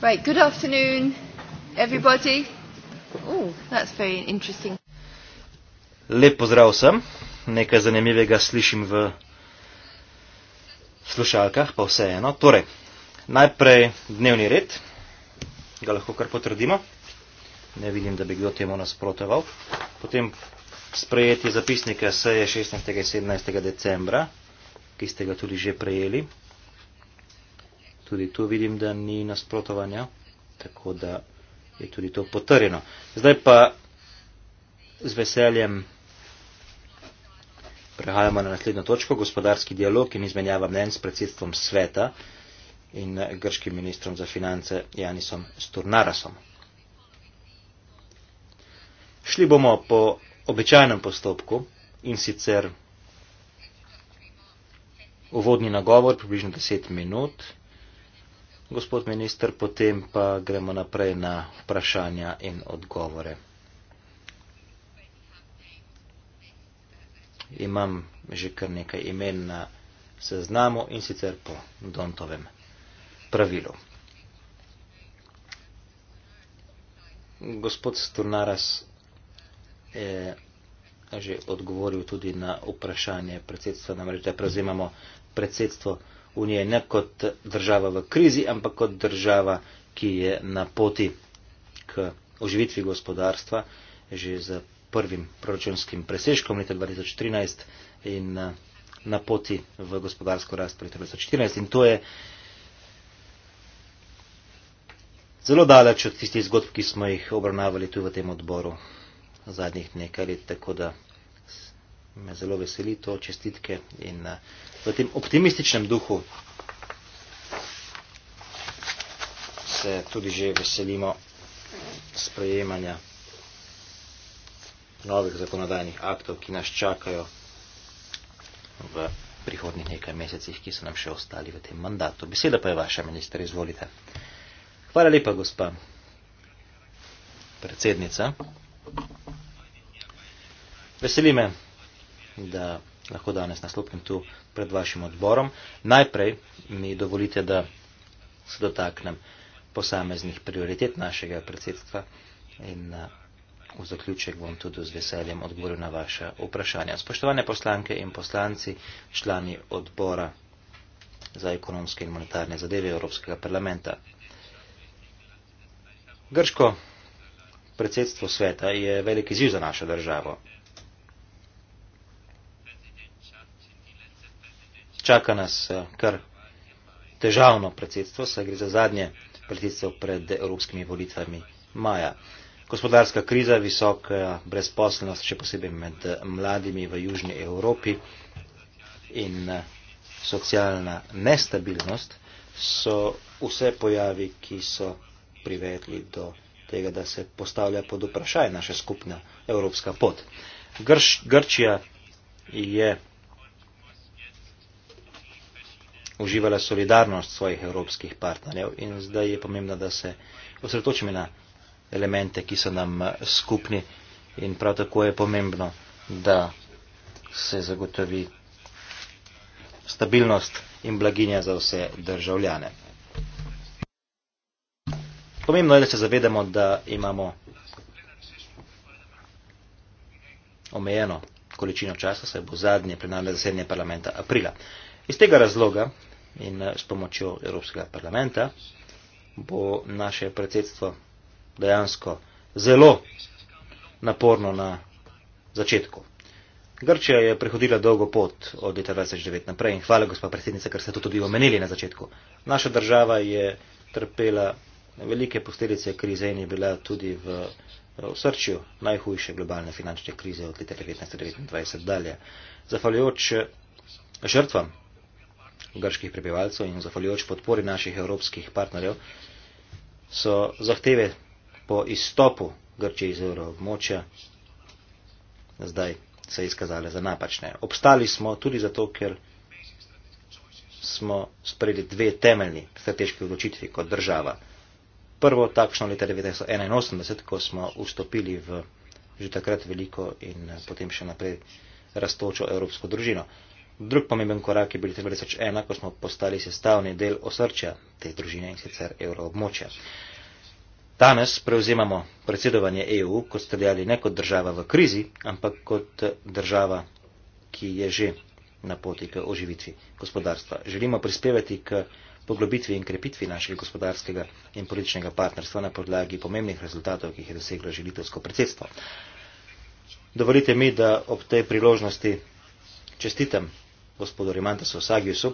Right, good afternoon, everybody. Oh, that's very interesting. Lep pozdrav vsem. Nekaj zanimivega slišim v slušalkah, pa vseeno. Torej, najprej dnevni red, ga lahko kar potrdimo. Ne vidim, da bi kdo temu nasprotoval. Potem sprejeti zapisnike seje 16. in 17. decembra, ki ste ga tudi že prejeli, Tudi tu vidim, da ni nasprotovanja, tako da je tudi to potrjeno. Zdaj pa z veseljem prehajamo na naslednjo točko, gospodarski dialog in izmenjava mnen s predsedstvom sveta in grškim ministrom za finance Janisom Sturnarasom. Šli bomo po običajnem postopku in sicer uvodni nagovor, približno 10 minut, gospod minister, potem pa gremo naprej na vprašanja in odgovore. Imam že kar nekaj imen na seznamu in sicer po Dontovem pravilu. Gospod Sturnaras je že odgovoril tudi na vprašanje predsedstva, namreč da prevzemamo predsedstvo unije ne kot država v krizi, ampak kot država, ki je na poti k oživitvi gospodarstva že z prvim proračunskim presežkom leta 2013 in eh, na poti v gospodarsko rast leta 2014. In to je zelo daleč od tistih zgodb, ki smo jih obravnavali tu v tem odboru zadnjih nekaj let, tako da me zelo veseli to čestitke in uh, v tem optimističnem duhu se tudi že veselimo sprejemanja novih zakonodajnih aktov, ki nas čakajo v prihodnih nekaj mesecih, ki so nam še ostali v tem mandatu. Beseda pa je vaša, minister, izvolite. Hvala lepa, gospa predsednica. Veseli me, da lahko danes nastopim tu pred vašim odborom. Najprej mi dovolite, da se dotaknem posameznih prioritet našega predsedstva in eh, v zaključek bom tudi z veseljem odgovoril na vaše vprašanja. Spoštovane poslanke in poslanci, člani odbora za ekonomske in monetarne zadeve Evropskega parlamenta. Grško predsedstvo sveta je velik izziv za našo državo. čaka nas eh, kar težavno predsedstvo, saj gre za zadnje predsedstvo pred evropskimi volitvami maja. Gospodarska kriza, visoka brezposelnost, še posebej med mladimi v Južni Evropi in eh, socialna nestabilnost so vse pojavi, ki so privedli do tega, da se postavlja pod vprašaj naša skupna evropska pot. Grč, Grčija je uživala solidarnost svojih evropskih partnerjev in zdaj je pomembno, da se osredotočimo na elemente, ki so nam eh, skupni in prav tako je pomembno, da se zagotovi stabilnost in blaginja za vse državljane. Pomembno je, da se zavedamo, da imamo omejeno količino časa, saj bo zadnje plenarne zasednje parlamenta aprila. Iz tega razloga in eh, s pomočjo Evropskega parlamenta bo naše predsedstvo dejansko zelo naporno na začetku. Grčija je prehodila dolgo pot od leta 2009 naprej in hvala gospa predsednica, ker ste to tudi omenili na začetku. Naša država je trpela velike posledice krize in je bila tudi v, v srčju najhujše globalne finančne krize od leta 1929 dalje. Zahvaljujoč žrtvam grških prebivalcev in zahvaljujoč podpori naših evropskih partnerjev, so zahteve po izstopu Grčije iz evroobmočja zdaj se izkazale za napačne. Obstali smo tudi zato, ker smo sprejeli dve temeljni strateški odločitvi kot država. Prvo takšno leta 1981, ko smo vstopili v že takrat veliko in potem še naprej rastočo evropsko družino. Drug pomemben korak je bil 2001, ko smo postali sestavni del osrčja te družine in sicer evroobmočja. Danes prevzemamo predsedovanje EU, kot ste dejali, ne kot država v krizi, ampak kot država, ki je že na poti k oživitvi gospodarstva. Želimo prispevati k poglobitvi in krepitvi našega gospodarskega in političnega partnerstva na podlagi pomembnih rezultatov, ki jih je doseglo želitevsko predsedstvo. Dovolite mi, da ob tej priložnosti čestitam gospodu Mantasu Sagiusu,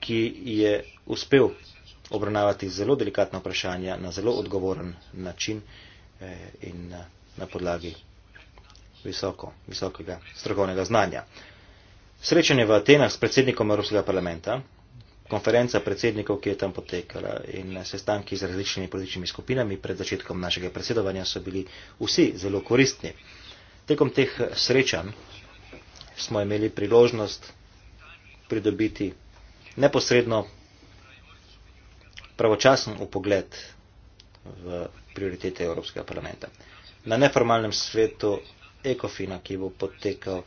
ki je uspel obravnavati zelo delikatna vprašanja na zelo odgovoren način eh, in eh, na podlagi visoko, visokega strokovnega znanja. Srečanje v Atenah s predsednikom Evropskega parlamenta, konferenca predsednikov, ki je tam potekala in eh, sestanki z različnimi političnimi skupinami pred začetkom našega predsedovanja so bili vsi zelo koristni. Tekom teh srečanj smo imeli priložnost pridobiti neposredno pravočasen upogled v prioritete Evropskega parlamenta. Na neformalnem svetu Ekofina, ki bo potekal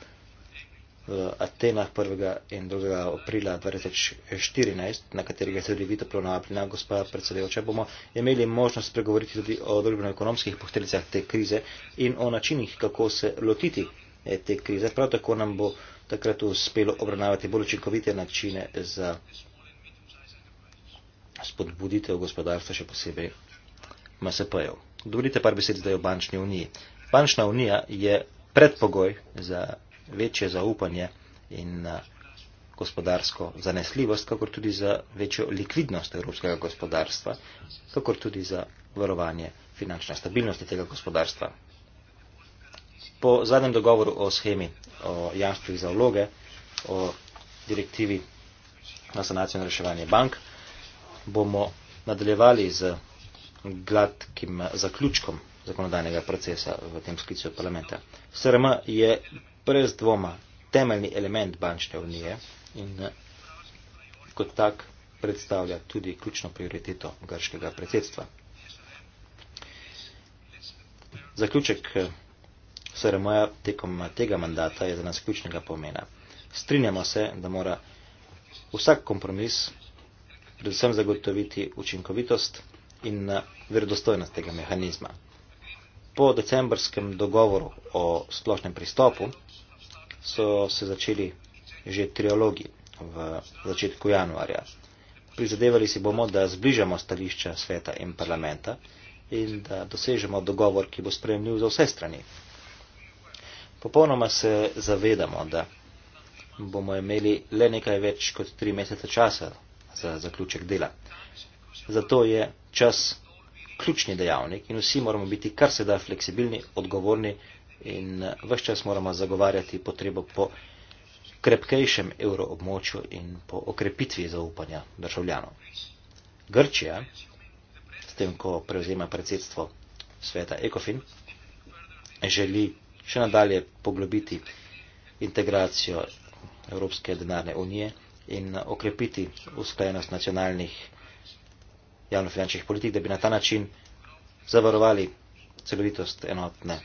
v Atenah 1. in 2. aprila 2014, na katerega se tudi vi toplo navabljena, gospa predsedujoča, bomo imeli možnost pregovoriti tudi o družbeno-ekonomskih pohteljicah te krize in o načinih, kako se lotiti eh, te krize. Prav tako nam bo uh, takrat uspelo obravnavati bolj učinkovite načine za spodbuditev gospodarstva, še posebej MSP-jev. Dovolite par besed zdaj o bančni uniji. Bančna unija je predpogoj za večje zaupanje in gospodarsko zanesljivost, kakor tudi za večjo likvidnost evropskega gospodarstva, kakor tudi za varovanje finančne stabilnosti tega gospodarstva. Po zadnjem dogovoru o schemi o jamstvih za vloge, o direktivi na sanacijo in reševanje bank, bomo nadaljevali z gladkim zaključkom zakonodajnega procesa v tem sklicu parlamenta. SRM je brez dvoma temeljni element bančne unije in eh, kot tak predstavlja tudi ključno prioriteto grškega predsedstva. Zaključek eh, SRM-ja tekom tega mandata je za nas ključnega pomena. Strinjamo se, da mora vsak kompromis predvsem zagotoviti učinkovitost in eh, verodostojnost tega mehanizma. Po decembrskem dogovoru o splošnem pristopu so se začeli že triologi v začetku januarja. Prizadevali si bomo, da zbližamo stališča sveta in parlamenta in da dosežemo dogovor, ki bo sprejemljiv za vse strani. Popolnoma se zavedamo, da bomo imeli le nekaj več kot tri mesece časa za zaključek dela. Zato je čas ključni dejavnik in vsi moramo biti kar se da fleksibilni, odgovorni in vse čas moramo zagovarjati potrebo po krepkejšem evroobmočju in po okrepitvi zaupanja državljanov. Grčija, s tem, ko prevzema predsedstvo sveta ECOFIN, želi še nadalje poglobiti integracijo Evropske denarne unije in okrepiti usklajenost nacionalnih javnofinančnih politik, da bi na ta način zavarovali celovitost enotne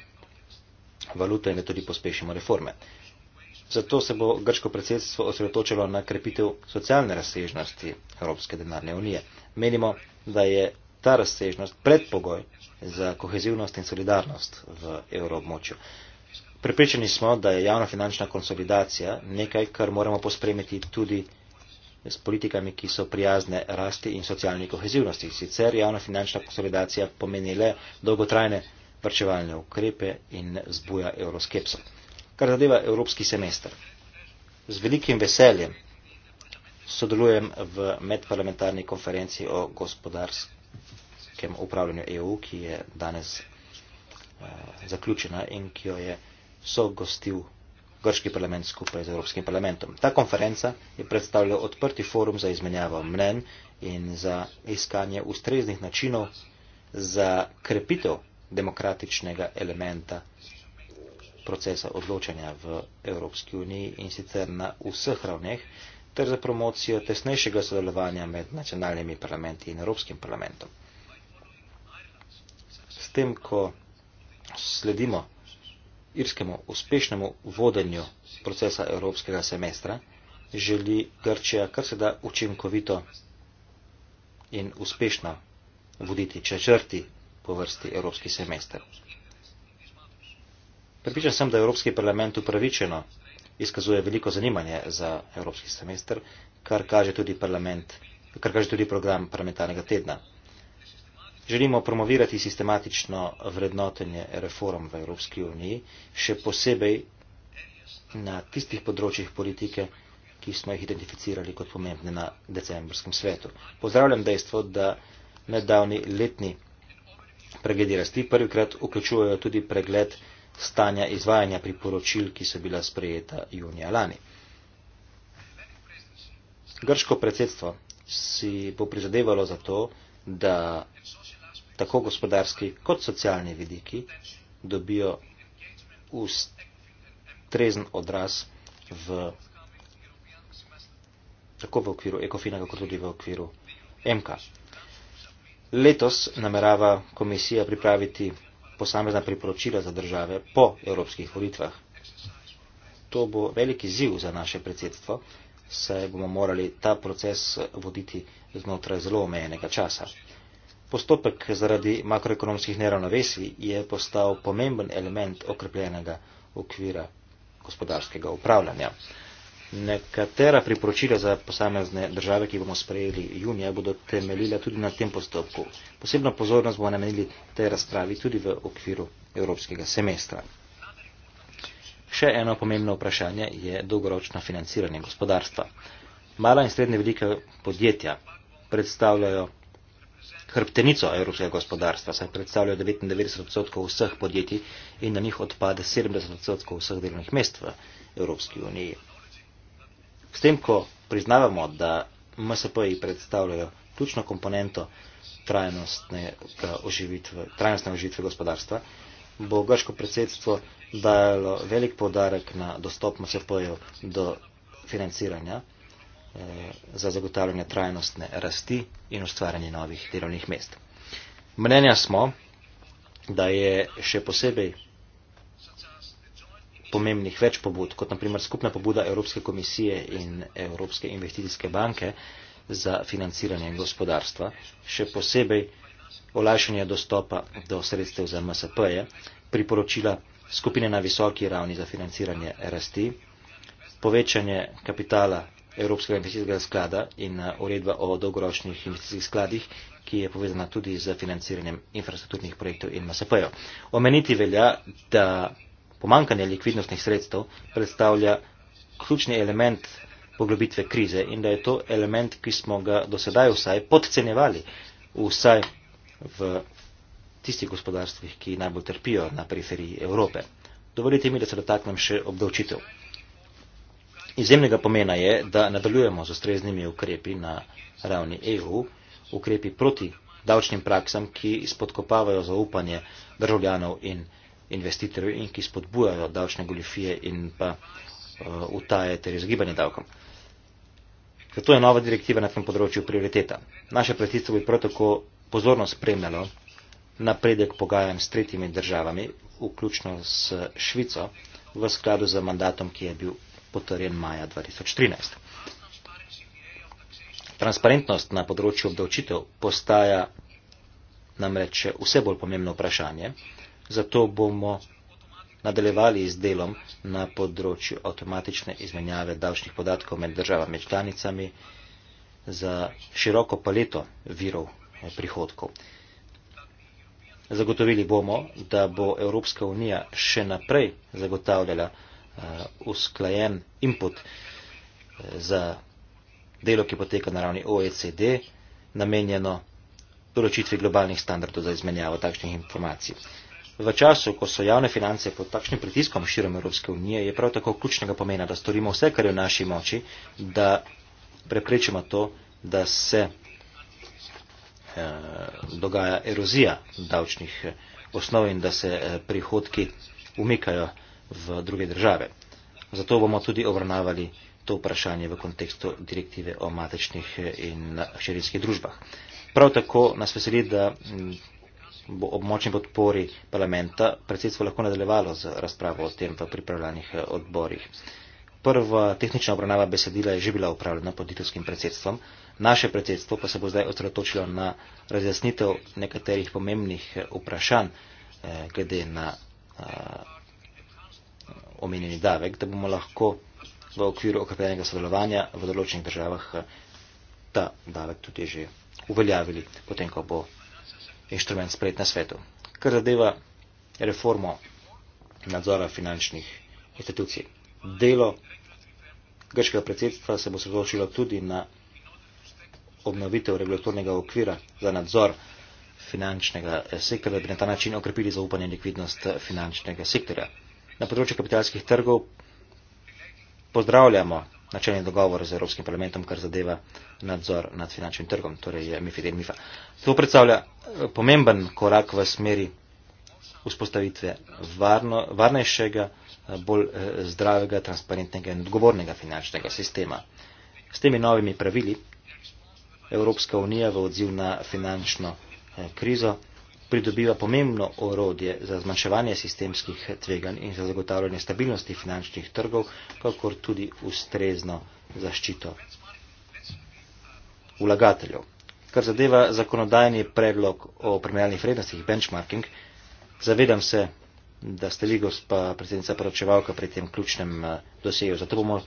valute in da tudi pospešimo reforme. Zato se bo grško predsedstvo osredotočilo na krepitev socialne razsežnosti Evropske denarne unije. Menimo, da je ta razsežnost predpogoj za kohezivnost in solidarnost v evroobmočju. Prepričani smo, da je javnofinančna konsolidacija nekaj, kar moramo pospremiti tudi s politikami, ki so prijazne rasti in socialni kohezivnosti. Sicer javnofinančna konsolidacija pomeni le dolgotrajne vrčevalne ukrepe in zbuja euroskepso. Kar zadeva evropski semester. Z velikim veseljem sodelujem v medparlamentarni konferenci o gospodarskem upravljanju EU, ki je danes uh, zaključena in ki jo je so gostil grški parlament skupaj z Evropskim parlamentom. Ta konferenca je predstavljala odprti forum za izmenjavo mnen in za iskanje ustreznih načinov za krepitev demokratičnega elementa procesa odločanja v Evropski uniji in sicer na vseh ravneh ter za promocijo tesnejšega sodelovanja med nacionalnimi parlamenti in Evropskim parlamentom. S tem, ko sledimo irskemu uspešnemu vodenju procesa evropskega semestra želi Grčija kar se da učinkovito in uspešno voditi četrti po vrsti evropski semester. Pripričan sem, da Evropski parlament upravičeno izkazuje veliko zanimanje za evropski semester, kar kaže tudi, kar kaže tudi program parlamentarnega tedna. Želimo promovirati sistematično vrednotenje reform v Evropski uniji, še posebej na tistih področjih politike, ki smo jih identificirali kot pomembne na decembrskem svetu. Pozdravljam dejstvo, da nedavni letni pregledi rasti prvikrat vključujejo tudi pregled stanja izvajanja priporočil, ki so bila sprejeta junija lani. Grško predsedstvo si bo prizadevalo za to, da tako gospodarski kot socialni vidiki, dobijo ustrezen odraz v, tako v okviru ekofinega, kot tudi v okviru MK. Letos namerava komisija pripraviti posamezna priporočila za države po evropskih volitvah. To bo veliki ziv za naše predsedstvo, saj bomo morali ta proces voditi znotraj zelo omejenega časa. Postopek zaradi makroekonomskih neravnovesij je postal pomemben element okrepljenega okvira gospodarskega upravljanja. Nekatera priporočila za posamezne države, ki bomo sprejeli junija, bodo temeljila tudi na tem postopku. Posebno pozornost bomo namenili tej razpravi tudi v okviru evropskega semestra. Še eno pomembno vprašanje je dolgoročno financiranje gospodarstva. Mala in srednje velika podjetja predstavljajo hrbtenico evropskega gospodarstva, saj predstavljajo 99 odstotkov vseh podjetij in na njih odpade 70 odstotkov vseh delovnih mest v Evropski uniji. S tem, ko priznavamo, da MSP-ji predstavljajo ključno komponento trajnostne oživitve gospodarstva, bo grško predsedstvo dajalo velik podarek na dostop MSP-jev do financiranja. Eh, za zagotavljanje trajnostne rasti in ustvarjanje novih delovnih mest. Mnenja smo, da je še posebej pomembnih več pobud, kot naprimer skupna pobuda Evropske komisije in Evropske investicijske banke za financiranje gospodarstva, še posebej olajšanje dostopa do sredstev za MSP-je, priporočila skupine na visoki ravni za financiranje rasti, povečanje kapitala Evropskega investicijskega sklada in eh, uredba o dolgoročnih investicijskih skladih, ki je povezana tudi z financiranjem infrastrukturnih projektov in MSP-jo. Omeniti velja, da pomankanje likvidnostnih sredstev predstavlja ključni element poglobitve krize in da je to element, ki smo ga dosedaj vsaj podcenjevali, vsaj v tistih gospodarstvih, ki najbolj trpijo na periferiji Evrope. Dovolite mi, da se dotaknem še obdavčitev. Izjemnega pomena je, da nadaljujemo z ustreznimi ukrepi na ravni EU, ukrepi proti davčnim praksam, ki spodkopavajo zaupanje državljanov in investitorjev in ki spodbujajo davčne goljufije in pa uh, utaje ter izgibanje davkom. Zato je nova direktiva na tem področju prioriteta. Naše predsedstvo bi prav tako pozorno spremljalo napredek pogajanj s tretjimi državami, vključno s Švico, v skladu z mandatom, ki je bil potrjen maja 2013. Transparentnost na področju obdavčitev postaja namreč vse bolj pomembno vprašanje, zato bomo nadaljevali z delom na področju avtomatične izmenjave davčnih podatkov med državami članicami za široko paleto virov prihodkov. Zagotovili bomo, da bo Evropska unija še naprej zagotavljala Eh, usklajen input eh, za delo, ki poteka na ravni OECD, namenjeno določitvi globalnih standardov za izmenjavo takšnih informacij. V času, ko so javne finance pod takšnim pritiskom širom Evropske unije, je prav tako ključnega pomena, da storimo vse, kar je v naši moči, da preprečimo to, da se eh, dogaja erozija davčnih eh, osnov in da se eh, prihodki umikajo eh, v druge države. Zato bomo tudi obravnavali to vprašanje v kontekstu direktive o matičnih eh, in širinskih družbah. Prav tako nas veseli, da mm, bo ob močni podpori parlamenta predsedstvo lahko nadaljevalo z razpravo o tem v pripravljanih eh, odborih. Prva tehnična obravnava besedila je že bila upravljena pod italijskim predsedstvom, naše predsedstvo pa se bo zdaj osredotočilo na razjasnitev nekaterih pomembnih eh, vprašanj glede na omenjeni davek, da bomo lahko v okviru okrepljenega sodelovanja v določenih državah eh, ta davek tudi že uveljavili, potem, ko bo inštrument sprejet na svetu. Kar zadeva reformo nadzora finančnih institucij. Delo grškega predsedstva se bo sredočilo tudi na obnovitev regulatornega okvira za nadzor finančnega eh, sektorja, da bi na ta način okrepili zaupanje in likvidnost eh, finančnega sektorja na področju kapitalskih trgov pozdravljamo načelni dogovor z Evropskim parlamentom, kar zadeva nadzor nad finančnim trgom, torej je MIFID in MIFA. To predstavlja eh, pomemben korak v smeri vzpostavitve varno, varnejšega, eh, bolj eh, zdravega, transparentnega in odgovornega finančnega sistema. S temi novimi pravili Evropska unija v odziv na finančno krizo pridobiva pomembno orodje za zmanjševanje sistemskih tveganj in za zagotavljanje stabilnosti finančnih trgov, kakor tudi ustrezno zaščito vlagateljev. Kar zadeva zakonodajni predlog o primerjalnih vrednostih, benchmarking, zavedam se, da ste vi, gospa predsednica poročevalka, pri tem ključnem eh, dosegu. Zato bomo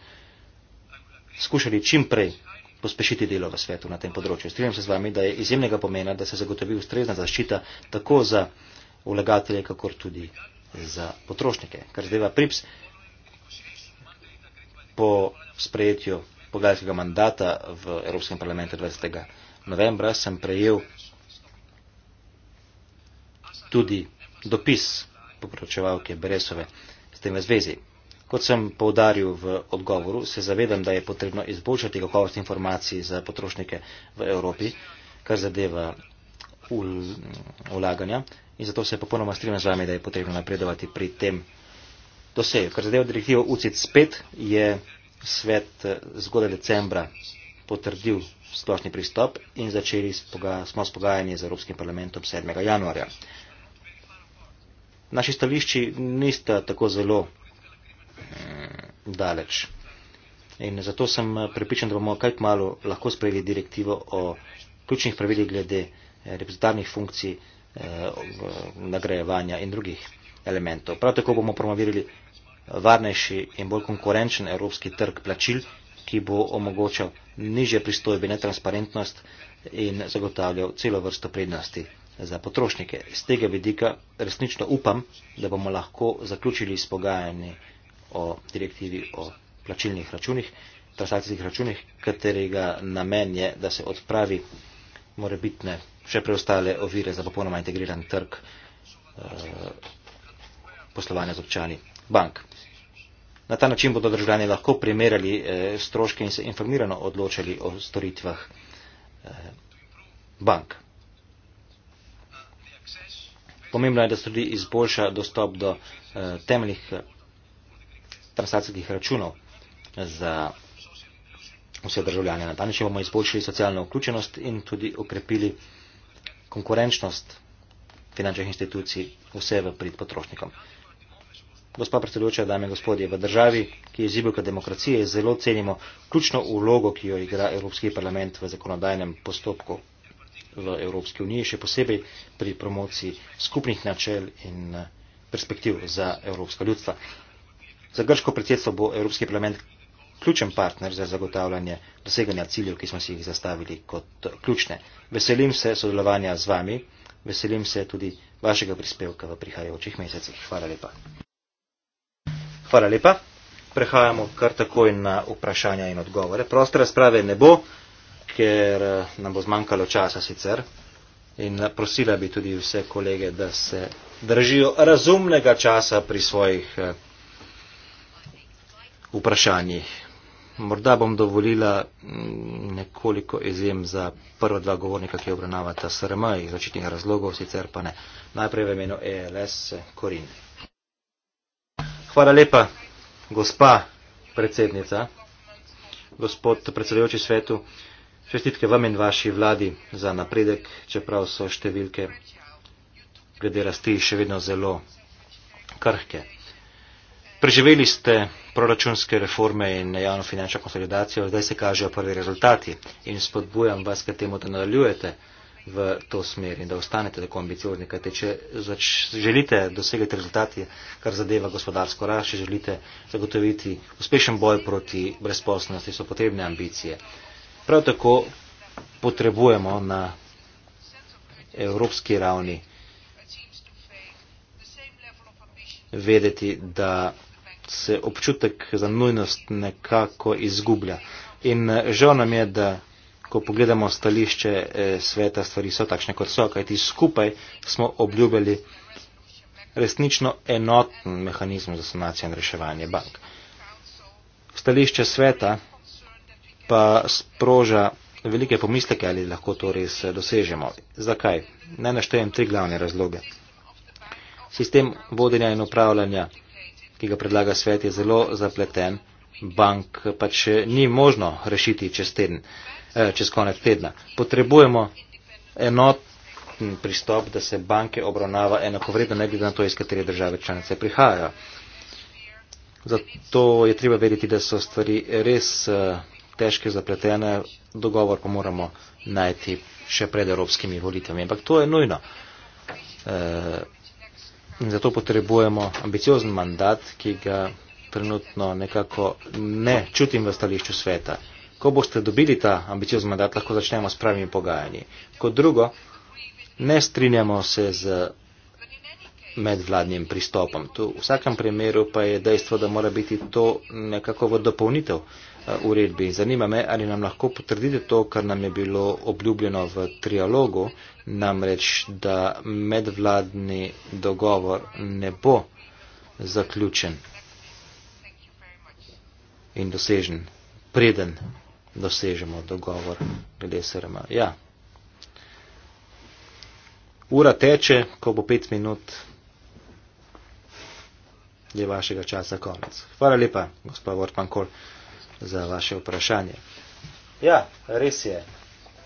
skušali čim prej pospešiti delo v svetu na tem področju. Strinjam se z vami, da je izjemnega pomena, da se zagotovi ustrezna zaščita tako za vlagatelje, kakor tudi za potrošnike. Kar zdajva PRIPS po sprejetju pogajalskega mandata v Evropskem parlamentu 20. novembra sem prejel tudi dopis poporočevalke Beresove s tem v zvezi. Kot sem povdaril v odgovoru, se zavedam, da je potrebno izboljšati kakovost informacij za potrošnike v Evropi, kar zadeva ulaganja in zato se popolnoma strinjam z vami, da je potrebno napredovati pri tem doseju. Kar zadeva direktivo UCIT-5, je svet eh, zgodaj decembra potrdil splošni pristop in začeli smo s pogajanjem z Evropskim parlamentom 7. januarja. Naši stališči nista tako zelo Mm, daleč. In zato sem eh, pripričan, da bomo kaj malo lahko sprejeli direktivo o ključnih pravilih glede eh, reprezentarnih funkcij, eh, nagrajevanja in drugih elementov. Prav tako bomo promovirali varnejši in bolj konkurenčen evropski trg plačil, ki bo omogočal niže pristojbe, netransparentnost in zagotavljal celo vrsto prednosti za potrošnike. Z tega vidika resnično upam, da bomo lahko zaključili s pogajanjem o direktivi o plačilnih računih, transakcijskih računih, katerega namen je, da se odpravi morebitne še preostale ovire za popolnoma integriran trg eh, poslovanja z občani bank. Na ta način bodo državljani lahko primerjali eh, stroške in se informirano odločali o storitvah eh, bank. Pomembno je, da se tudi izboljša dostop do eh, temeljnih transakcijskih računov za vse državljane. Na ta način bomo izboljšali socialno vključenost in tudi okrepili konkurenčnost finančnih institucij vse v prid potrošnikom. Gospa predsedujoča, dame in gospodje, v državi, ki je zibelka demokracije, zelo cenimo ključno ulogo, ki jo igra Evropski parlament v zakonodajnem postopku v Evropski uniji, še posebej pri promociji skupnih načel in perspektiv za evropska ljudstva. Za grško predsedstvo bo Evropski parlament ključen partner za zagotavljanje doseganja ciljev, ki smo si jih zastavili kot ključne. Veselim se sodelovanja z vami, veselim se tudi vašega prispevka v prihajajočih mesecih. Hvala lepa. Hvala lepa. Prehajamo kar takoj na vprašanja in odgovore. Proste razprave ne bo, ker eh, nam bo zmanjkalo časa sicer. In eh, prosila bi tudi vse kolege, da se držijo razumnega časa pri svojih. Eh, vprašanjih. Morda bom dovolila mm, nekoliko izjem za prva dva govornika, ki obravnavata SRM iz očitnih razlogov, sicer pa ne. Najprej v imenu ELS Korin. Hvala lepa, gospa predsednica, gospod predsedujoči svetu, čestitke vam in vaši vladi za napredek, čeprav so številke glede rasti še vedno zelo krhke. Preživeli ste proračunske reforme in javno finančno konsolidacijo, zdaj se kažejo prvi rezultati in spodbujam vas k temu, da nadaljujete v to smer in da ostanete tako ambiciozni, kajte če želite dosegati rezultati, kar zadeva gospodarsko rast, če želite zagotoviti uspešen boj proti brezposobnosti, so potrebne ambicije. Prav tako potrebujemo na evropski ravni vedeti, da se občutek za nujnost nekako izgublja. In eh, žal nam je, da ko pogledamo stališče eh, sveta, stvari so takšne, kot so, kajti skupaj smo obljubili resnično enoten mehanizem za sanacijo in reševanje bank. Stališče sveta pa sproža velike pomisleke, ali lahko to res eh, dosežemo. Zakaj? Naj naštejem tri glavne razloge. Sistem vodenja in upravljanja ki ga predlaga svet, je zelo zapleten. Bank pač ni možno rešiti čez, teden, eh, čez konec tedna. Potrebujemo enotni pristop, da se banke obravnava enakovredno, ne glede na to, iz katere države članice prihajajo. Zato je treba vedeti, da so stvari res eh, težke, zapletene, dogovor pa moramo najti še pred evropskimi volitvami. Ampak to je nujno. Uh, In zato potrebujemo ambiciozen mandat, ki ga trenutno nekako ne čutim v stališču sveta. Ko boste dobili ta ambiciozen mandat, lahko začnemo s pravimi pogajanji. Kot drugo, ne strinjamo se z medvladnim pristopom. Tu v vsakem primeru pa je dejstvo, da mora biti to nekako v dopolnitev Eh, uredbi. Zanima me, ali nam lahko potrdite to, kar nam je bilo obljubljeno v trialogu, namreč, da medvladni dogovor ne bo zaključen in dosežen, preden dosežemo dogovor glede SRM. Ja. Ura teče, ko bo pet minut, je vašega časa konec. Hvala lepa, gospod Wortman Kohl za vaše vprašanje. Ja, res je.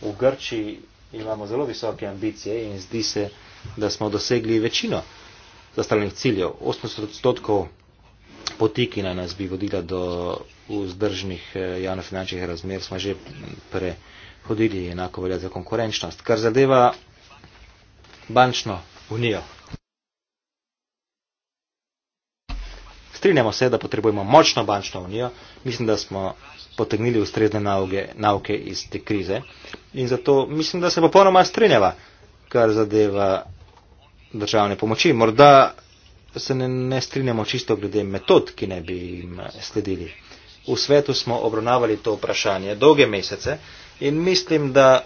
V Grčiji imamo zelo visoke ambicije in zdi se, da smo dosegli večino zastavljenih ciljev. 80 odstotkov poti, ki na nas bi vodila do vzdržnih eh, javnofinančnih razmer, smo že prehodili enako velja za konkurenčnost. Kar zadeva bančno unijo. Strinjamo se, da potrebujemo močno bančno unijo. Mislim, da smo potegnili ustrezne nauke, nauke iz te krize. In zato mislim, da se popolnoma strinjava, kar zadeva državne pomoči. Morda se ne, ne strinjamo čisto glede metod, ki ne bi jim sledili. V svetu smo obravnavali to vprašanje dolge mesece in mislim, da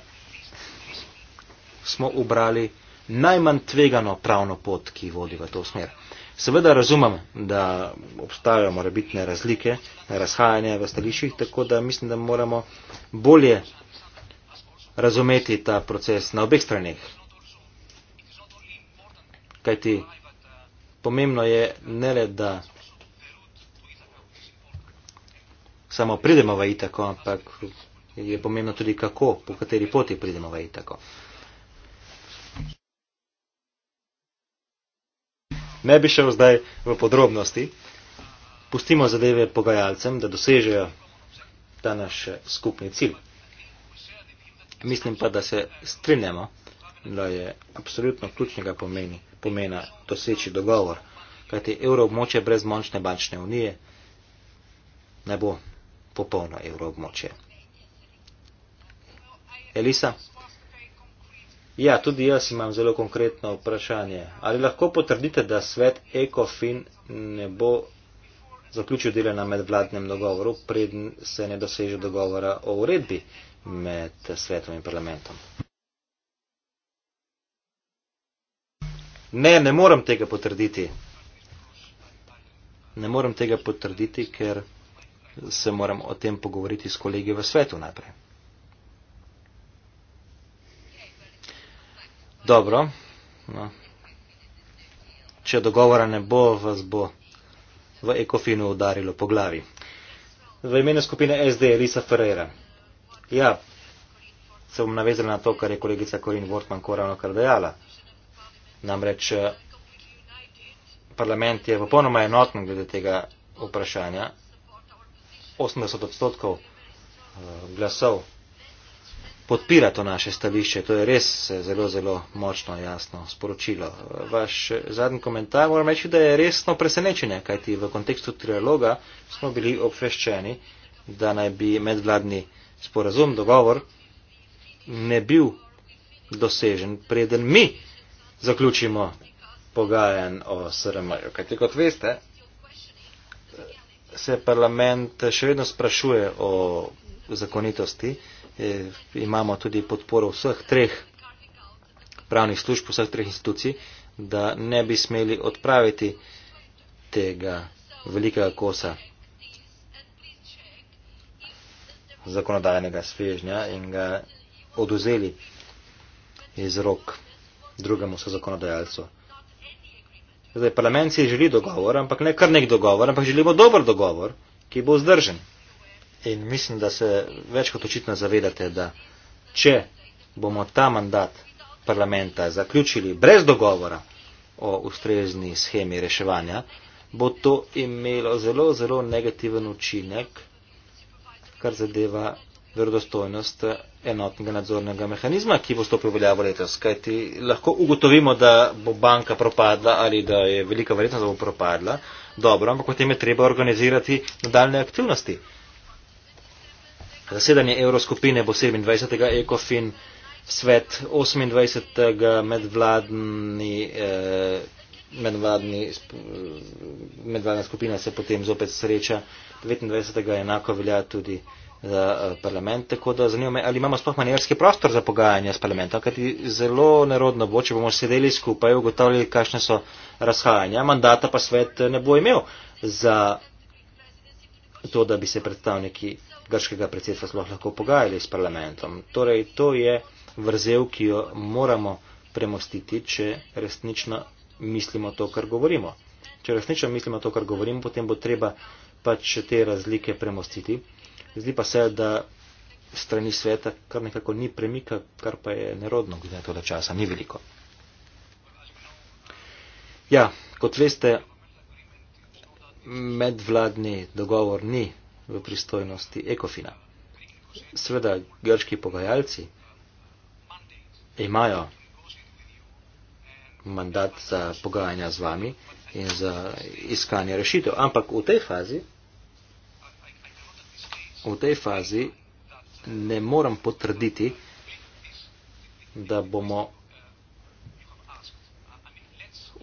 smo ubrali najmanj tvegano pravno pot, ki vodi v to smer. Seveda razumem, da obstajajo morebitne razlike, razhajanja v stališčih, tako da mislim, da moramo bolje razumeti ta proces na obeh straneh. Kajti pomembno je ne le, da samo pridemo v itako, ampak je pomembno tudi kako, po kateri poti pridemo v itako. ne bi šel zdaj v podrobnosti. Pustimo zadeve pogajalcem, da dosežejo ta naš skupni cilj. Mislim pa, da se strinjamo, da je absolutno ključnega pomeni, pomena doseči dogovor, kajti evroobmoče brez močne bančne unije ne bo popolno evroobmoče. Elisa? Ja, tudi jaz imam zelo konkretno vprašanje. Ali lahko potrdite, da svet ECOFIN ne bo zaključil dela na medvladnem dogovoru, preden se ne doseže dogovora o uredbi med svetom in parlamentom? Ne, ne morem tega potrditi. Ne morem tega potrditi, ker se moram o tem pogovoriti s kolegi v svetu najprej. Dobro. No. Če dogovora ne bo, vas bo v ekofinu udarilo po glavi. V imenu skupine SD Elisa Ferreira. Ja, se bom navezala na to, kar je kolegica Corinne Wortman koravno kar dejala. Namreč eh, parlament je popolnoma enotno glede tega vprašanja. 80 odstotkov eh, glasov podpira to naše stališče. To je res eh, zelo, zelo močno, jasno sporočilo. Eh, vaš eh, zadnji komentar moram reči, da je resno presenečenje, kajti v kontekstu trialoga smo bili obveščeni, da naj bi medvladni sporazum, dogovor ne bil dosežen, preden mi zaključimo pogajan o SRM-ju. Kajti kot veste, se parlament še vedno sprašuje o zakonitosti. E, imamo tudi podporo vseh treh pravnih služb, vseh treh institucij, da ne bi smeli odpraviti tega velikega kosa zakonodajnega svežnja in ga oduzeli iz rok drugemu se zakonodajalcu. Zdaj, parlament si želi dogovor, ampak ne kar nek dogovor, ampak želimo dober dogovor, ki bo vzdržen. In mislim, da se več kot očitno zavedate, da če bomo ta mandat parlamenta zaključili brez dogovora o ustrezni schemi reševanja, bo to imelo zelo, zelo negativen učinek, kar zadeva verodostojnost enotnega nadzornega mehanizma, ki bo stopil veljavo letos. Kajti lahko ugotovimo, da bo banka propadla ali da je velika verjetnost, da bo propadla. Dobro, ampak potem je treba organizirati nadaljne aktivnosti. Zasedanje Evroskupine bo 27. ekofin, svet 28. medvladni, eh, medvladni, eh, medvladna skupina se potem zopet sreča, 29. enako velja tudi za eh, parlament, tako da zanima me, ali imamo sploh manjerski prostor za pogajanje s parlamentom, kajti zelo nerodno bo, če bomo sedeli skupaj in ugotavljali, kakšne so razhajanja, mandata pa svet ne bo imel za to, da bi se predstavniki grškega predsedstva sploh lahko pogajali s parlamentom. Torej, to je vrzel, ki jo moramo premostiti, če resnično mislimo to, kar govorimo. Če resnično mislimo to, kar govorimo, potem bo treba pač te razlike premostiti. Zdi pa se, da strani sveta kar nekako ni premika, kar pa je nerodno, glede na to, da časa ni veliko. Ja, kot veste, medvladni dogovor ni v pristojnosti ekofina. Sveda, grški pogajalci imajo mandat za pogajanja z vami in za iskanje rešitev, ampak v tej fazi, v tej fazi ne moram potrditi, da bomo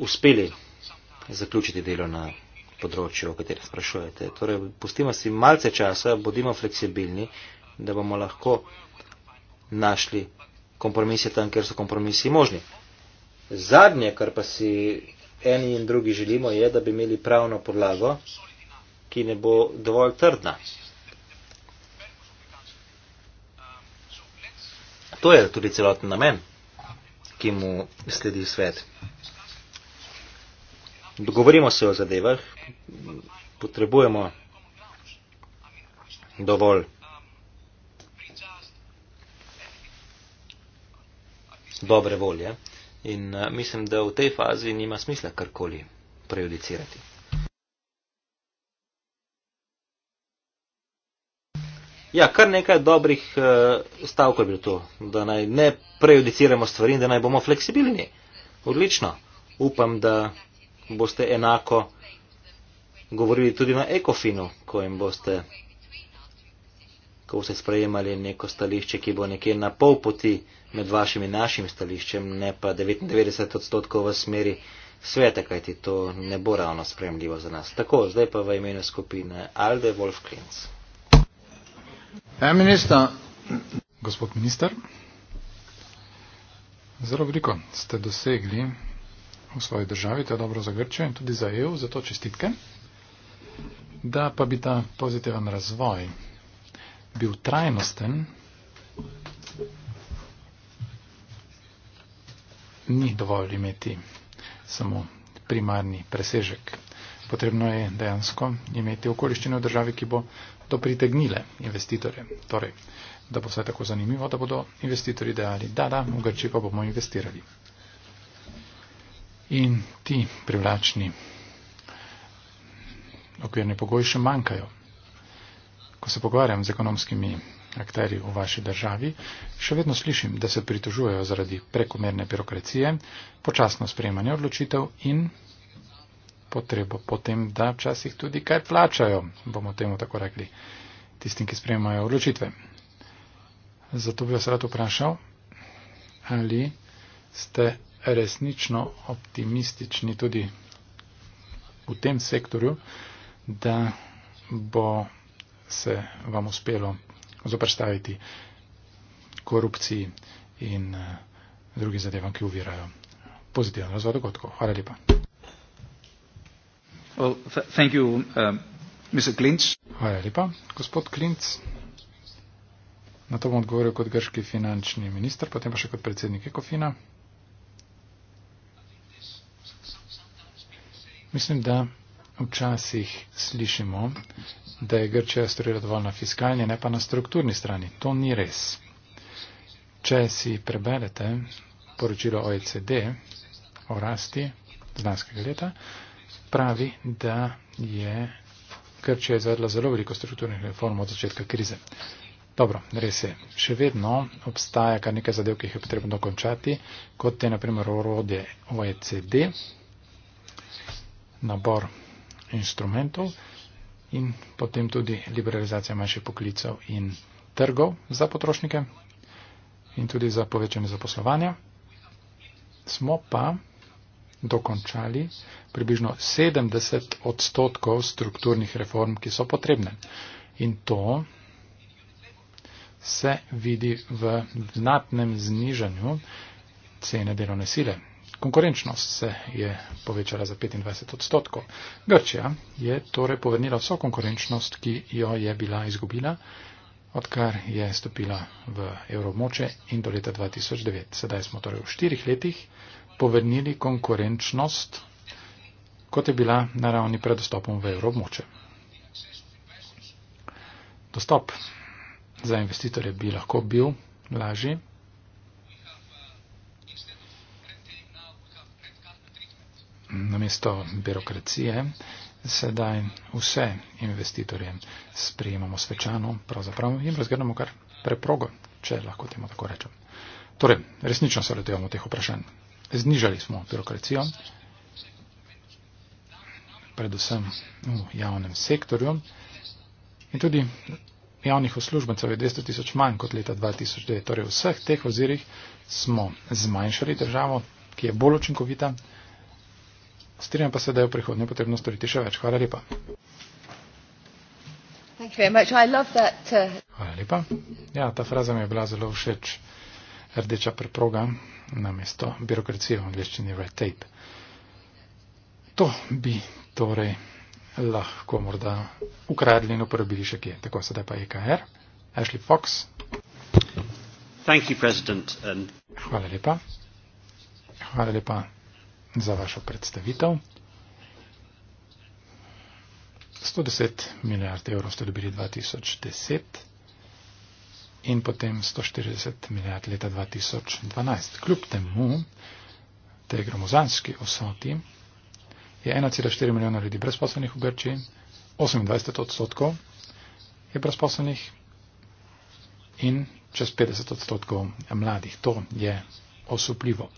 uspeli zaključiti delo na področju, o katerem sprašujete. Torej, pustimo si malce časa, bodimo fleksibilni, da bomo lahko našli kompromise tam, kjer so kompromisi možni. Zadnje, kar pa si eni in drugi želimo, je, da bi imeli pravno podlago, ki ne bo dovolj trdna. To je tudi celoten namen, ki mu sledi svet dogovorimo se o zadevah, potrebujemo dovolj, dobre volje in eh, mislim, da v tej fazi nima smisla karkoli prejudicirati. Ja, kar nekaj dobrih uh, stavkov je bilo to, da naj ne prejudiciramo stvari in da naj bomo fleksibilni. Odlično. Upam, da boste enako govorili tudi na ekofinu, ko jim boste, ko boste sprejemali neko stališče, ki bo nekje na pol poti med vašim in našim stališčem, ne pa 99 odstotkov v smeri sveta, kajti to ne bo ravno spremljivo za nas. Tako, zdaj pa v imenu skupine Alde Wolf Klinc. Herr Minister. Gospod minister, zelo veliko ste dosegli v svoji državi, to je dobro za Grčijo in tudi za EU, zato čestitke. Da pa bi ta pozitiven razvoj bil trajnosten, ni dovolj imeti samo primarni presežek. Potrebno je dejansko imeti okoliščine v državi, ki bo to pritegnile investitorje. Torej, da bo vse tako zanimivo, da bodo investitorji dejali, da, da, v Grčiji pa bomo investirali in ti privlačni okvirni pogoji še manjkajo. Ko se pogovarjam z ekonomskimi akteri v vaši državi, še vedno slišim, da se pritožujejo zaradi prekomerne birokracije, počasno sprejemanje odločitev in potrebo potem, da včasih tudi kaj plačajo, bomo temu tako rekli, tistim, ki sprejemajo odločitve. Zato bi vas rad vprašal, ali ste resnično optimistični tudi v tem sektorju, da bo se vam uspelo zoprstaviti korupciji in eh, drugi zadevam, ki uvirajo pozitivno razvoj dogodkov. Hvala lepa. Well, th thank you, um, Mr. Klinc. Hvala lepa, gospod Klinc. Na to bom odgovoril kot grški finančni minister, potem pa še kot predsednik Ekofina. Mislim, da včasih slišimo, da je Grčija storila dovolj na fiskalni, ne pa na strukturni strani. To ni res. Če si preberete poročilo OECD o rasti znanskega leta, pravi, da je Grčija izvedla zelo veliko strukturnih reform od začetka krize. Dobro, res je. Še vedno obstaja kar nekaj zadev, ki jih je potrebno dokončati, kot je naprimer orodje OECD, nabor instrumentov in potem tudi liberalizacija manjših poklicov in trgov za potrošnike in tudi za povečanje zaposlovanja. Smo pa dokončali približno 70 odstotkov strukturnih reform, ki so potrebne. In to se vidi v znatnem znižanju cene delovne sile. Konkurenčnost se je povečala za 25 odstotkov. Grčija je torej povrnila vso konkurenčnost, ki jo je bila izgubila, odkar je stopila v evromoče in do leta 2009. Sedaj smo torej v štirih letih povrnili konkurenčnost, kot je bila na ravni pred dostopom v evromoče. Dostop za investitorje bi lahko bil lažji. namesto birokracije sedaj vse investitorje sprejemamo svečano, pravzaprav jim razgledamo kar preprogo, če lahko temu tako rečem. Torej, resnično se letevamo teh vprašanj. Znižali smo birokracijo, predvsem v javnem sektorju in tudi javnih uslužbencev je 200 tisoč manj kot leta 2009. Torej, v vseh teh ozirih smo zmanjšali državo, ki je bolj učinkovita. Strinjam pa se, da je v prihodnje potrebno storiti še več. Hvala lepa. Uh, Hvala lepa. Ja, ta fraza mi je bila zelo všeč. Rdeča preproga na mesto birokracije v angliščini red tape. To bi torej lahko morda ukradli in uporabili še kje. Tako sedaj pa EKR. Ashley Fox. Thank you, President. Hvala lepa. Hvala lepa, za vašo predstavitev. 110 milijard evrov ste dobili 2010 in potem 140 milijard leta 2012. Kljub temu, te gromozanski osoti, je 1,4 milijona ljudi brezposlenih v Grčiji, 28 odstotkov je brezposlenih in čez 50 odstotkov mladih. To je osupljivo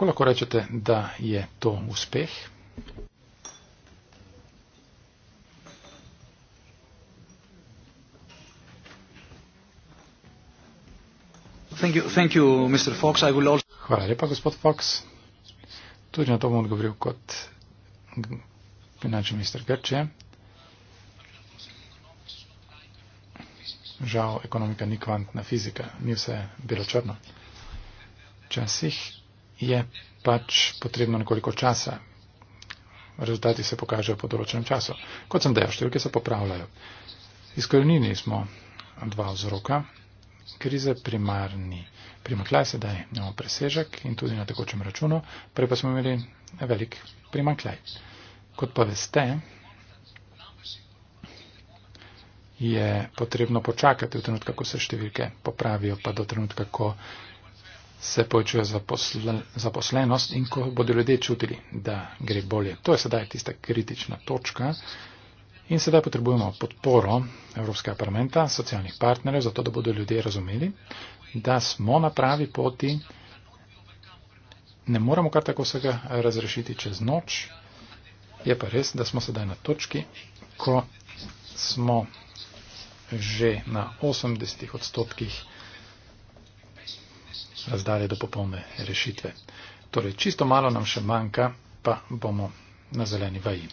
kako lahko rečete, da je to uspeh? Thank you, thank you, Fox. Also... Hvala lepa, gospod Fox. Tudi na to bom odgovoril kot finančni minister Grčije. Žal, ekonomika ni kvantna fizika, ni vse bilo črno. Včasih je pač potrebno nekoliko časa. Rezultati se pokažejo po določenem času. Kot sem dejal, številke se popravljajo. Izkorenili smo dva vzroka. Krize primarni primankljaj, sedaj imamo presežek in tudi na tekočem računu, prej pa smo imeli velik primankljaj. Kot pa veste, je potrebno počakati v trenutka, ko se številke popravijo, pa do trenutka, ko se povečuje zaposle, zaposlenost in ko bodo ljudje čutili, da gre bolje. To je sedaj tista kritična točka in sedaj potrebujemo podporo Evropskega parlamenta, socialnih partnerjev, zato da bodo ljudje razumeli, da smo na pravi poti. Ne moramo kar tako vsega razrešiti čez noč. Je pa res, da smo sedaj na točki, ko smo že na 80 odstotkih razdalje do popolne rešitve. Torej, čisto malo nam še manjka, pa bomo na zeleni vaji.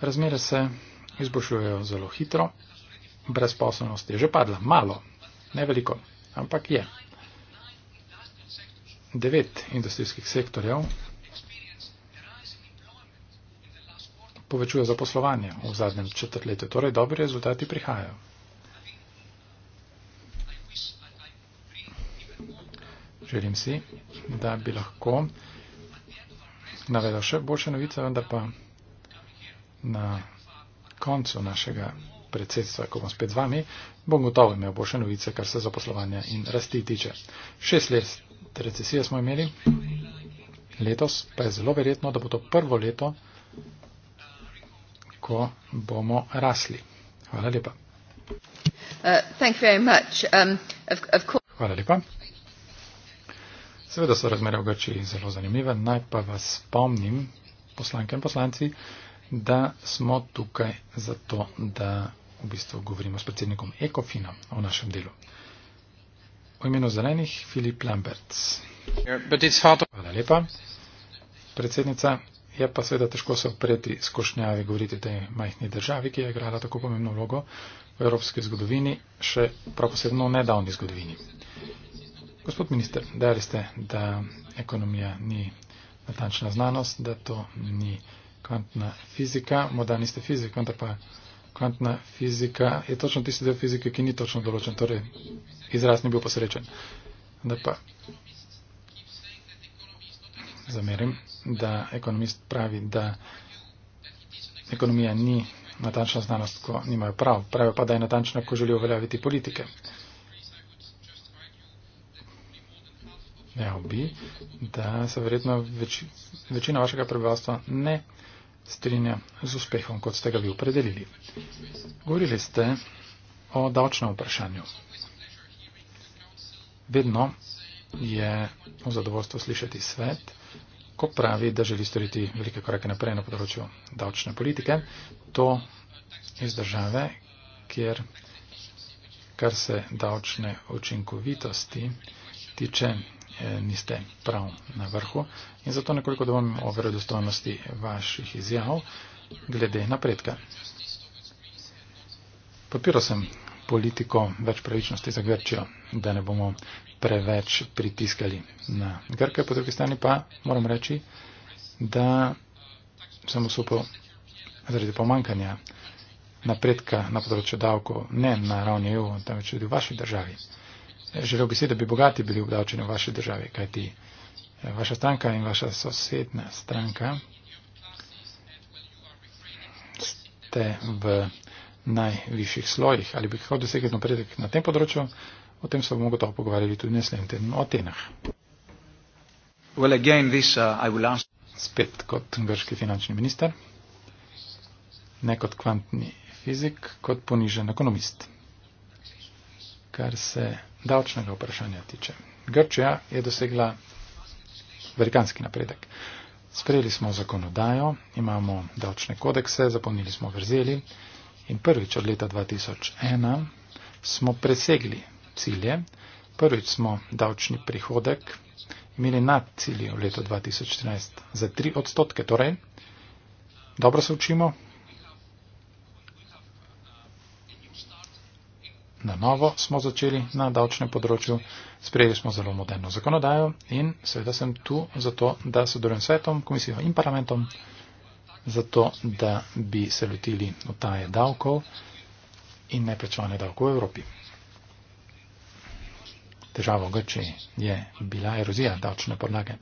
Razmere se izboljšujejo zelo hitro, brezposobnost je že padla, malo, ne veliko, ampak je. Devet industrijskih sektorjev povečuje zaposlovanje v zadnjem četrtletju, torej dobri rezultati prihajajo. Želim si, da bi lahko navedel še boljše novice, vendar pa na koncu našega predsedstva, ko bom spet z vami, bom gotovo imel boljše novice, kar se zaposlovanja in rasti tiče. Šest let recesije smo imeli, letos pa je zelo verjetno, da bo to prvo leto, ko bomo rasli. Hvala lepa. Uh, um, Hvala lepa. Seveda so razmere v Grčiji zelo zanimive. Naj pa vas spomnim, poslanke in poslanci, da smo tukaj zato, da v bistvu govorimo s predsednikom Ekofina o našem delu. V imenu zelenih Filip Lambert. Hvala lepa. Predsednica, je pa seveda težko se opreti skošnjavi govoriti o tej majhni državi, ki je igrala tako pomembno vlogo v evropski zgodovini, še prav posebno v nedavni zgodovini. Gospod minister, dejali ste, da ekonomija ni natančna znanost, da to ni kvantna fizika, morda niste fizik, vendar pa kvantna fizika je točno tisti del fizike, ki ni točno določen, torej izraz ni bil posrečen. Da pa zamerim, da ekonomist pravi, da ekonomija ni natančna znanost, ko nimajo prav. Pravijo pa, da je natančna, ko želijo uveljaviti politike. ne obi, da se verjetno več, večina vašega prebivalstva ne strinja z uspehom, kot ste ga vi opredelili. Govorili ste o davčnem vprašanju. Vedno je v zadovoljstvo slišati svet, ko pravi, da želi storiti velike korake naprej na področju davčne politike, to iz države, kjer kar se davčne učinkovitosti tiče, Eh, niste prav na vrhu in zato nekoliko dovolim o verodostojnosti vaših izjav glede napredka. Podpiral sem politiko več pravičnosti za Grčijo, da ne bomo preveč pritiskali na Grke, po drugi strani pa moram reči, da sem usupil zaradi pomankanja napredka na področju davko ne na ravni EU, temveč tudi v vaši državi želel bi si, da bi bogati bili obdavčeni v vaši državi, kajti eh, vaša stranka in vaša sosedna stranka ste v najvišjih slojih. Ali bi lahko dosegli napredek na tem področju, o tem se bomo gotovo pogovarjali tudi naslednji teden o Atenah. Well, again, this, uh, ask... Spet kot grški finančni minister, ne kot kvantni fizik, kot ponižen ekonomist. Kar se davčnega vprašanja tiče. Grčija je dosegla velikanski napredek. Sprejeli smo zakonodajo, imamo davčne kodekse, zapolnili smo vrzeli in prvič od leta 2001 smo presegli cilje. Prvič smo davčni prihodek imeli nad cilje v letu 2013 za 3 odstotke. Torej, dobro se učimo, na novo smo začeli na davčnem področju, sprejeli smo zelo moderno zakonodajo in seveda sem tu zato, da sodelujem svetom, komisijo in parlamentom, zato, da bi se lotili otaje davkov in neprečovanja davkov v Evropi. Težava v Grčiji je bila erozija davčne podlage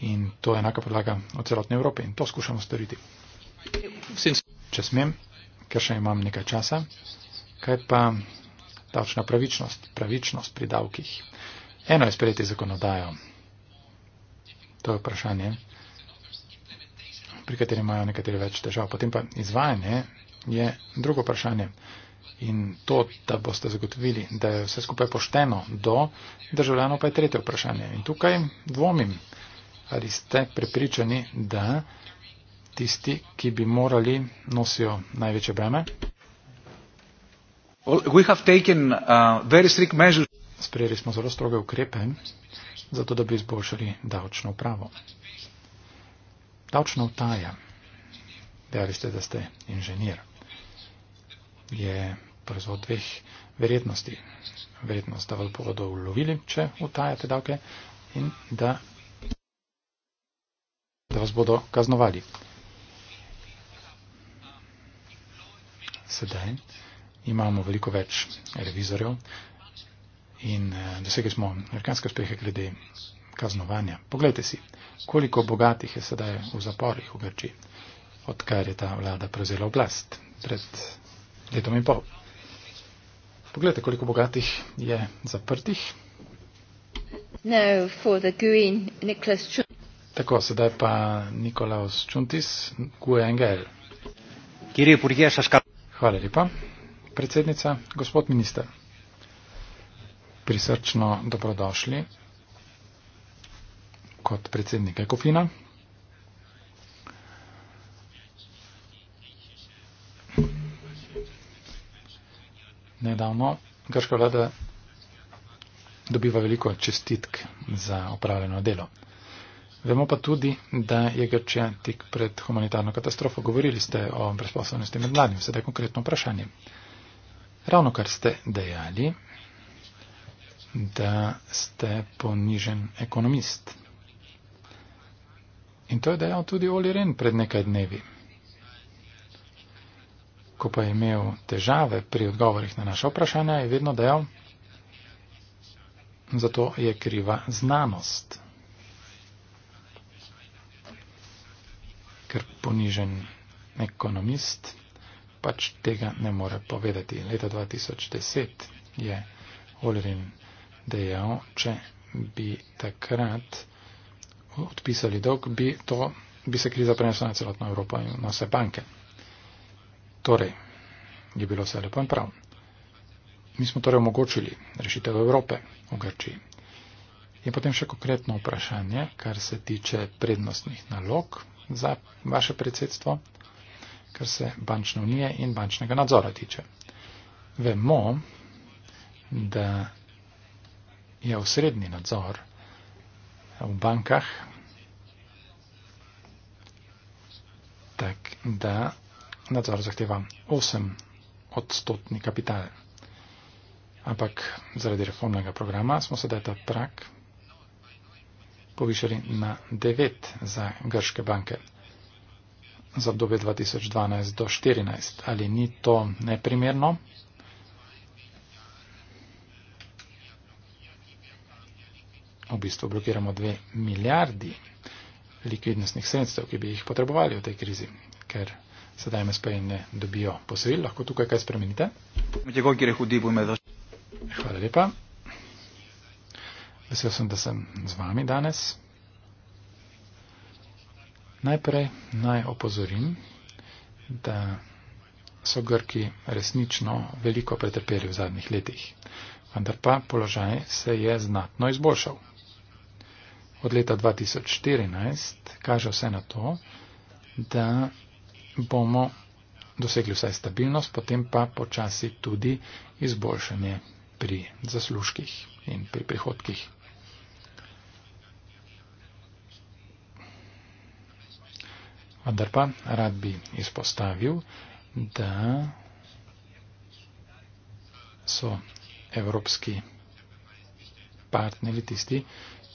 in to je enaka podlaga v celotni Evropi in to skušamo storiti. Če smem, ker še imam nekaj časa, kaj pa davčna pravičnost, pravičnost pri davkih. Eno je sprejeti zakonodajo. To je vprašanje, pri katerem imajo nekateri več težav. Potem pa izvajanje je drugo vprašanje. In to, da boste zagotovili, da je vse skupaj pošteno do državljanov, pa je tretje vprašanje. In tukaj dvomim, ali ste prepričani, da tisti, ki bi morali, nosijo največje breme. Uh, Sprejeli smo zelo stroge ukrepe, zato da bi izboljšali davčno upravo. Davčna utaja, dejali ste, da ste inženir, je proizvod dveh verjetnosti. Verjetnost, da vas bodo ulovili, če utajate davke, in da, da vas bodo kaznovali. Sedaj imamo veliko več revizorjev in eh, dosegli smo amerikanske uspehe glede kaznovanja. Poglejte si, koliko bogatih je sedaj v zaporih v Grči, odkar je ta vlada prevzela oblast pred letom in pol. Poglejte, koliko bogatih je zaprtih. No, for the green, Nicholas Tako, sedaj pa Nikolaus Čuntis, Guengel. Hvala lepa predsednica, gospod minister, prisrčno dobrodošli kot predsednik Ekofina. Nedavno grška vlada dobiva veliko čestitk za opravljeno delo. Vemo pa tudi, da je Grčija tik pred humanitarno katastrofo. Govorili ste o brezposobnosti med mladimi. Sedaj konkretno vprašanje. Ravno kar ste dejali, da ste ponižen ekonomist. In to je dejal tudi Oli Ren pred nekaj dnevi. Ko pa je imel težave pri odgovorih na naše vprašanja, je vedno dejal, zato je kriva znanost. Ker ponižen ekonomist pač tega ne more povedati. Leta 2010 je Olerin dejal, če bi takrat odpisali dolg, bi, to, bi se kriza prenesla na celotno Evropo in na vse banke. Torej, je bilo vse lepo in prav. Mi smo torej omogočili rešitev Evrope v Grčiji. In potem še konkretno vprašanje, kar se tiče prednostnih nalog za vaše predsedstvo kar se bančne unije in bančnega nadzora tiče. Vemo, da je osrednji nadzor v bankah tak, da nadzor zahteva 8 odstotni kapital. Ampak zaradi reformnega programa smo sedaj ta prak povišali na 9 za grške banke za obdobje 2012 do 2014. Ali ni to neprimerno? V bistvu blokiramo dve milijardi likvidnostnih sredstev, ki bi jih potrebovali v tej krizi, ker sedaj MSP-ji ne dobijo posojil. Lahko tukaj kaj spremenite? Hvala lepa. Vesel sem, da sem z vami danes. Najprej naj opozorim, da so Grki resnično veliko pretrpeli v zadnjih letih, vendar pa položaj se je znatno izboljšal. Od leta 2014 kaže vse na to, da bomo dosegli vsaj stabilnost, potem pa počasi tudi izboljšanje pri zaslužkih in pri prihodkih Vendar pa rad bi izpostavil, da so evropski partneri tisti,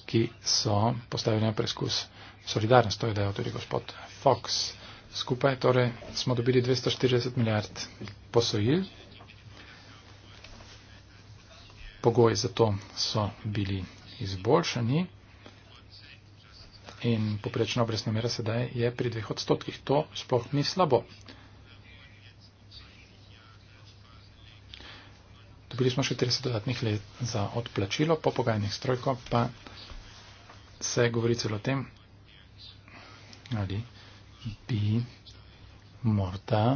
ki so postavili na preskus solidarnost, to je dejal tudi gospod Fox. Skupaj torej smo dobili 240 milijard posojil. Pogoji za to so bili izboljšani in poprečna obrestna mera sedaj je pri dveh odstotkih. To sploh ni slabo. Dobili smo še 30 dodatnih let za odplačilo po pogajnih strojko, pa se govori celo o tem, ali bi morda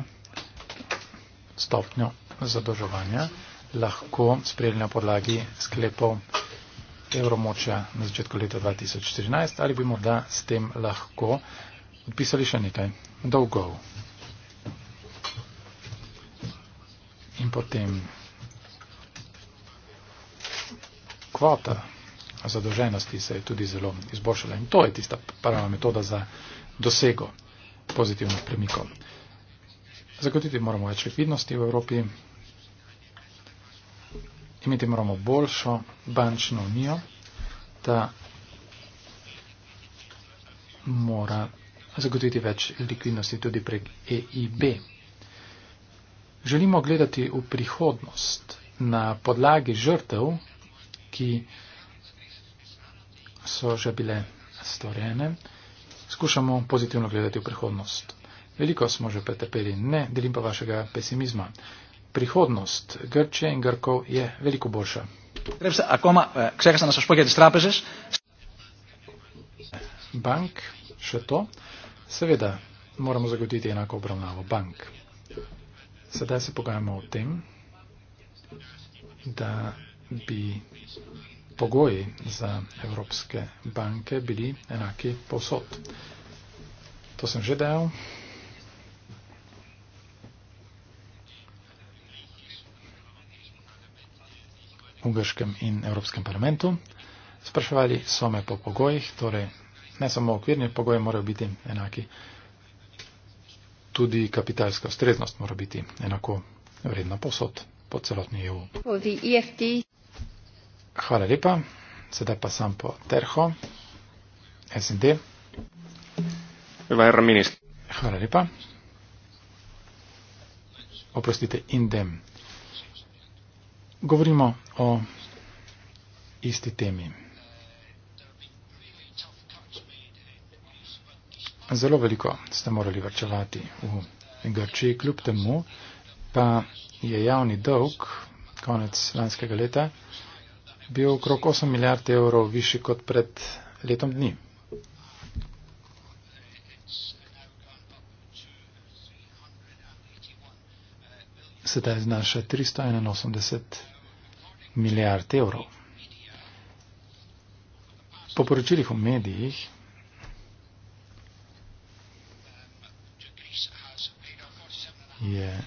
stopnjo zadolževanja lahko sprejeli na podlagi sklepov evromočja na začetku leta 2014 ali bi morda s tem lahko odpisali še nekaj dolgov. In potem kvota zadolženosti se je tudi zelo izboljšala in to je tista prava metoda za dosego pozitivnih premikov. Zagotoviti moramo več likvidnosti v Evropi, imeti moramo boljšo bančno unijo, ta mora zagotoviti več likvidnosti tudi prek EIB. Želimo gledati v prihodnost na podlagi žrtev, ki so že bile storjene. Skušamo pozitivno gledati v prihodnost. Veliko smo že pretrpeli, ne delim pa vašega pesimizma prihodnost Grčije in Grkov je veliko boljša. Rebste, akoma, eh, ksehasa nas ošpogjati s trapežes. Bank, še to. Seveda, moramo zagoditi enako obravnavo. Bank. Sedaj se pogajamo o tem, da bi pogoji za evropske banke bili enaki posod. To sem že dejal. Ungarskem in Evropskem parlamentu. Spraševali so me po pogojih, torej ne samo okvirni pogoji morajo biti enaki, tudi kapitalska ustreznost mora biti enako vredna posod po celotni EU. E Hvala lepa. Sedaj pa sam po Terho, SND. Hvala lepa. Oprostite, indem. Govorimo o isti temi. Zelo veliko ste morali vrčevati v Grčiji, kljub temu pa je javni dolg konec lanskega leta bil okrog 8 milijard evrov višji kot pred letom dni. Sedaj znaša 381 milijard evrov. Po poročilih v medijih je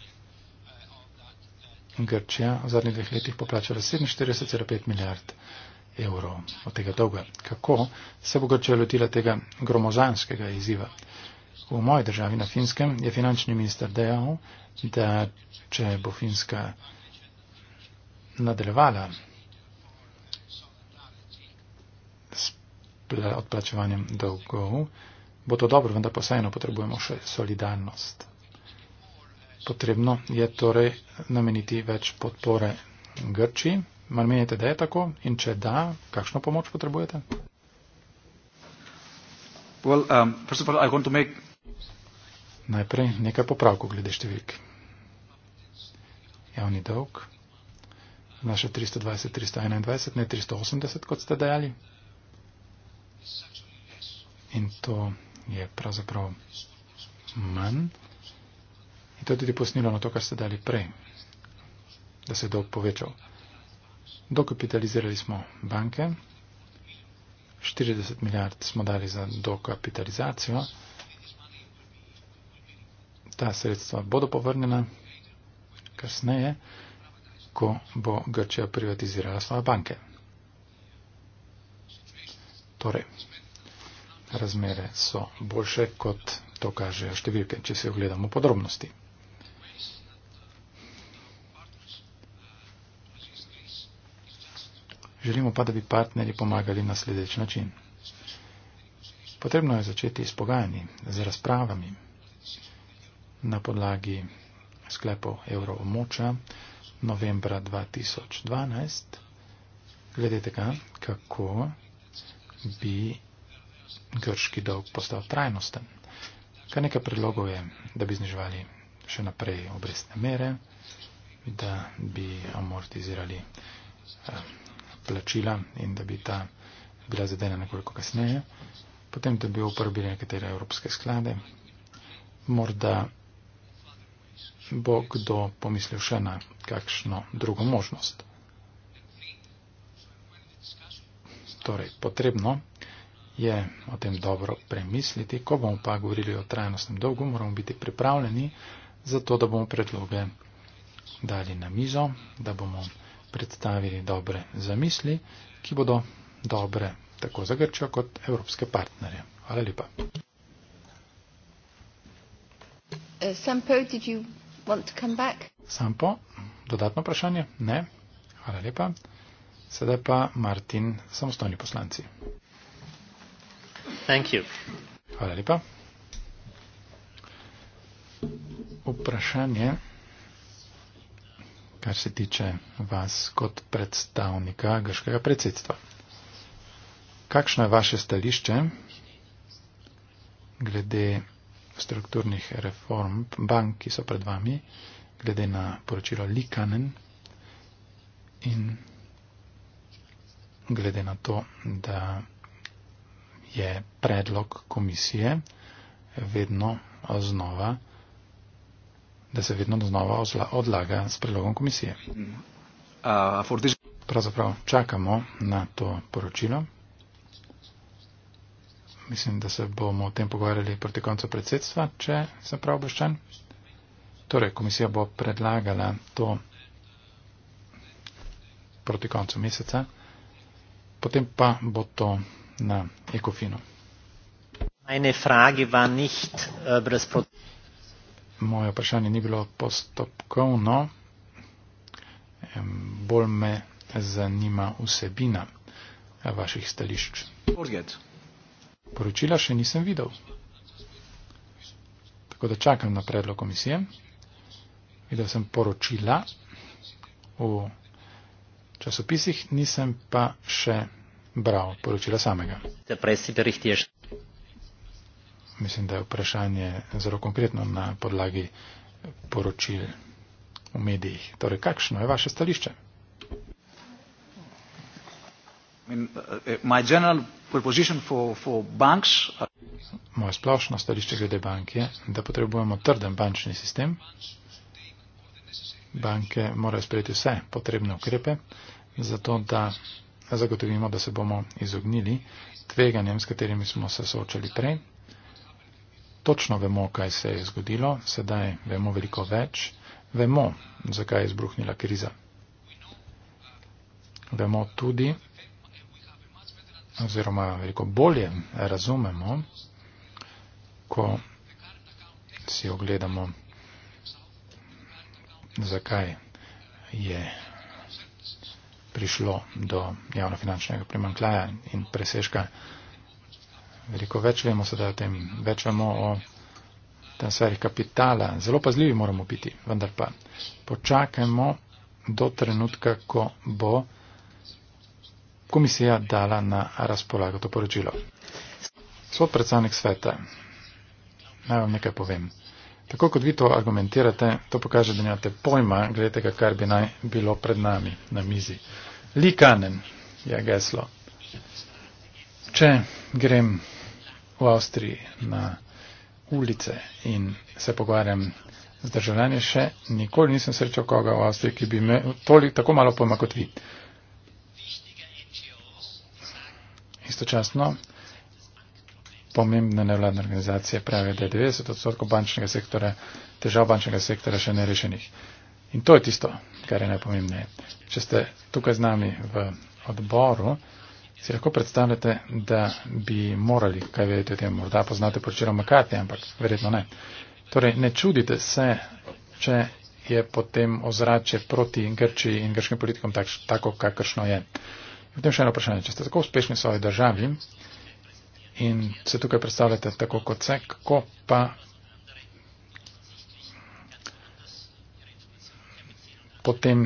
Grčija v zadnjih dveh letih poplačala 47,5 milijard evrov od tega dolga. Kako se bo Grčija lotila tega gromozanskega izziva? V moji državi na Finskem je finančni minister dejal, da če bo Finska nadaljevala s odplačevanjem dolgov, bo to dobro, vendar pa vseeno potrebujemo še solidarnost. Potrebno je torej nameniti več podpore Grči. Mar menite, da je tako? In če da, kakšno pomoč potrebujete? Well, um, all, make... Najprej nekaj popravkov glede številk. Javni dolg naše 320, 321, ne 380, kot ste dejali. In to je pravzaprav manj. In to je tudi posnilo na to, kar ste dali prej, da se je dolg povečal. Dokapitalizirali smo banke, 40 milijard smo dali za dokapitalizacijo. Ta sredstva bodo povrnjena kasneje ko bo Grčija privatizirala svoje banke. Torej, razmere so boljše, kot to kažejo številke, če se ogledamo podrobnosti. Želimo pa, da bi partneri pomagali na sledeč način. Potrebno je začeti s pogajanji, z razpravami na podlagi sklepov evroomoča, novembra 2012, glede tega, kako bi grški dolg postal trajnosten. Kar nekaj predlogov je, da bi zniževali še naprej obrestne mere, da bi amortizirali eh, plačila in da bi ta bila zadena nekoliko kasneje, potem da bi uporabili nekatere evropske sklade, morda bo kdo pomislil še na kakšno drugo možnost. Torej, potrebno je o tem dobro premisliti. Ko bomo pa govorili o trajnostnem dolgu, moramo biti pripravljeni za to, da bomo predloge dali na mizo, da bomo predstavili dobre zamisli, ki bodo dobre tako za Grčijo kot evropske partnerje. Hvala lepa. Uh, eh, some poet, did you want to come back? Sampo, dodatno vprašanje? Ne. Hvala lepa. Sedaj pa Martin, samostojni poslanci. Thank you. Hvala lepa. Vprašanje, kar se tiče vas kot predstavnika grškega predsedstva. Kakšno je vaše stališče glede strukturnih reform bank, ki so pred vami, glede na poročilo Likanen in glede na to, da je predlog komisije vedno znova, da se vedno znova odlaga s predlogom komisije. Pravzaprav čakamo na to poročilo mislim, da se bomo o tem pogovarjali proti koncu predsedstva, če se prav boščen. Torej, komisija bo predlagala to proti koncu meseca, potem pa bo to na ekofinu. Äh, Moje vprašanje ni bilo postopkovno, bolj me zanima vsebina vaših stališč. Forget. Poročila še nisem videl. Tako da čakam na predlog komisije. Videl sem poročila v časopisih, nisem pa še bral poročila samega. Mislim, da je vprašanje zelo konkretno na podlagi poročil v medijih. Torej, kakšno je vaše stališče? Uh, uh, uh, Moje splošno stališče glede bank je, da potrebujemo trden bančni sistem. Banke morajo sprejeti vse potrebne ukrepe, zato da zagotovimo, da se bomo izognili tveganjem, s katerimi smo se soočali prej. Točno vemo, kaj se je zgodilo, sedaj vemo veliko več, vemo, zakaj je izbruhnila kriza. Vemo tudi, oziroma veliko bolje razumemo, ko si ogledamo, zakaj je prišlo do javnofinančnega primankljaja in preseška. Veliko več vemo sedaj o tem, več vemo o transferih kapitala. Zelo pazljivi moramo biti, vendar pa počakajmo do trenutka, ko bo komisija dala na razpolago to poročilo. Svod predsednik sveta, naj vam nekaj povem. Tako kot vi to argumentirate, to pokaže, da nimate pojma, gledajte, kar bi naj bilo pred nami na mizi. Likanen je geslo. Če grem v Avstriji na ulice in se pogovarjam z državljani, še nikoli nisem srečal koga v Avstriji, ki bi imel tako malo pojma kot vi. istočasno pomembne nevladne organizacije pravijo, da je 90 odstotkov bančnega sektora, težav bančnega sektora še nerešenih. In to je tisto, kar je najpomembnejše. Če ste tukaj z nami v odboru, si lahko predstavljate, da bi morali kaj vedeti o tem. Morda poznate poročilo Makati, ampak verjetno ne. Torej, ne čudite se, če je potem ozračje proti Grčiji in grškim politikom tako, kakršno je. Potem še eno vprašanje. Če ste tako uspešni v svoji državi in se tukaj predstavljate tako kot se, kako pa potem,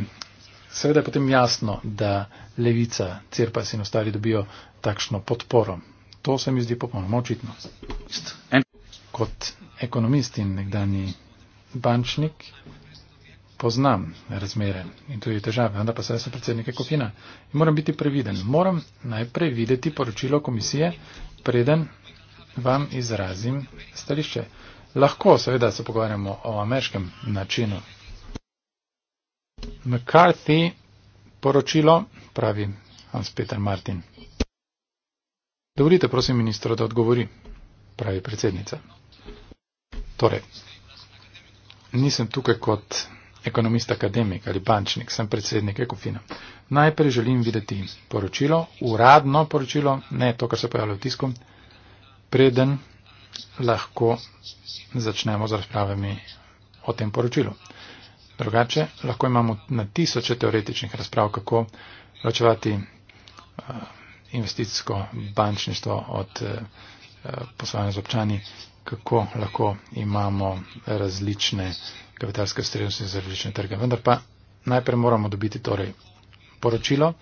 seveda je potem jasno, da levica, crpas in ostali dobijo takšno podporo. To se mi zdi popolnoma očitno. Kot ekonomist in nekdani bančnik poznam razmere in tudi težave, vendar pa sem jaz predsednik Ekofina. In moram biti previden. Moram najprej videti poročilo komisije, preden vam izrazim stališče. Lahko seveda se pogovarjamo o ameriškem načinu. McCarthy poročilo pravi Hans Peter Martin. Dovolite, prosim, ministro, da odgovori, pravi predsednica. Torej, nisem tukaj kot ekonomist akademik ali bančnik, sem predsednik Ekofina. Najprej želim videti poročilo, uradno poročilo, ne to, kar se pojavlja v tisku, preden lahko začnemo z razpravami o tem poročilu. Drugače, lahko imamo na tisoče teoretičnih razprav, kako ločevati eh, investicijsko bančništvo od eh, poslovanja z občani kako lahko imamo različne kapitalske ustrednosti za različne trge. Vendar pa najprej moramo dobiti torej poročilo,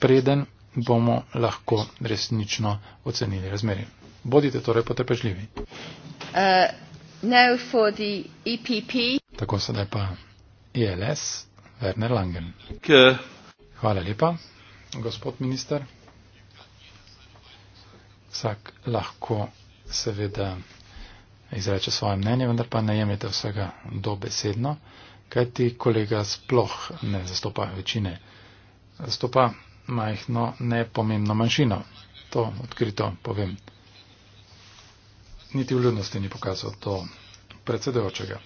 preden bomo lahko resnično ocenili razmerje. Bodite torej potrpežljivi. Uh, e Tako sedaj pa ILS e Werner Langel. Okay. Hvala lepa, gospod minister. Vsak lahko seveda izreče svoje mnenje, vendar pa ne jemljete vsega dobesedno, kajti kolega sploh ne zastopa večine, zastopa majhno nepomembno manjšino. To odkrito povem. Niti vljudnosti ni pokazal to predsedojočega.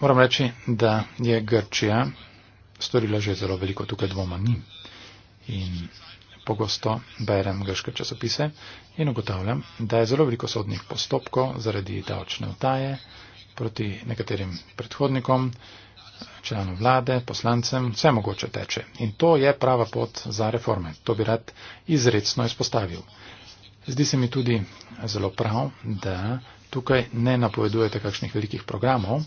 Moram reči, da je Grčija storila že zelo veliko, tukaj dvoma ni. In pogosto berem grške časopise in ugotavljam, da je zelo veliko sodnih postopkov zaradi davčne utaje proti nekaterim predhodnikom, članom vlade, poslancem, vse mogoče teče. In to je prava pot za reforme. To bi rad izredno izpostavil. Zdi se mi tudi zelo prav, da tukaj ne napovedujete kakšnih velikih programov,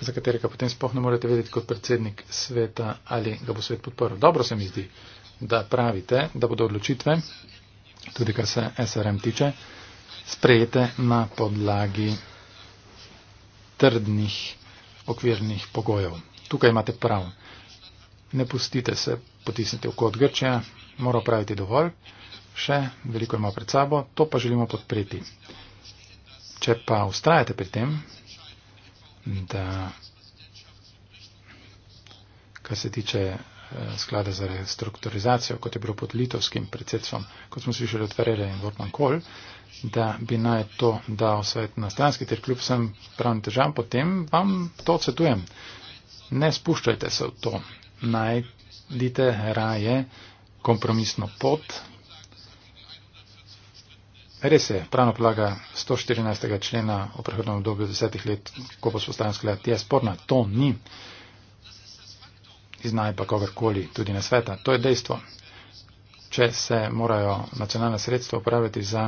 za katerega potem sploh ne morete vedeti kot predsednik sveta, ali ga bo svet podporil. Dobro se mi zdi, da pravite, da bodo odločitve, tudi kar se SRM tiče, sprejete na podlagi trdnih okvirnih pogojev. Tukaj imate prav. Ne pustite se potisniti v kot Grčija, mora praviti dovolj, še veliko ima pred sabo, to pa želimo podpreti. Če pa ustrajate pri tem, da kar se tiče eh, sklada za restrukturizacijo, kot je bilo pod litovskim predsedstvom, kot smo slišali od Ferreira in Vortman Kohl, da bi naj to dal svet na stranski, ter kljub vsem pravnim težavam, potem vam to odsvetujem. Ne spuščajte se v to. Najdite raje kompromisno pot, Res je, pravno plaga 114. člena o prehodnem obdobju desetih let, ko bo spostavljen sklad, je sporna. To ni iznaj pa kogarkoli tudi na sveta. To je dejstvo. Če se morajo nacionalne sredstva upraviti za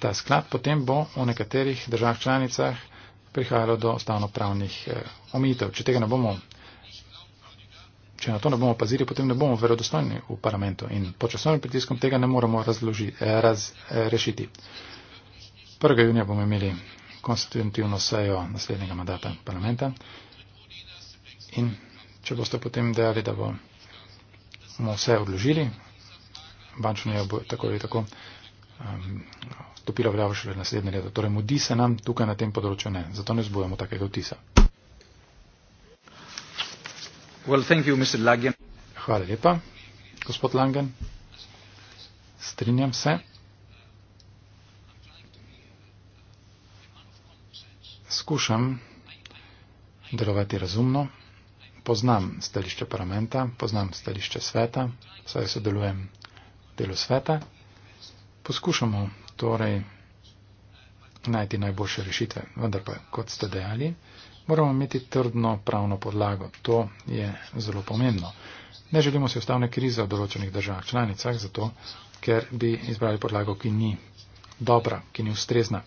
ta sklad, potem bo v nekaterih državah članicah prihajalo do ustavno pravnih eh, omitev. Če tega ne bomo če na to ne bomo pazili, potem ne bomo verodostojni v parlamentu in pod časovnim pritiskom tega ne moremo razrešiti. Raz, 1. Eh, junija bomo imeli konstitutivno sejo naslednjega mandata parlamenta in če boste potem dejali, da bomo vse odložili, bančunija bo tako ali tako ehm, vstopila um, v javo šele naslednje leto. Torej mudi se nam tukaj na tem področju ne, zato ne zbujemo takega vtisa. Well, thank you, Mr. Lagen. Hvala lepa, gospod Langen. Strinjam se. Skušam delovati razumno. Poznam stališče parlamenta, poznam stališče sveta, saj sodelujem v delu sveta. Poskušamo torej najti najboljše rešitve, vendar pa, kot ste dejali, moramo imeti trdno pravno podlago. To je zelo pomembno. Ne želimo si ustavne krize v določenih državah članicah, zato ker bi izbrali podlago, ki ni dobra, ki ni ustrezna.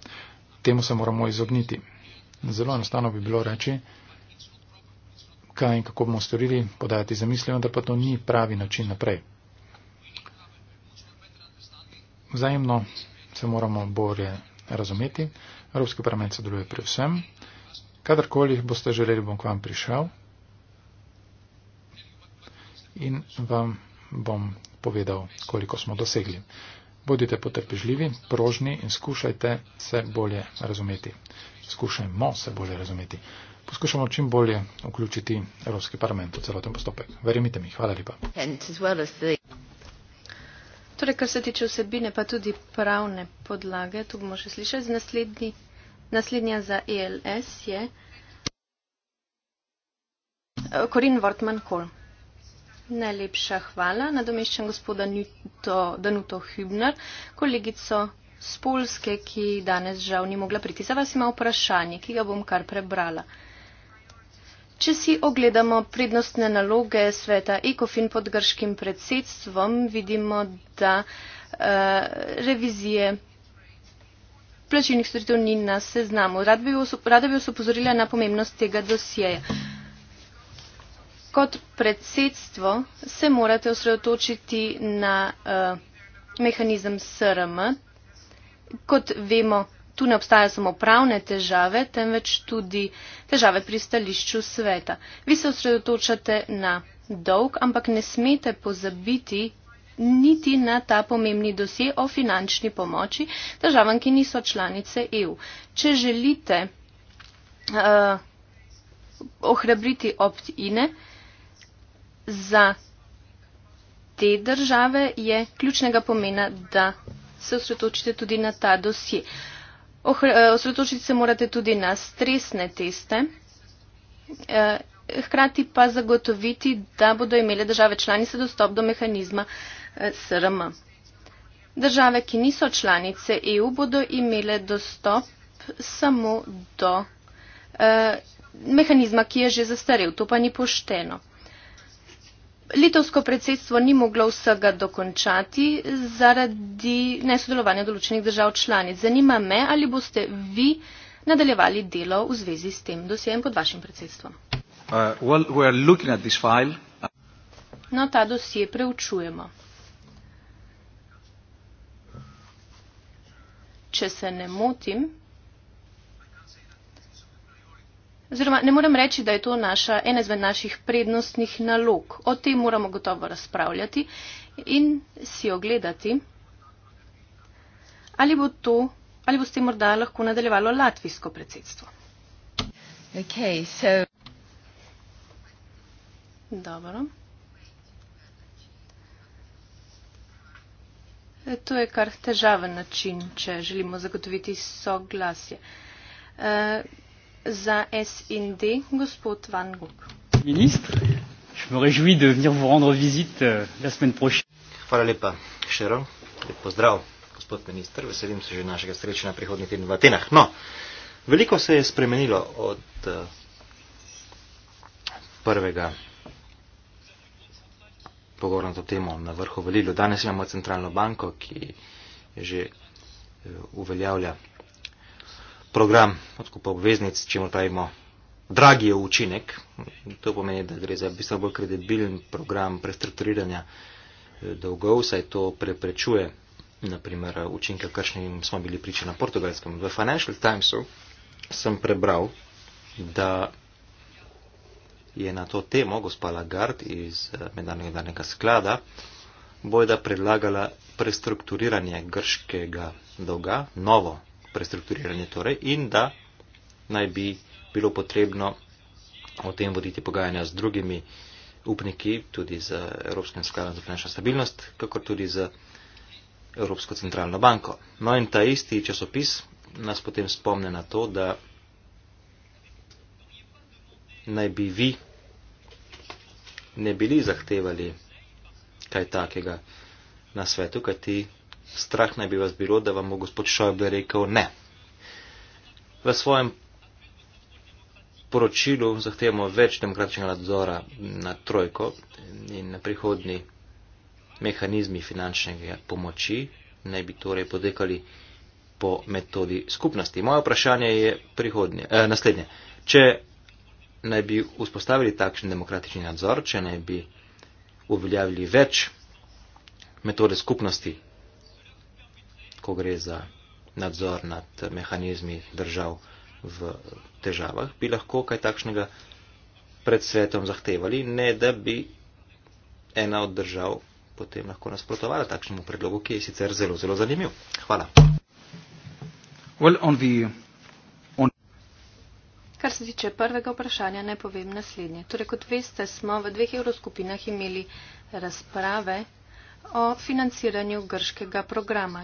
Temu se moramo izogniti. Zelo enostavno bi bilo reči, kaj in kako bomo storili, podajati zamislimo, da pa to ni pravi način naprej. Vzajemno se moramo bolje razumeti. Evropski parlament se deluje pri vsem. Kadarkoli boste želeli, bom k vam prišel in vam bom povedal, koliko smo dosegli. Bodite potrpežljivi, prožni in skušajte se bolje razumeti. Skušajmo se bolje razumeti. Poskušamo čim bolje vključiti Evropski parlament v celoten postopek. Verjemite mi, hvala lepa. Torej, kar se tiče vsebine, pa tudi pravne podlage, to bomo še slišali z naslednji. Naslednja za ELS je eh, Corinne Wortmann-Kohl. Najlepša hvala. Nadomeščam gospoda Nuto, Danuto Hübner, kolegico z Polske, ki danes žal ni mogla priti. Za vas ima vprašanje, ki ga bom kar prebrala. Če si ogledamo prednostne naloge sveta ECOFIN pod grškim predsedstvom, vidimo, da uh, revizije plačilnih storitev ni na seznamu. Rad bi vas, rada bi vas upozorila na pomembnost tega dosjeja. Kot predsedstvo se morate osredotočiti na uh, mehanizem SRM. Kot vemo, tu ne obstaja samo pravne težave, temveč tudi težave pri stališču sveta. Vi se osredotočate na dolg, ampak ne smete pozabiti niti na ta pomembni dosje o finančni pomoči državam, ki niso članice EU. Če želite uh, ohrabriti opt-ine za te države, je ključnega pomena, da se osredotočite tudi na ta dosje. Eh, osredotočiti se morate tudi na stresne teste, eh, hkrati pa zagotoviti, da bodo imele države članice dostop do mehanizma uh, SRM. Države, ki niso članice EU, bodo imele dostop samo do eh, mehanizma, ki je že zastarel. To pa ni pošteno. Litovsko predsedstvo ni moglo vsega dokončati zaradi nesodelovanja določenih držav članic. Zanima me, ali boste vi nadaljevali delo v zvezi s tem dosjejem pod vašim predsedstvom. Uh, well, no, ta dosje preučujemo. če se ne motim, oziroma ne moram reči, da je to naša, ena izmed naših prednostnih nalog. O tem moramo gotovo razpravljati in si ogledati, ali bo to, ali boste morda lahko nadaljevalo latvijsko predsedstvo. Okay, so... Dobro. E, to je kar težaven način, če želimo zagotoviti soglasje. E, za SND, gospod Van Gogh. Ministr, je me režvi, da venir vous rendre visite euh, la semaine prochaine. Hvala lepa, Šero. Lep pozdrav, gospod minister. Veselim se že našega srečanja prihodnji teden v Atenah. No, veliko se je spremenilo od uh, prvega pogovor na to temo na vrhu v Lilu. Danes imamo centralno banko, ki že eh, uveljavlja program odkupa obveznic, če mu pravimo dragi je učinek. To pomeni, da gre za bistvo bolj kredibilen program prestrukturiranja eh, dolgov, saj to preprečuje naprimer učinke, kakšnim smo bili priča na portugalskem. V Financial Timesu sem prebral, da je na to temo gospa Lagard iz eh, mednarodnega sklada bojda predlagala prestrukturiranje grškega dolga, novo prestrukturiranje torej, in da naj bi bilo potrebno o tem voditi pogajanja z drugimi upniki, tudi z Evropskim skladom za finančno stabilnost, kakor tudi z Evropsko centralno banko. No in ta isti časopis nas potem spomne na to, da naj bi vi ne bili zahtevali kaj takega na svetu, kaj ti strah naj bi vas bilo, da vam bo gospod Šojble rekel ne. V svojem poročilu zahtevamo več demokratičnega nadzora na trojko in na prihodni mehanizmi finančnega pomoči, naj bi torej potekali po metodi skupnosti. Moje vprašanje je prihodnje, eh, naslednje. Če naj bi vzpostavili takšen demokratični nadzor, če naj bi uveljavili več metode skupnosti, ko gre za nadzor nad mehanizmi držav v težavah, bi lahko kaj takšnega pred svetom zahtevali, ne da bi ena od držav potem lahko nasprotovala takšnemu predlogu, ki je sicer zelo, zelo zanimiv. Hvala. Well, on the Kar se tiče prvega vprašanja, ne povem naslednje. Torej, kot veste, smo v dveh evroskupinah imeli razprave o financiranju grškega programa.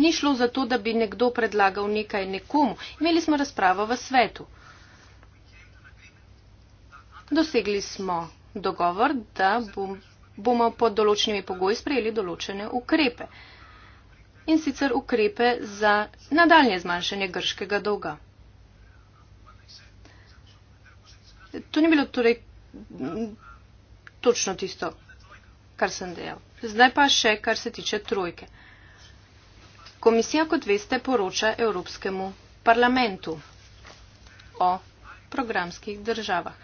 Ni šlo za to, da bi nekdo predlagal nekaj nekomu. Imeli smo razpravo v svetu. Dosegli smo dogovor, da bomo pod določenimi pogoji sprejeli določene ukrepe. In sicer ukrepe za nadaljnje zmanjšanje grškega dolga. To ni bilo torej točno tisto, kar sem dejal. Zdaj pa še, kar se tiče trojke. Komisija, kot veste, poroča Evropskemu parlamentu o programskih državah.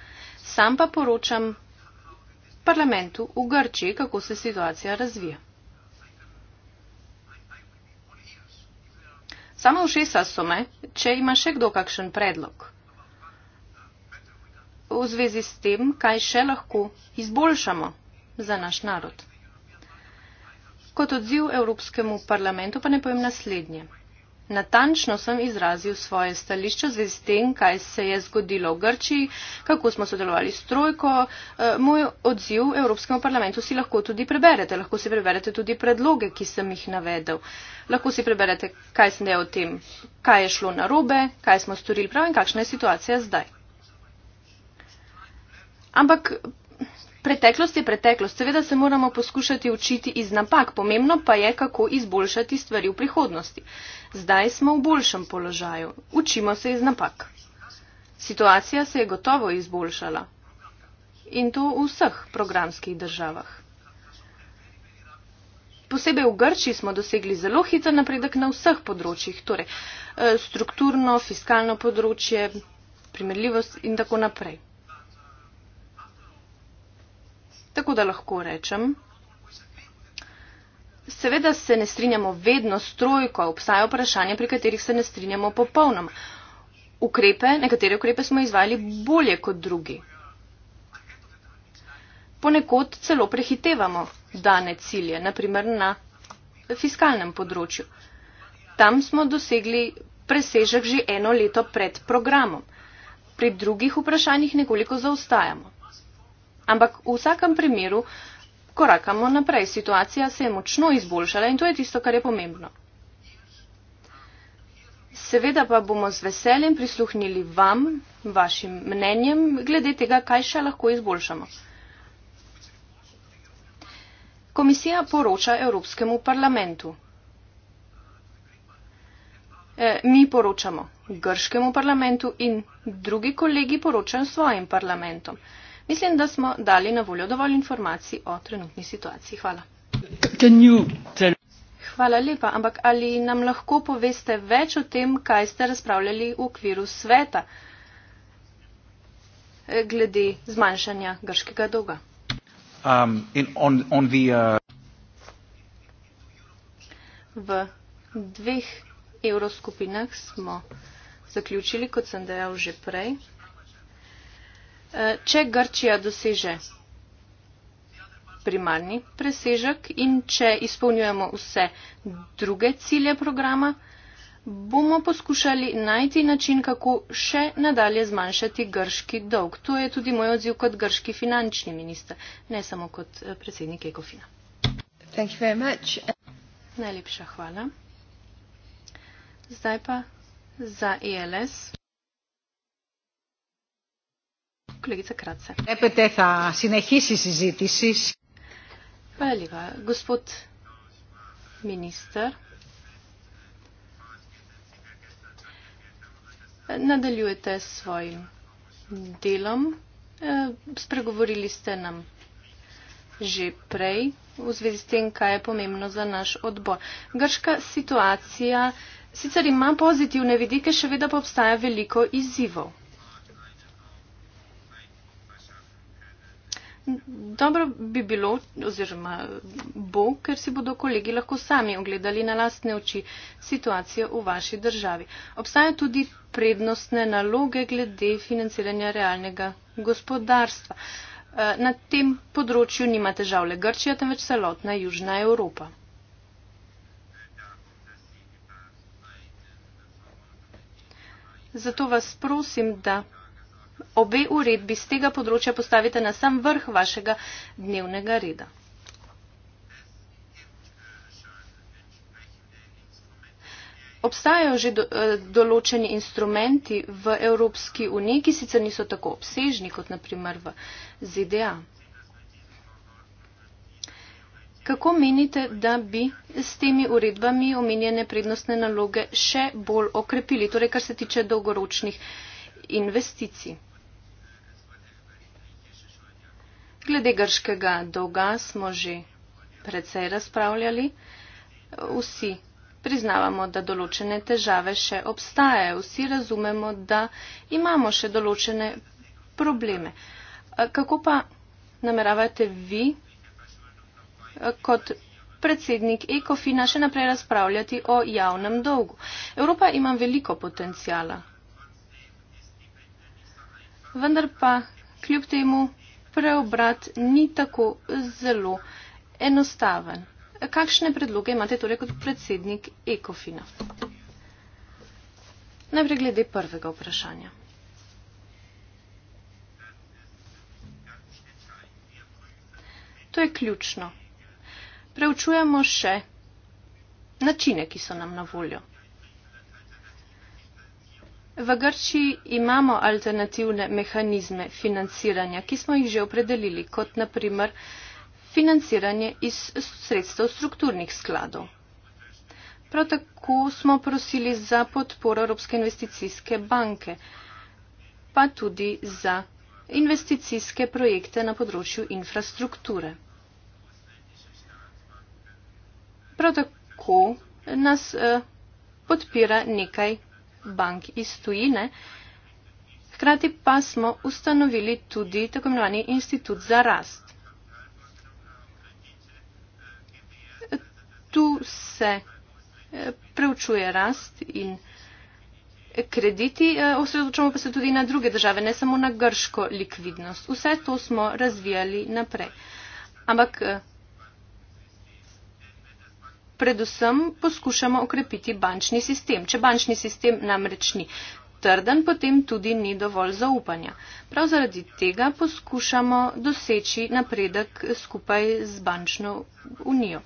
Sam pa poročam parlamentu v Grčiji, kako se situacija razvija. Samo všesa so me, če ima še kdo kakšen predlog v zvezi s tem, kaj še lahko izboljšamo za naš narod. Kot odziv Evropskemu parlamentu pa ne povem naslednje. Natančno sem izrazil svoje stališče v zvezi s tem, kaj se je zgodilo v Grčiji, kako smo sodelovali s trojko. E, moj odziv Evropskemu parlamentu si lahko tudi preberete. Lahko si preberete tudi predloge, ki sem jih navedel. Lahko si preberete, kaj sem dejal o tem, kaj je šlo narobe, kaj smo storili prav in kakšna je situacija zdaj. Ampak preteklost je preteklost. Seveda se moramo poskušati učiti iz napak. Pomembno pa je, kako izboljšati stvari v prihodnosti. Zdaj smo v boljšem položaju. Učimo se iz napak. Situacija se je gotovo izboljšala. In to v vseh programskih državah. Posebej v Grči smo dosegli zelo hiter napredek na vseh področjih, torej eh, strukturno, fiskalno področje, primerljivost in tako naprej. Tako da lahko rečem, seveda se ne strinjamo vedno s trojko, obstajajo vprašanja, pri katerih se ne strinjamo popolnoma. Ukrepe, nekatere ukrepe smo izvajali bolje kot drugi. Ponekod celo prehitevamo dane cilje, naprimer na fiskalnem področju. Tam smo dosegli presežek že eno leto pred programom. Pri drugih vprašanjih nekoliko zaostajamo. Ampak v vsakem primeru korakamo naprej. Situacija se je močno izboljšala in to je tisto, kar je pomembno. Seveda pa bomo z veseljem prisluhnili vam, vašim mnenjem, glede tega, kaj še lahko izboljšamo. Komisija poroča Evropskemu parlamentu. E, mi poročamo Grškemu parlamentu in drugi kolegi poročajo svojim parlamentom. Mislim, da smo dali na voljo dovolj informacij o trenutni situaciji. Hvala. Hvala lepa, ampak ali nam lahko poveste več o tem, kaj ste razpravljali v okviru sveta eh, glede zmanjšanja grškega dolga? Um, on, on the, uh... V dveh evroskupinah smo zaključili, kot sem dejal že prej. Eh, če Grčija doseže primarni presežek in če izpolnjujemo vse druge cilje programa, bomo poskušali najti način, kako še nadalje zmanjšati grški dolg. To je tudi moj odziv kot grški finančni minister, ne samo kot eh, predsednik Ekofina. Thank you very much. Najlepša hvala. Zdaj pa za ELS. Kolegica Kratce. Repete, da si ne hisi sizit, sis. Hvala lepa. Gospod minister. Nadaljujete s svojim delom. E, spregovorili ste nam že prej v zvezi s tem, kaj je pomembno za naš odbor. Grška situacija sicer ima pozitivne vidike, še vedno pa obstaja veliko izzivov. dobro bi bilo, oziroma bo, ker si bodo kolegi lahko sami ogledali na lastne oči situacijo v vaši državi. Obstajajo tudi prednostne naloge glede financiranja realnega gospodarstva. Eh, na tem področju nima težav le Grčija, temveč celotna Južna Evropa. Zato vas prosim, da obe uredbi z tega področja postavite na sam vrh vašega dnevnega reda. Obstajajo že do, eh, določeni instrumenti v Evropski uniji, ki sicer niso tako obsežni kot naprimer v ZDA. Kako menite, da bi s temi uredbami omenjene prednostne naloge še bolj okrepili, torej kar se tiče dolgoročnih investicij? glede grškega dolga smo že precej razpravljali. Vsi priznavamo, da določene težave še obstajajo. Vsi razumemo, da imamo še določene probleme. Kako pa nameravate vi kot predsednik Ekofina še naprej razpravljati o javnem dolgu? Evropa ima veliko potencijala. Vendar pa kljub temu preobrat ni tako zelo enostaven. Kakšne predloge imate torej kot predsednik Ekofina? Najprej glede prvega vprašanja. To je ključno. Preučujemo še načine, ki so nam na voljo. V Grčiji imamo alternativne mehanizme financiranja, ki smo jih že opredelili, kot naprimer financiranje iz sredstev strukturnih skladov. Prav tako smo prosili za podporo Evropske investicijske banke, pa tudi za investicijske projekte na področju infrastrukture. Prav tako nas eh, podpira nekaj bank iz tujine. Hkrati pa smo ustanovili tudi tako imenovani institut za rast. Tu se eh, preučuje rast in krediti, eh, osredotočamo pa se tudi na druge države, ne samo na grško likvidnost. Vse to smo razvijali naprej. Ampak eh, predvsem poskušamo okrepiti bančni sistem. Če bančni sistem namreč ni trden, potem tudi ni dovolj zaupanja. Prav zaradi tega poskušamo doseči napredek skupaj z bančno unijo.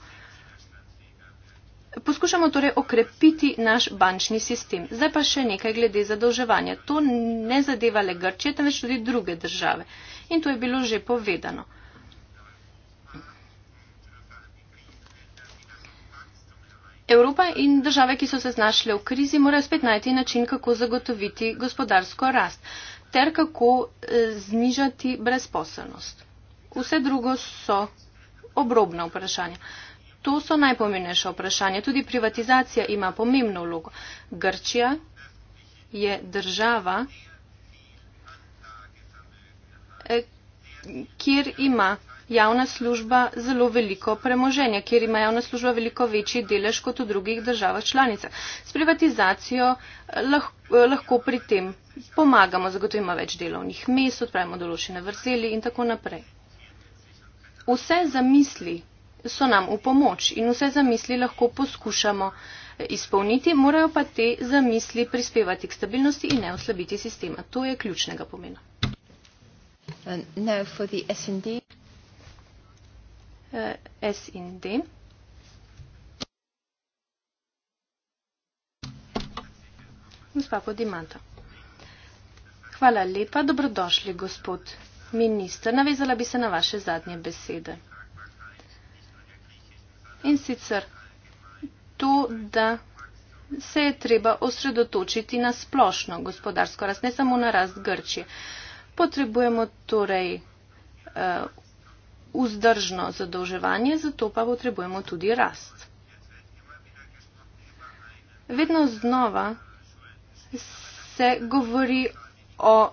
Poskušamo torej okrepiti naš bančni sistem. Zdaj pa še nekaj glede zadolževanja. To ne zadeva le Grčije, temveč tudi druge države. In to je bilo že povedano. Evropa in države, ki so se znašle v krizi, morajo spet najti način, kako zagotoviti gospodarsko rast ter kako eh, znižati brezposelnost. Vse drugo so obrobna vprašanja. To so najpomembnejša vprašanja. Tudi privatizacija ima pomembno vlogo. Grčija je država, eh, kjer ima javna služba zelo veliko premoženja, kjer ima javna služba veliko večji delež kot v drugih državah članicah. S privatizacijo eh, lahko, eh, lahko pri tem pomagamo, zagotovimo več delovnih mest, odpravimo določene vrzeli in tako naprej. Vse zamisli so nam v pomoč in vse zamisli lahko poskušamo eh, izpolniti, morajo pa te zamisli prispevati k stabilnosti in ne oslabiti sistema. To je ključnega pomena. Uh, no, Eh, S in D. Gospa Podimata. Hvala lepa, dobrodošli, gospod minister. Navezala bi se na vaše zadnje besede. In sicer to, da se je treba osredotočiti na splošno gospodarsko rast, ne samo na rast Grčije. Potrebujemo torej eh, vzdržno zadolževanje, zato pa potrebujemo tudi rast. Vedno znova se govori o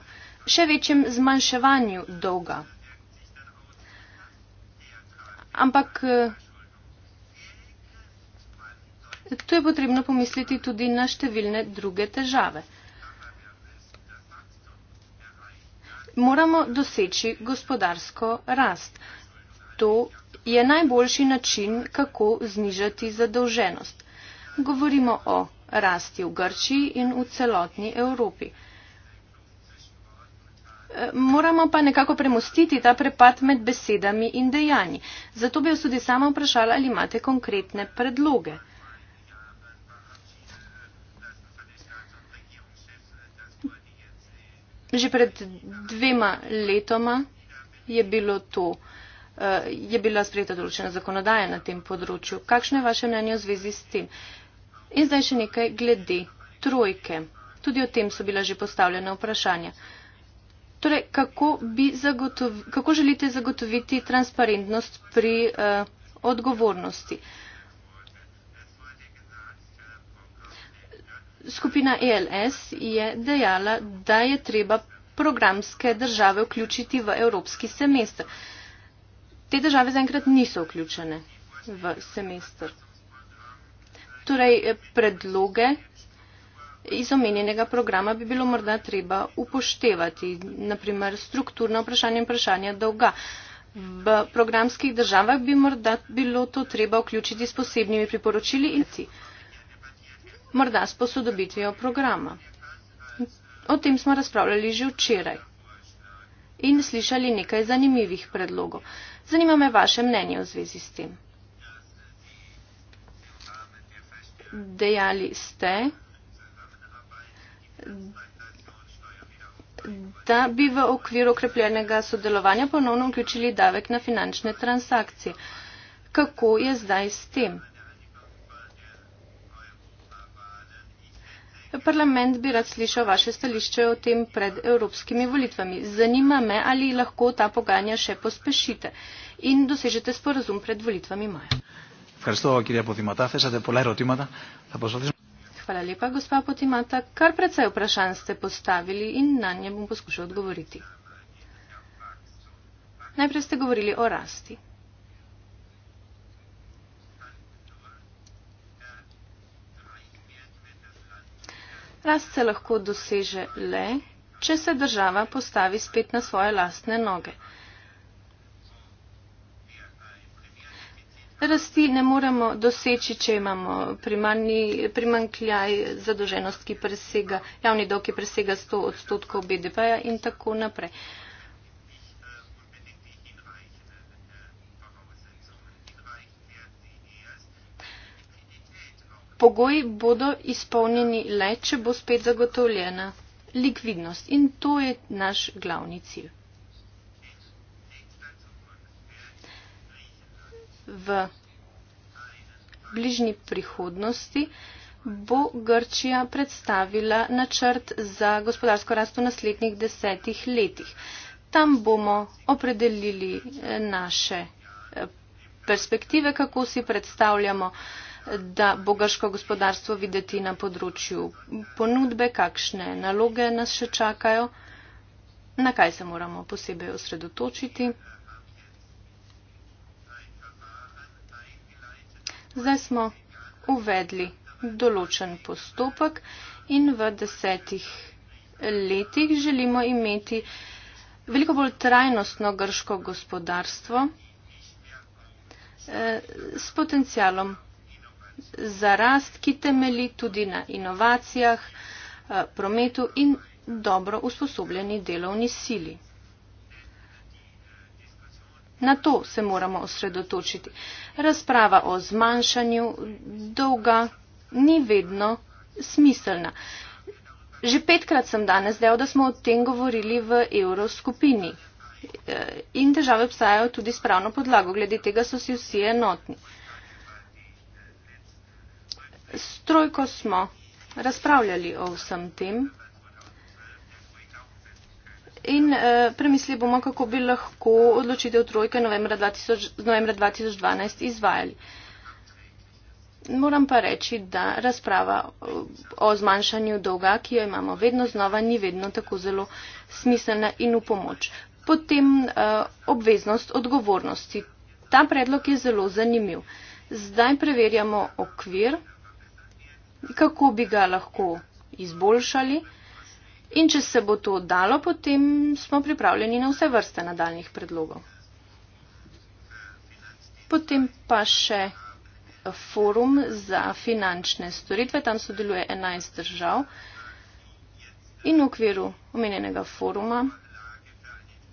še večjem zmanjševanju dolga. Ampak eh, tu je potrebno pomisliti tudi na številne druge težave. Moramo doseči gospodarsko rast to je najboljši način, kako znižati zadolženost. Govorimo o rasti v Grčiji in v celotni Evropi. E, moramo pa nekako premostiti ta prepad med besedami in dejanji. Zato bi vas tudi sama vprašala, ali imate konkretne predloge. Že pred dvema letoma je bilo to uh, Eh, je bila sprejeta določena zakonodaja na tem področju. Kakšno je vaše mnenje v zvezi s tem? In zdaj še nekaj glede trojke. Tudi o tem so bila že postavljena vprašanja. Torej, kako, bi zagotovi, kako želite zagotoviti transparentnost pri uh, odgovornosti? Skupina ELS je dejala, da je treba programske države vključiti v evropski semester. Uh, Te države zaenkrat niso vključene v semester. Torej, eh, predloge iz omenjenega programa bi bilo morda treba upoštevati, naprimer strukturno vprašanje in vprašanje dolga. V programskih državah bi morda bilo to treba vključiti s posebnimi priporočili in morda s posodobitvijo programa. O tem smo razpravljali že včeraj in slišali nekaj zanimivih predlogov. Zanima me vaše mnenje v zvezi s tem. Dejali ste, da bi v okviru okrepljenega sodelovanja ponovno vključili davek na finančne transakcije. Kako je zdaj s tem? parlament bi rad slišal vaše stališče o tem pred evropskimi volitvami. Zanima me, ali lahko ta pogajanja še pospešite in dosežete sporazum pred volitvami maja. Hvala lepa, gospa Potimata. Kar precej vprašanj ste postavili in na nje bom poskušal odgovoriti. Najprej ste govorili o rasti. Rast se lahko doseže le, če se država postavi spet na svoje lastne noge. Rasti ne moremo doseči, če imamo primankljaj zadolženost, ki presega, javni dolg, ki presega 100 odstotkov BDP-ja in tako naprej. pogoji bodo izpolnjeni le, če bo spet zagotovljena likvidnost in to je naš glavni cilj. V bližnji prihodnosti bo Grčija predstavila načrt za gospodarsko rast v naslednjih desetih letih. Tam bomo opredelili eh, naše eh, perspektive, kako si predstavljamo eh, da bogaško gospodarstvo videti na področju ponudbe, kakšne naloge nas še čakajo, na kaj se moramo posebej osredotočiti. Zdaj smo uvedli določen postopek in v desetih letih želimo imeti veliko bolj trajnostno grško gospodarstvo eh, s potencialom za rast, ki temeli tudi na inovacijah, eh, prometu in dobro usposobljeni delovni sili. Na to se moramo osredotočiti. Razprava o zmanjšanju dolga ni vedno smiselna. Že petkrat sem danes dejal, da smo o tem govorili v evroskupini eh, in države obstajajo tudi spravno podlago. Glede tega so si vsi enotni. S trojko smo razpravljali o vsem tem in eh, premislili bomo, kako bi lahko odločitev trojke novembra, 2000, novembra 2012 izvajali. Moram pa reči, da razprava eh, o zmanjšanju dolga, ki jo imamo vedno znova, ni vedno tako zelo smiselna in v pomoč. Potem eh, obveznost odgovornosti. Ta predlog je zelo zanimiv. Zdaj preverjamo okvir kako bi ga lahko izboljšali. In če se bo to dalo, potem smo pripravljeni na vse vrste nadaljnih predlogov. Potem pa še forum za finančne storitve. Tam sodeluje 11 držav in v okviru omenjenega foruma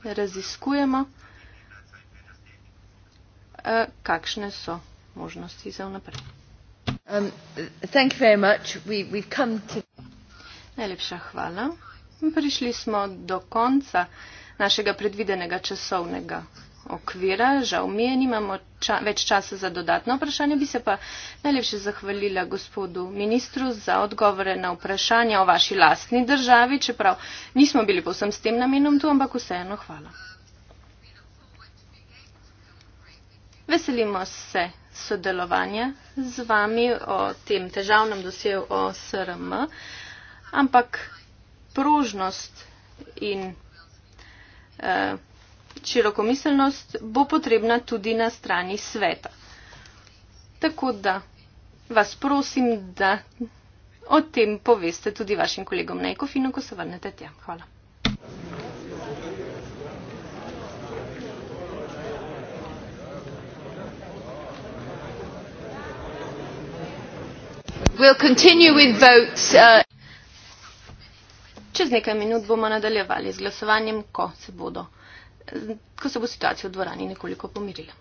raziskujemo, eh, kakšne so možnosti za vnaprej. Um, Najlepša hvala. Prišli smo do konca našega predvidenega časovnega okvira. Žal mi je, nimamo ča, več časa za dodatno vprašanje. Bi se pa najlepše zahvalila gospodu ministru za odgovore na vprašanja o vaši lastni državi, čeprav nismo bili povsem s tem namenom tu, ampak vseeno hvala. Veselimo se sodelovanja z vami o tem težavnem dosjeju o SRM, ampak prožnost in eh, širokomiselnost bo potrebna tudi na strani sveta. Tako da vas prosim, da o tem poveste tudi vašim kolegom na Ekofinu, ko se vrnete tja. Hvala. We'll continue with votes. Uh, Čez nekaj minut bomo nadaljevali z glasovanjem, ko se bo situacija v dvorani nekoliko pomirila.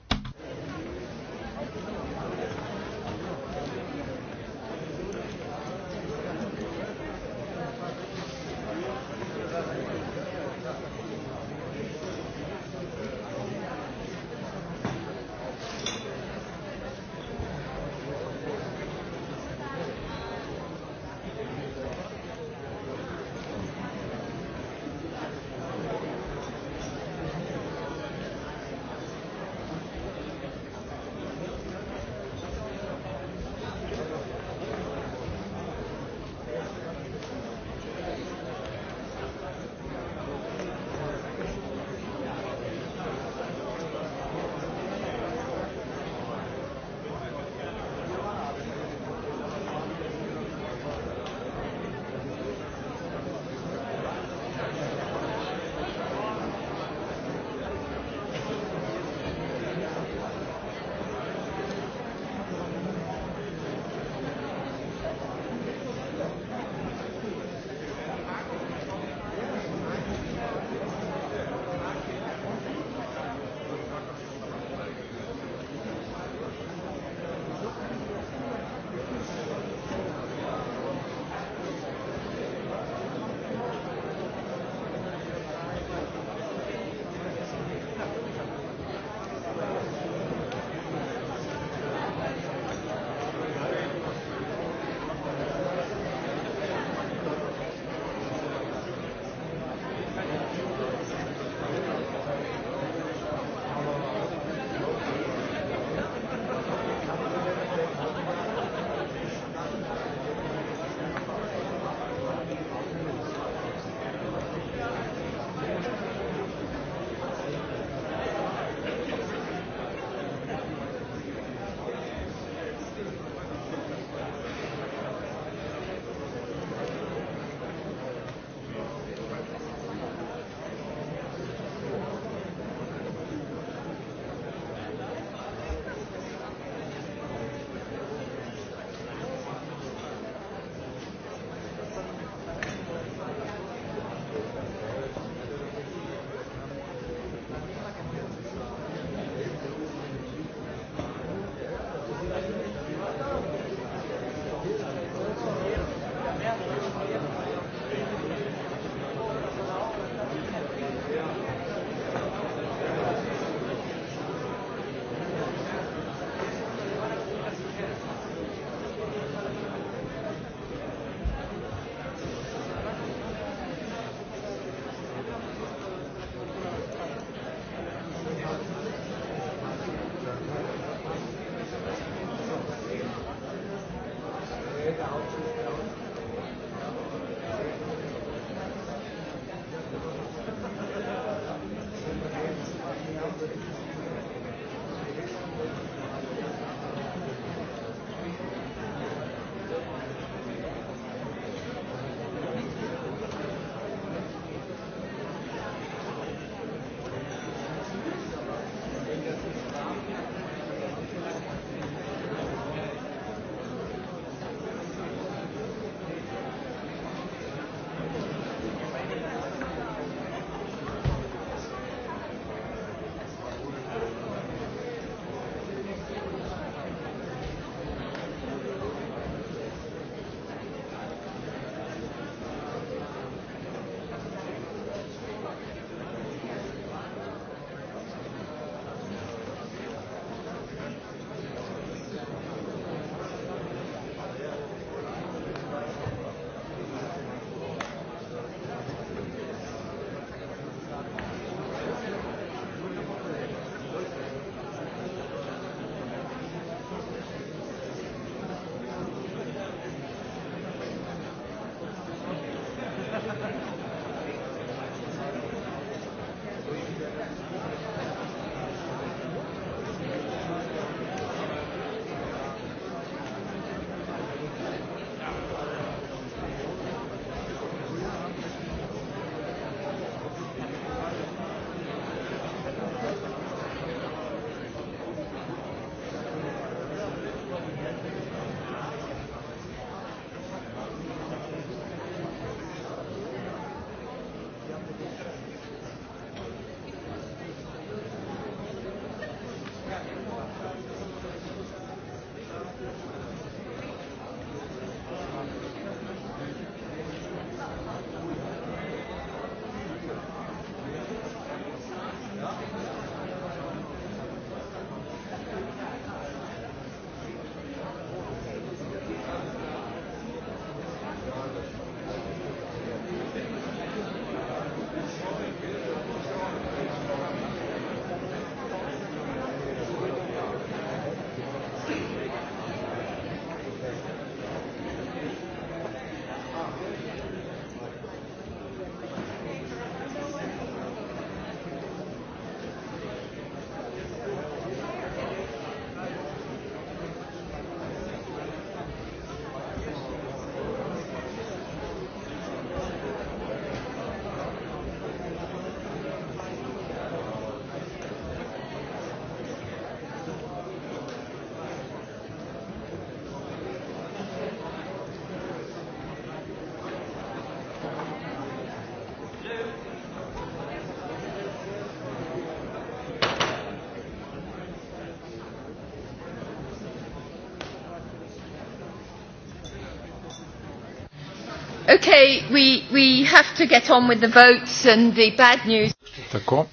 we, we have to get on with the votes and the bad news. Tako.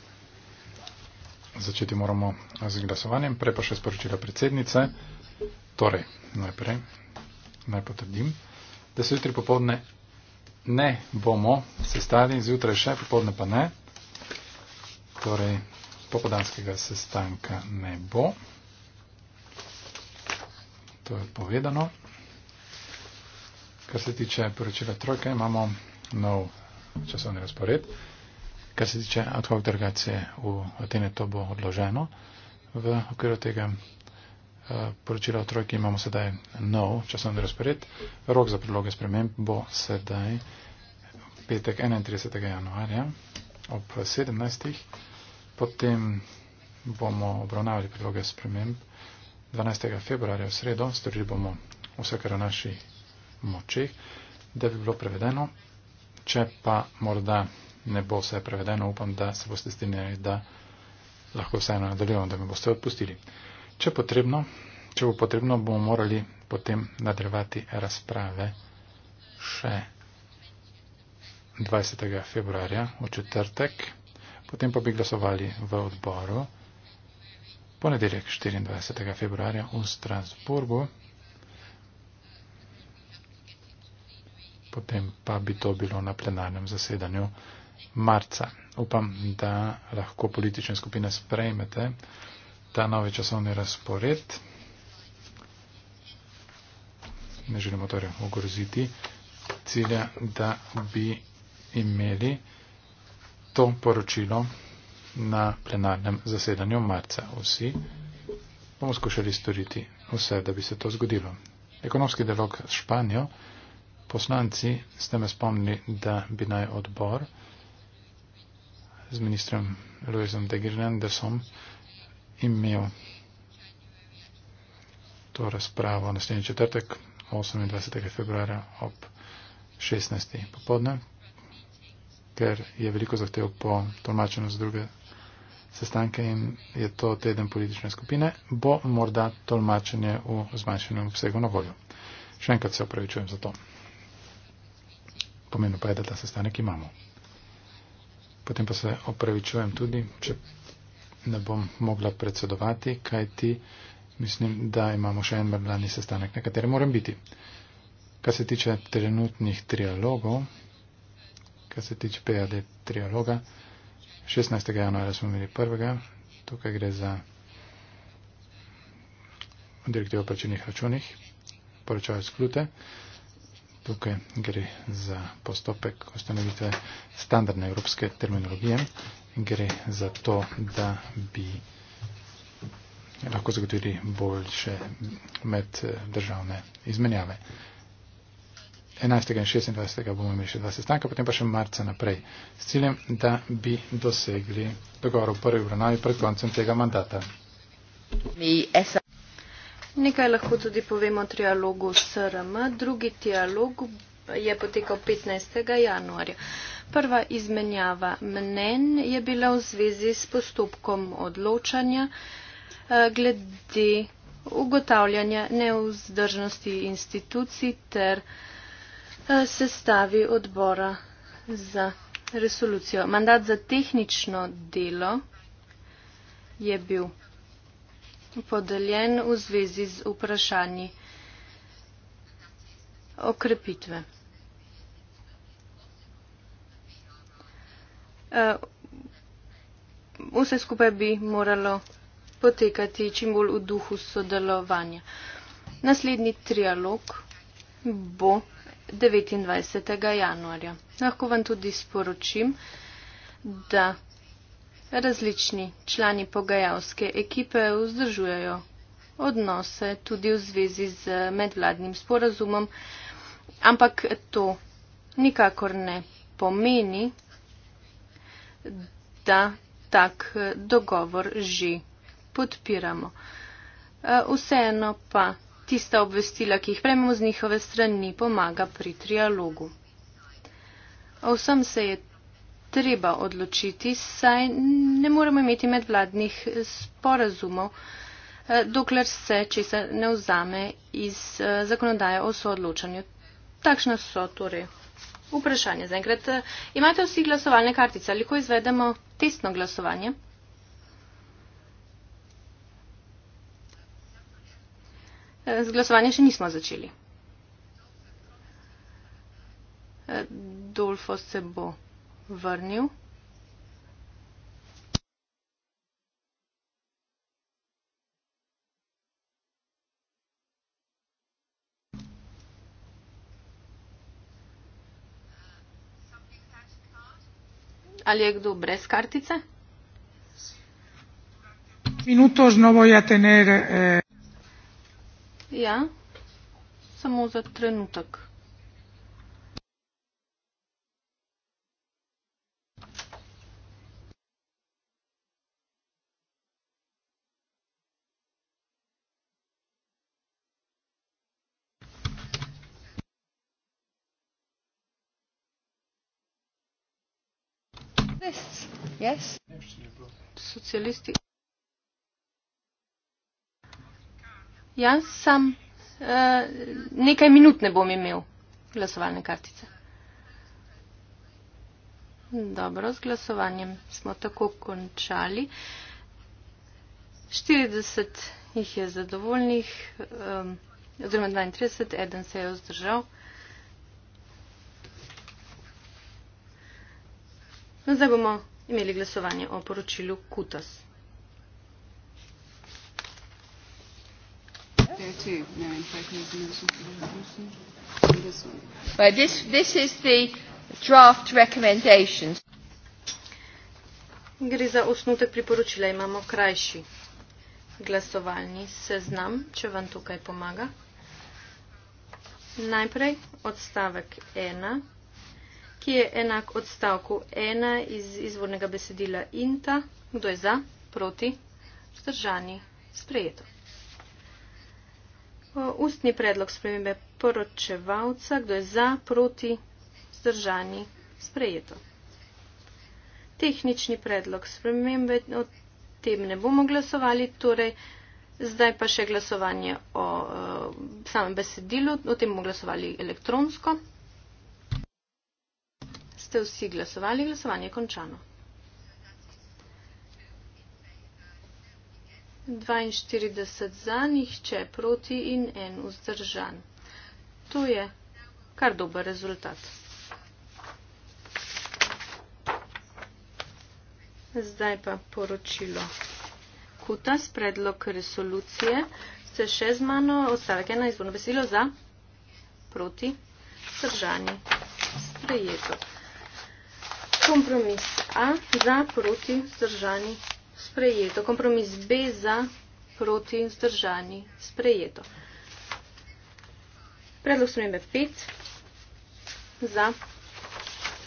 Začeti moramo z glasovanjem, prej pa še sporočila predsednice. Torej, najprej naj potrdim, da se jutri popovdne ne bomo sestali, zjutraj še popovdne pa ne. Torej, popodanskega sestanka ne bo. To je povedano. Kar se tiče poročila trojke, imamo nov časovni razpored. Kar se tiče ad hoc delegacije v Atene, to bo odloženo. V okviru tega eh, poročila o trojki imamo sedaj nov časovni razpored. Rok za predloge sprememb bo sedaj petek 31. januarja ob 17. Potem bomo obravnavali predloge sprememb 12. februarja v sredo. Storili bomo vse, kar v naši močeh, da bi bilo prevedeno. Če pa morda ne bo vse prevedeno, upam, da se boste strinjali, da lahko vseeno nadaljujemo, da me boste odpustili. Če, potrebno, če bo potrebno, bomo morali potem nadaljevati razprave še 20. februarja v četrtek, potem pa bi glasovali v odboru ponedeljek 24. februarja v Strasburgu. potem pa bi to bilo na plenarnem zasedanju marca. Upam, da lahko politične skupine sprejmete ta novi časovni razpored. Ne želimo torej ogroziti cilja, da bi imeli to poročilo na plenarnem zasedanju marca. Vsi bomo skušali storiti vse, da bi se to zgodilo. Ekonomski dialog s Španijo poslanci ste me spomnili, da bi naj odbor z ministrem Louisom de Girlandesom imel to razpravo naslednji četrtek 28. februarja ob 16. popodne, ker je veliko zahtev po tolmačenju za druge sestanke in je to teden politične skupine, bo morda tolmačenje v zmanjšenem obsegu na voljo. Še enkrat se opravičujem za to pomenu pa je, da ta sestanek imamo. Potem pa se opravičujem tudi, če ne bom mogla predsedovati, kaj ti mislim, da imamo še en mrblani sestanek, na katerem moram biti. Kar se tiče trenutnih trialogov, kar se tiče PAD trialoga, 16. januarja smo imeli prvega, tukaj gre za direktivo o plačenih računih, poročajo sklute. Tukaj gre za postopek ustanovitve standardne evropske terminologije. Gre za to, da bi lahko zagotovili boljše meddržavne izmenjave. 11. in 26. bomo imeli še dva sestanka, potem pa še marca naprej, s ciljem, da bi dosegli dogovor v prvi obravnavi pred koncem tega mandata. Mi, Nekaj lahko tudi povemo o trialogu SRM. Drugi trialog je potekal 15. januarja. Prva izmenjava mnen je bila v zvezi s postopkom odločanja eh, glede ugotavljanja neuzdržnosti institucij ter eh, sestavi odbora za resolucijo. Mandat za tehnično delo je bil podeljen v zvezi z vprašanji okrepitve. Eh, vse skupaj bi moralo potekati čim bolj v duhu sodelovanja. Naslednji trialog bo 29. januarja. Lahko vam tudi sporočim, da Različni člani pogajalske ekipe vzdržujejo odnose tudi v zvezi z medvladnim sporazumom, ampak to nikakor ne pomeni, da tak dogovor že podpiramo. Eh, vseeno pa tista obvestila, ki jih prejmemo z njihove strani, pomaga pri trialogu. Vsem se je treba odločiti, saj ne moremo imeti medvladnih sporazumov, eh, dokler se česa ne vzame iz eh, zakonodaje o soodločanju. Takšna so torej vprašanja. Zaenkrat eh, imate vsi glasovalne kartice, ali lahko izvedemo testno glasovanje? Z glasovanjem še nismo začeli. Dolfo se bo vrnil. Ali je kdo brez kartice? Minuto znovo ja tener. Eh. Ja, samo za trenutek. socialists. Yes. Socialisti. Jaz sem uh, nekaj minut ne bom imel glasovalne kartice. Dobro, z glasovanjem smo tako končali. 40 jih je zadovoljnih, um, oziroma 32, eden se je vzdržal. Zdaj bomo imeli glasovanje o poročilu KUTAS. No, no Gre za osnutek priporočila, imamo krajši glasovalni seznam, če vam tukaj pomaga. Najprej odstavek 1 ki je enak odstavku 1 iz izvornega besedila INTA. Kdo je za? Proti? Vzdržani? Sprejeto. Ustni predlog spremembe poročevalca. Kdo je za? Proti? Vzdržani? Sprejeto. Tehnični predlog spremembe, o tem ne bomo glasovali, torej zdaj pa še glasovanje o uh, samem besedilu, o tem bomo glasovali elektronsko ste vsi glasovali, glasovanje je končano. 42 za, nihče proti in en vzdržan. To je kar dober rezultat. Zdaj pa poročilo. Kuta s predlog resolucije. Ste še z mano odstavek ena izvorno besedilo za, proti, vzdržani. Sprejeto kompromis A za proti vzdržani sprejeto. Kompromis B za proti vzdržani sprejeto. Predlog spremembe 5 za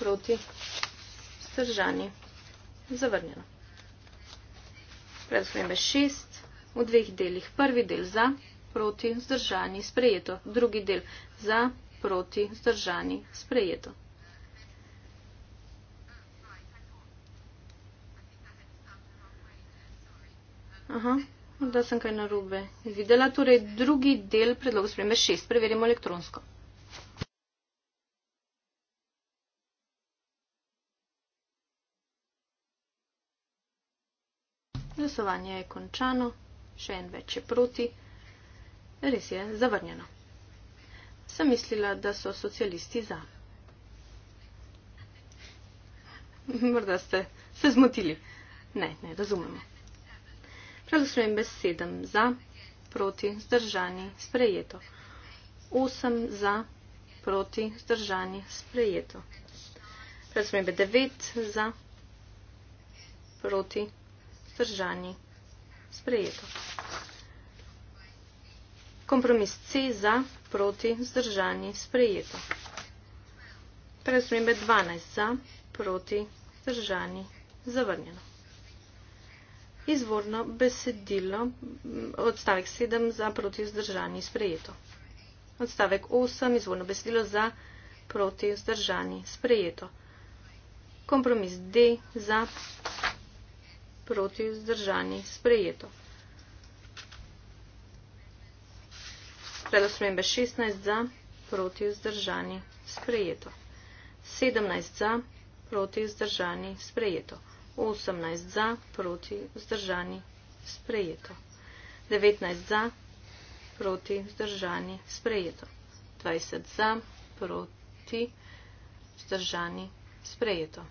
proti vzdržani zavrnjeno. Predlog spremembe 6 v dveh delih. Prvi del za proti vzdržani sprejeto. Drugi del za proti vzdržani sprejeto. Aha, da sem kaj narobe videla. Torej, drugi del predloga spremembe 6. Preverimo elektronsko. Glasovanje je končano, še en več je proti. Res je, zavrnjeno. Sem mislila, da so socialisti za. Morda ste se zmotili. Ne, ne, razumemo. Preglasujem bez 7 za, proti, zdržani, sprejeto. 8 za, proti, zdržani, sprejeto. Preglasujem bez 9 za, proti, zdržani, sprejeto. Kompromis C za, proti, zdržani, sprejeto. Preglasujem bez 12 za, proti, zdržani, zavrnjeno izvorno besedilo, odstavek 7 za proti vzdržani sprejeto. Odstavek 8 izvorno besedilo za proti vzdržani sprejeto. Kompromis D za proti vzdržani sprejeto. Predlog spremembe 16 za proti vzdržani sprejeto. 17 za proti vzdržani sprejeto. 18 za, proti, vzdržani, sprejeto. 19 za, proti, vzdržani, sprejeto. 20 za, proti, vzdržani, sprejeto.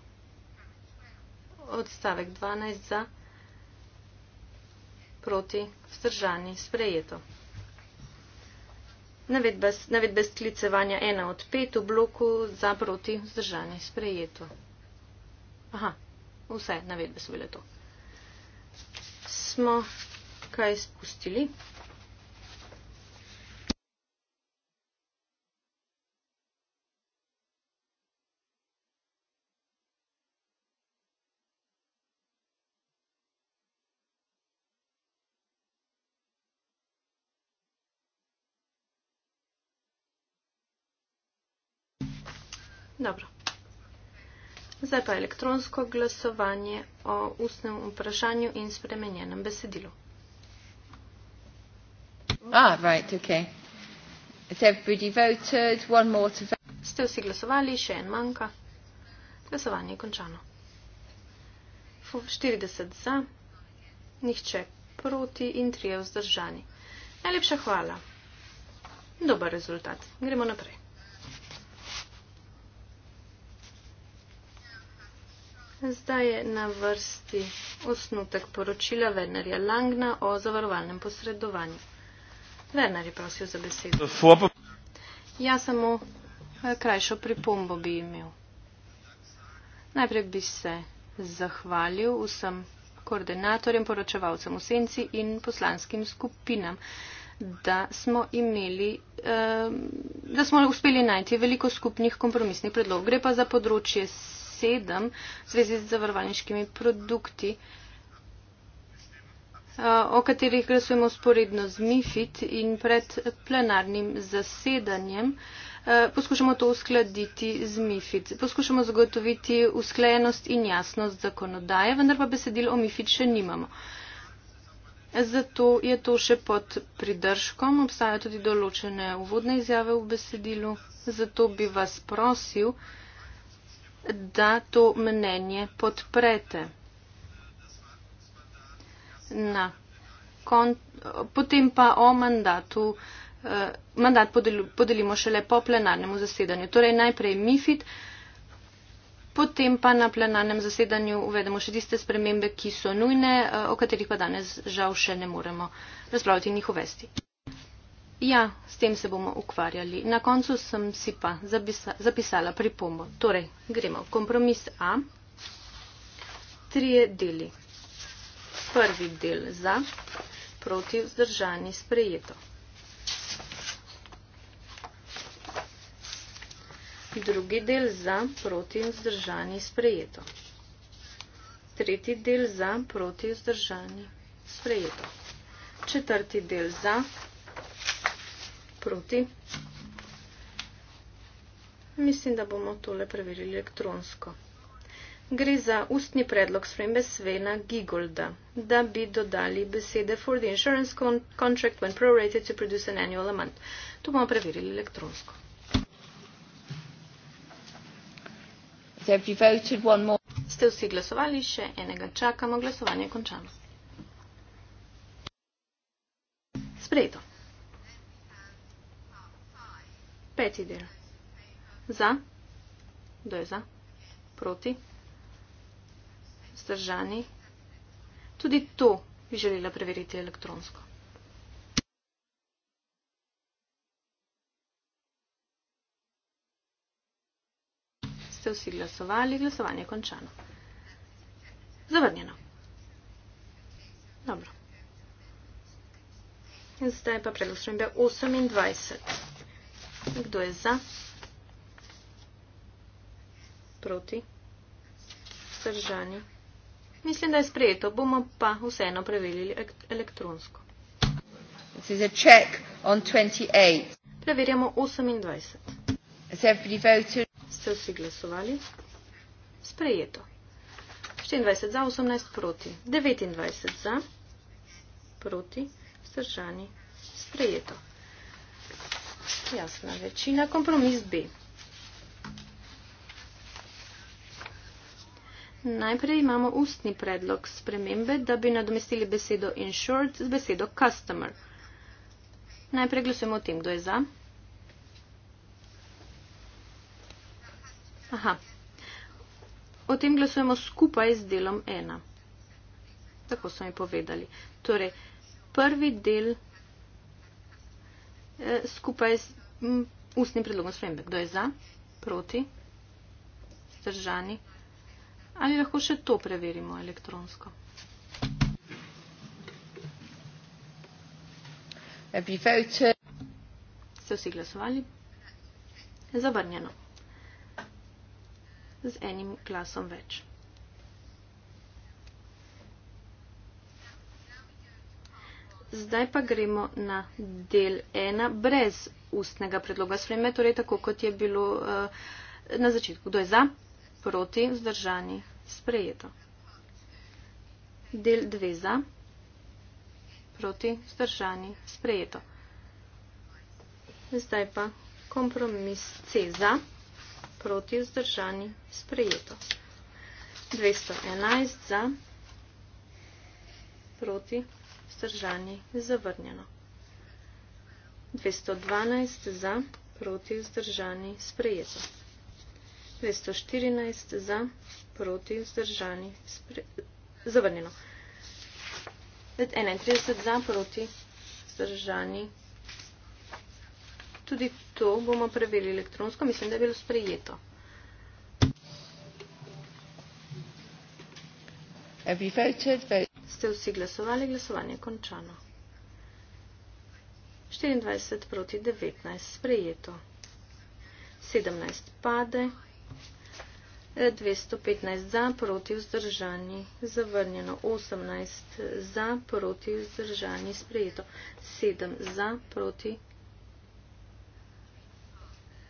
Odstavek 12 za, proti, vzdržani, sprejeto. Navedbe sklicevanja 1 od 5 v bloku za, proti, vzdržani, sprejeto. Aha, vse navedbe so bile to. Smo kaj spustili? Dobro. Zdaj pa elektronsko glasovanje o ustnem vprašanju in spremenjenem besedilu. Ah, right, okay. Has everybody voted? One more to vote. Ste vsi glasovali, še en manjka. Glasovanje je končano. 40 za, nihče proti in trije vzdržani. Najlepša hvala. Dober rezultat. Gremo naprej. Zdaj je na vrsti osnutek poročila Wernerja Langna o zavarovalnem posredovanju. Werner je prosil za besedo. Ja, samo eh, krajšo pripombo bi imel. Najprej bi se zahvalil vsem koordinatorjem, poročevalcem v senci in poslanskim skupinam, da smo imeli, eh, da smo uspeli najti veliko skupnih kompromisnih predlog. Gre pa za področje 7 v zvezi z zavarovalniškimi produkti, o katerih glasujemo sporedno z MIFID in pred plenarnim zasedanjem. Poskušamo to uskladiti z MIFID. Poskušamo zagotoviti usklajenost in jasnost zakonodaje, vendar pa besedil o MIFID še nimamo. Zato je to še pod pridržkom. Obstajajo tudi določene uvodne izjave v besedilu. Zato bi vas prosil, da to mnenje podprete. Na. Kon, potem pa o mandatu. Eh, mandat podelu, podelimo šele po plenarnemu zasedanju. Torej najprej MIFID, potem pa na plenarnem zasedanju uvedemo še tiste spremembe, ki so nujne, eh, o katerih pa danes žal še ne moremo razpravljati in jih uvesti. Ja, s tem se bomo ukvarjali. Na koncu sem si pa zapisa, zapisala pripombo. Torej, gremo. Kompromis A. Trije deli. Prvi del za, proti vzdržani sprejeto. Drugi del za, proti vzdržani sprejeto. Tretji del za, proti vzdržani sprejeto. Četrti del za, proti. Mislim, da bomo tole preverili elektronsko. Gre za ustni predlog spremembe Svena Gigolda, da bi dodali besede for the insurance con contract when prorated to produce an annual amount. To bomo preverili elektronsko. Ste vsi glasovali, še enega čakamo, glasovanje je končano. Sprejeto. Peti del. Za, kdo je za, proti, zdržani. Tudi to bi želela preveriti elektronsko. Ste vsi glasovali, glasovanje je končano. Zavrnjeno. Dobro. In zdaj pa predlog spremembe 28. Kdo je za? Proti? Zdržani? Mislim, da je sprejeto. Bomo pa vseeno preverili elektronsko. This is a check on 28. Preverjamo 28. Ste vsi glasovali? Sprejeto. 24 za, 18 proti. 29 za, proti, stržani, sprejeto jasna večina, kompromis B. Najprej imamo ustni predlog spremembe, da bi nadomestili besedo insured z besedo customer. Najprej glasujemo o tem, kdo je za. Aha. O tem glasujemo skupaj z delom ena. Tako so mi povedali. Torej, prvi del Eh, skupaj s ustnim predlogom spremembe. Kdo je za, proti, zdržani? Ali lahko še to preverimo elektronsko? Ste vsi glasovali? Zavrnjeno. Z enim glasom več. Zdaj pa gremo na del ena brez ustnega predloga spremembe, torej tako, kot je bilo uh, na začetku. Kdo je za? Proti vzdržani. Sprejeto. Del dve za. Proti vzdržani. Sprejeto. Zdaj pa kompromis C za. Proti vzdržani. Sprejeto. 211 za. Proti vzdržani, zavrnjeno. 212 za, proti vzdržani, sprejeto. 214 za, proti vzdržani, spre... zavrnjeno. 31 za, proti vzdržani. Tudi to bomo preverili elektronsko, mislim, da je bilo sprejeto. Have you voted? Vote ste vsi glasovali, glasovanje končano. 24 proti 19, sprejeto. 17 pade, 215 za, proti vzdržani, zavrnjeno. 18 za, proti vzdržani, sprejeto. 7 za, proti.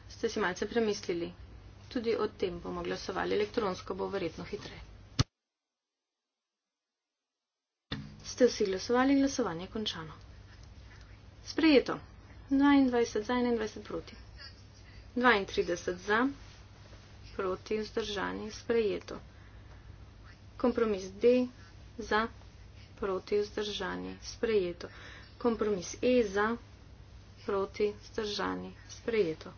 Ste si malce premislili? Tudi o tem bomo glasovali. Elektronsko bo verjetno hitreje. Ste vsi glasovali in glasovanje je končano. Sprejeto. 22 za, 21 proti. 32 za, proti, vzdržani, sprejeto. Kompromis D za, proti, vzdržani, sprejeto. Kompromis E za, proti, vzdržani, sprejeto.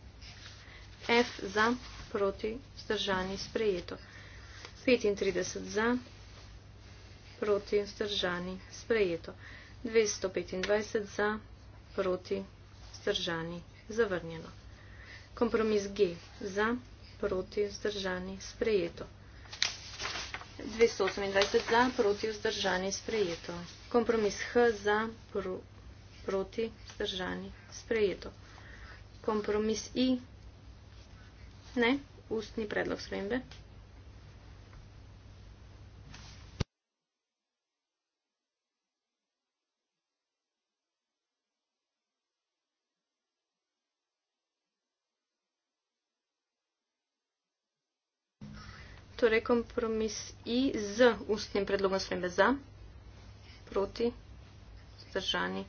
F za, proti, vzdržani, sprejeto. 35 za, proti, vzdržani, sprejeto. 225 za, proti, vzdržani, zavrnjeno. Kompromis G za, proti, vzdržani, sprejeto. 228 za, proti, vzdržani, sprejeto. Kompromis H za, pro, proti, vzdržani, sprejeto. Kompromis I, ne, ustni predlog spremembe. torej kompromis I z ustnim predlogom spremembe za, proti, zdržani,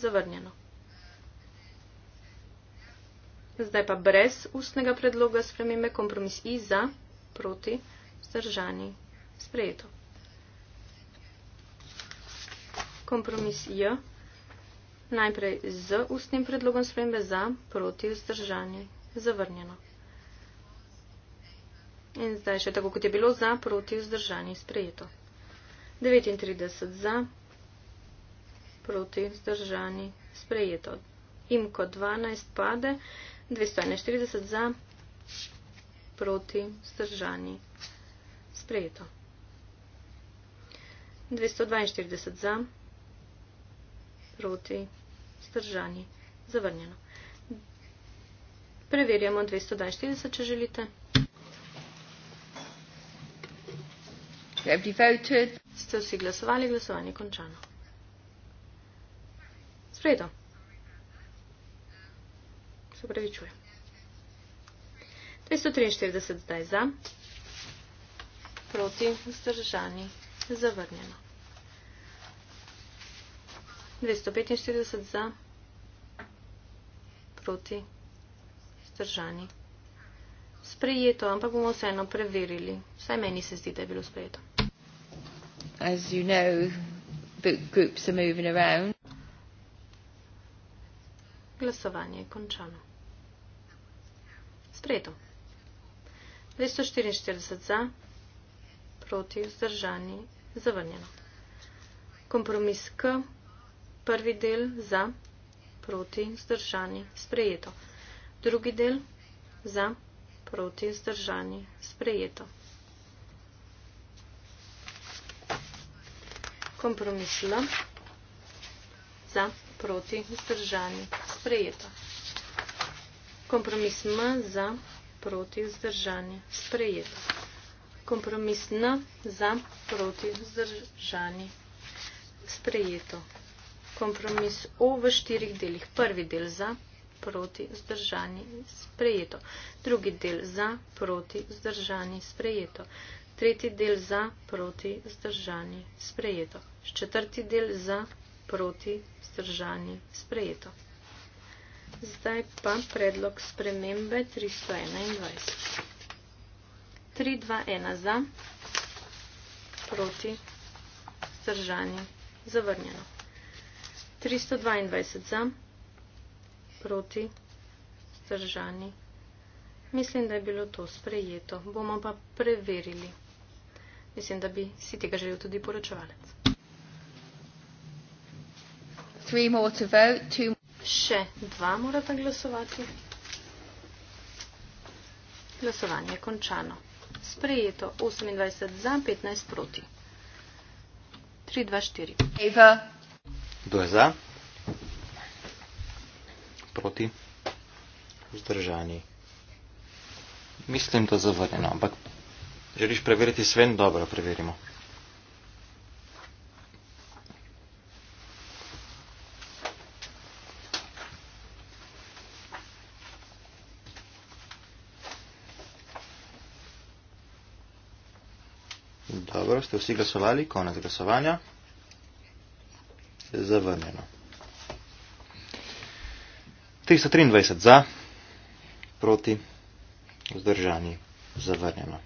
zavrnjeno. Zdaj pa brez ustnega predloga spremembe kompromis I za, proti, zdržani, sprejeto. Kompromis J. Najprej z ustnim predlogom spremembe za, proti, zdržani, zavrnjeno. In zdaj še tako, kot je bilo za, proti vzdržani sprejeto. 39 za, proti vzdržani sprejeto. Imko 12 pade, 241 za, proti vzdržani sprejeto. 242 za, proti vzdržani zavrnjeno. Preverjamo 242, če želite. Have you voted? Ste vsi glasovali, glasovanje končano. Spredo. Se pravi, čuje. 243 zdaj za, proti, zdržani, zavrnjeno. 245 za, proti, zdržani. Sprejeto, ampak bomo vseeno preverili. Vsaj meni se zdi, da je bilo sprejeto as you know, groups are moving around. Glasovanje je končano. Sprejeto. 244 za, proti, vzdržani, zavrnjeno. Kompromis K, prvi del za, proti, vzdržani, sprejeto. Drugi del za, proti, vzdržani, sprejeto. kompromisila za proti zdržani sprejeta. Kompromis M za proti zdržani sprejeta. Kompromis N za proti zdržani sprejeto. Kompromis O v štirih delih. Prvi del za proti zdržani sprejeto. Drugi del za proti zdržani sprejeto. Tretji del za proti zdržani sprejeto četrti del za proti stržanje sprejeto. Zdaj pa predlog spremembe 321. 3, 2, 1 za, proti, stržani, zavrnjeno. 322 za, proti, stržani. Mislim, da je bilo to sprejeto. Bomo pa preverili. Mislim, da bi si tega želel tudi poročevalec three more to vote, two Še dva morata glasovati. Glasovanje je končano. Sprejeto 28 za, 15 proti. 3, 2, 4. Eva. Kdo je za? Proti. Vzdržani. Mislim, da zavrjeno, ampak želiš preveriti sven? Dobro, preverimo. Ste vsi glasovali? Konec glasovanja. Zavrnjeno. 323 za, proti, vzdržani, zavrnjeno.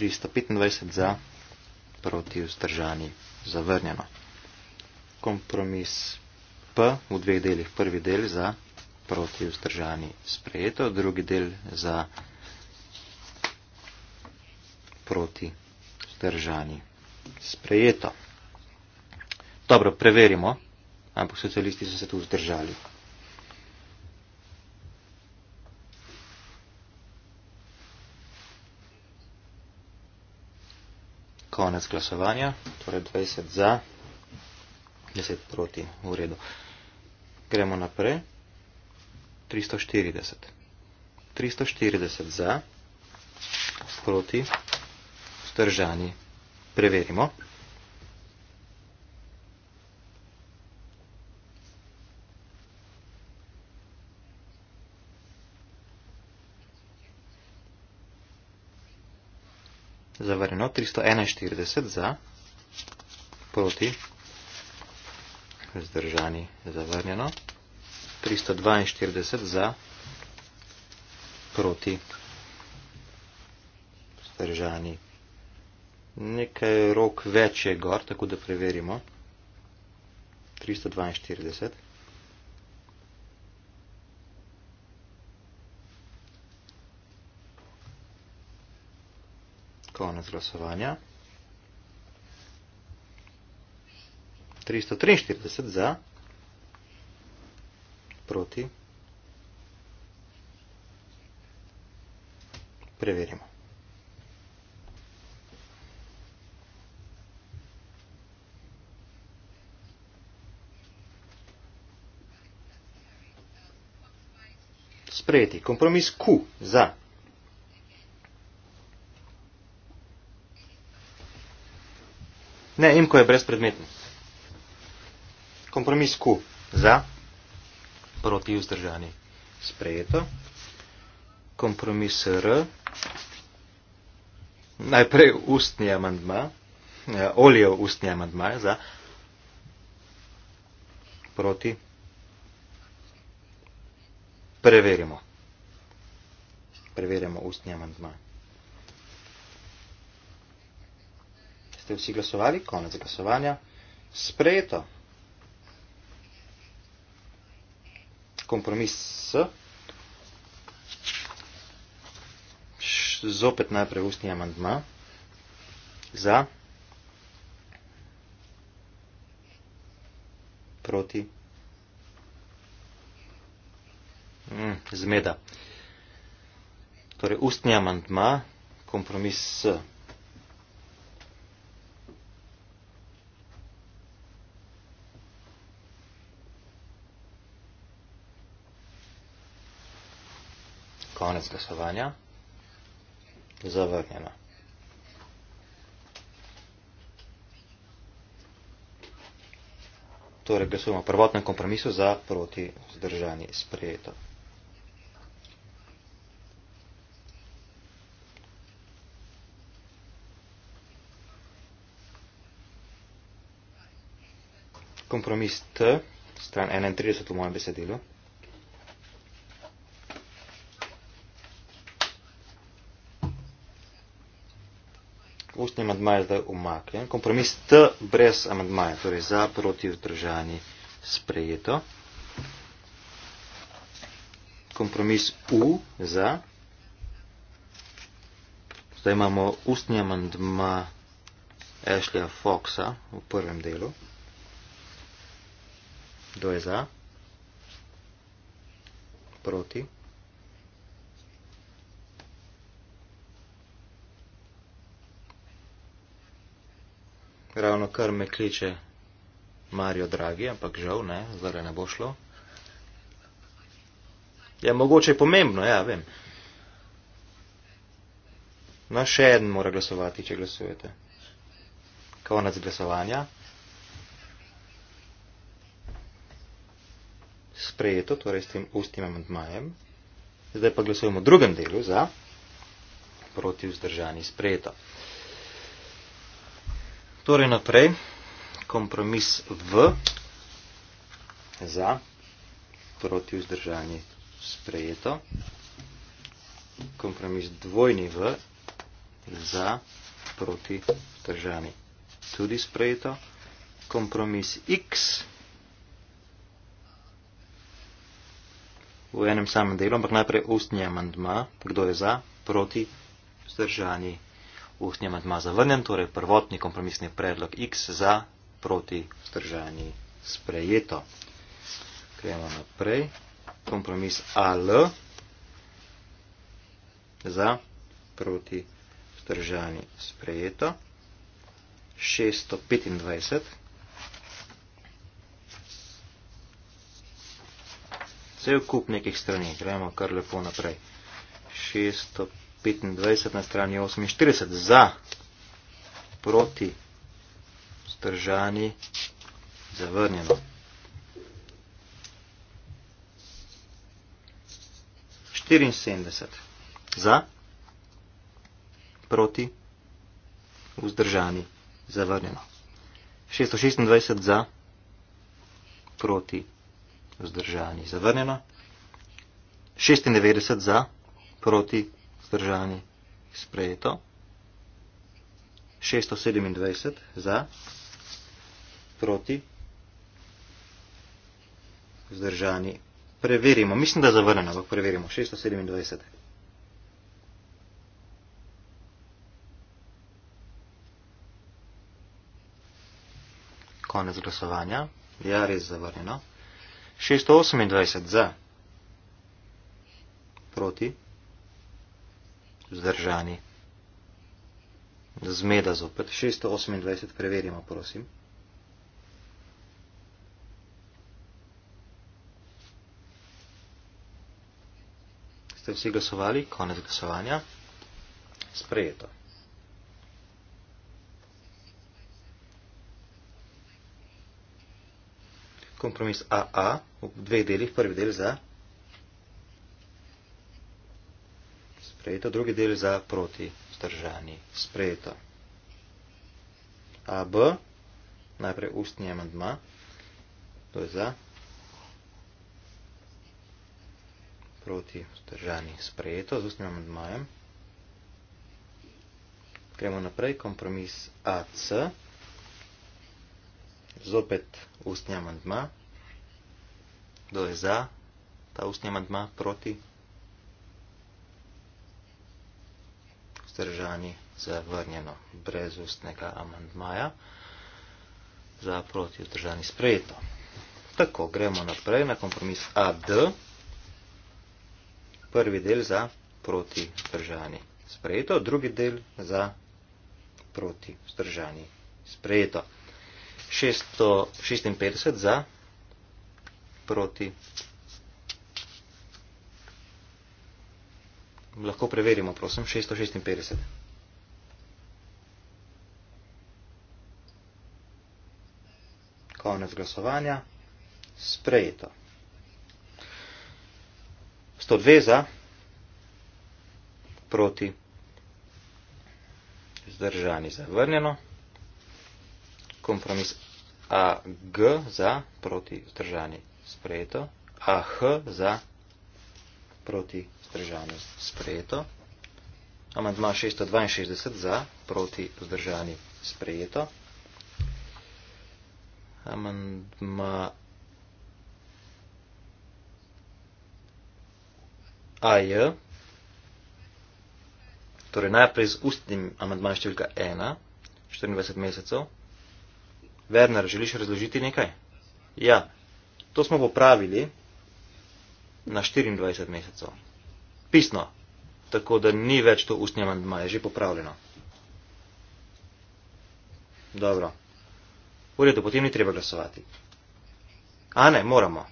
325 za, proti, vzdržani, zavrnjeno. Kompromis P v dveh delih. Prvi del za, proti, vzdržani, sprejeto. Drugi del za, proti, vzdržani vzdržani. Sprejeto. Dobro, preverimo, ampak socialisti so se tu vzdržali. Konec glasovanja, torej 20 za, 10 proti, v redu. Gremo naprej. 340. 340 za, proti vzdržani. Preverimo. Zavrjeno 341 za, proti, vzdržani, zavrnjeno, 342 za, proti, vzdržani, nekaj rok več je gor, tako da preverimo. 342. Konec glasovanja. 343 za, proti. Preverimo. sprejeti. Kompromis Q za. Ne, M, ko je brezpredmetni. Kompromis Q za. Proti vzdržani sprejeto. Kompromis R. Najprej ustni amandma. Ja, Olijo ustni amandma za. Proti vzdržani sprejeto preverimo. Preverimo ustni amantma. Ste vsi glasovali? Konec glasovanja. Sprejeto. Kompromis s. Zopet najprej ustni amantma. Za. Proti. Mm, zmeda. Torej, ustni amantma, kompromis s. Konec glasovanja. Zavrnjeno. Torej, glasujemo o prvotnem kompromisu za proti vzdržanje sprejeto. kompromis T, stran 31 v mojem besedilu. Ustni amadmaj je zdaj umaknjen. Kompromis T brez amadmaja, torej za proti vzdržanji sprejeto. Kompromis U za. Zdaj imamo ustni amadma Ashleya Foxa v prvem delu. Kdo je za? Proti? Ravno kar me kliče Mario Dragi, ampak žal ne, zdaj ne bo šlo. Ja, mogoče je pomembno, ja, vem. No, še en mora glasovati, če glasujete. Konec glasovanja. sprejeto, torej s tem ustnim amantmajem. Zdaj pa glasujemo v drugem delu za proti vzdržani sprejeto. Torej naprej, kompromis V za proti vzdržani sprejeto. Kompromis dvojni V za proti vzdržani tudi sprejeto. Kompromis X za proti vzdržani sprejeto. v enem samem delu, ampak najprej ustni amandma, kdo je za, proti, vzdržani. Ustni amandma zavrnjen, torej prvotni kompromisni predlog X za, proti, vzdržani, sprejeto. Gremo naprej. Kompromis AL za, proti, vzdržani, sprejeto. 625. cel kup nekih strani. Gremo kar lepo naprej. 625 na strani 48 za, proti, stržani, zavrnjeno. Štiriinsedemdeset za, proti, vzdržani, zavrnjeno. Šesto šestindvajset za, proti, vzdržani vzdržani, zavrnjeno. 96 za, proti, vzdržani, sprejeto. 627 za, proti, vzdržani, preverimo. Mislim, da je zavrnjeno, ampak preverimo. 627. Konec glasovanja. Ja, res zavrnjeno. 628 za, proti, vzdržani, zmeda zopet, 628 preverimo, prosim. Ste vsi glasovali? Konec glasovanja. Sprejeto. kompromis AA v dveh delih, prvi del za sprejeto, drugi del za proti vzdržani sprejeto. AB, najprej ustni amandma, to je za proti vzdržani sprejeto z ustnim amandmajem. Gremo naprej, kompromis AC zopet ustni amandma. Kdo je za ta ustni amandma? Proti? Vzdržani zavrnjeno brez ustnega amandmaja. Za proti vzdržani sprejeto. Tako, gremo naprej na kompromis AD. Prvi del za proti vzdržani sprejeto, drugi del za proti vzdržani sprejeto. 656 za, proti. Lahko preverimo, prosim, 656. Konec glasovanja. Sprejeto. 102 za, proti. Zdržani zavrnjeno. Kompromis A G za proti vzdržani sprejeto, A H za proti vzdržani sprejeto, amandma 662 za proti vzdržani sprejeto, amandma A J, torej najprej z ustnim amandmajem številka 1, 24 mesecev, Werner, želiš razložiti nekaj? Ja, to smo popravili na 24 mesecev. Pisno, tako da ni več to ustnje mandma, je že popravljeno. Dobro. V redu, potem ni treba glasovati. A ne, moramo.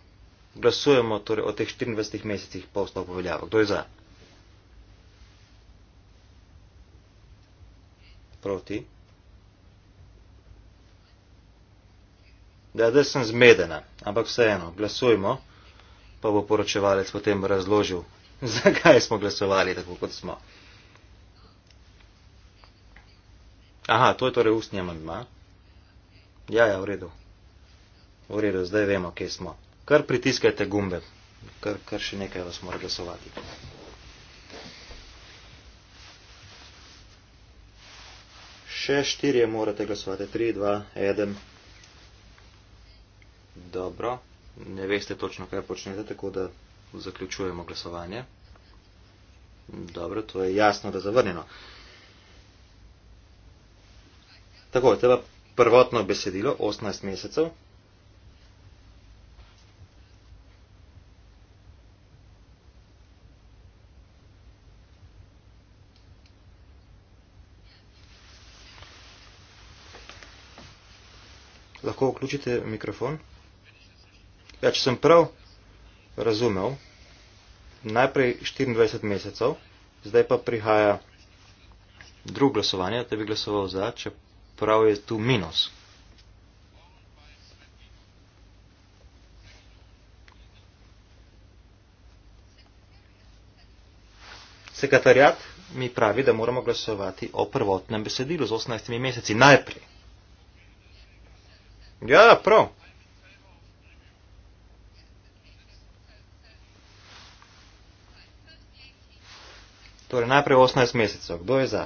Glasujemo torej o teh 24 mesecih po vstopu veljavo. Kdo je za? Proti. Dede sem zmedena, ampak vseeno, glasujmo, pa bo poročevalec potem razložil, zakaj smo glasovali tako, kot smo. Aha, to je torej ustni amandma. Ja, ja, v redu. V redu, zdaj vemo, kje smo. Kar pritiskajte gumbe, kar, kar še nekaj vas mora glasovati. Še štirje morate glasovati. Tri, dva, eden. Dobro, ne veste točno, kaj počnete, tako da zaključujemo glasovanje. Dobro, to je jasno, da je zavrnjeno. Tako, treba prvotno besedilo, 18 mesecev. Lahko vključite mikrofon. Ja, če sem prav razumel, najprej 24 mesecev, zdaj pa prihaja drug glasovanje, da bi glasoval za, če prav je tu minus. Sekretarjat mi pravi, da moramo glasovati o prvotnem besedilu z 18 meseci najprej. Ja, prav. Torej, najprej 18 mesecev. Kdo je za?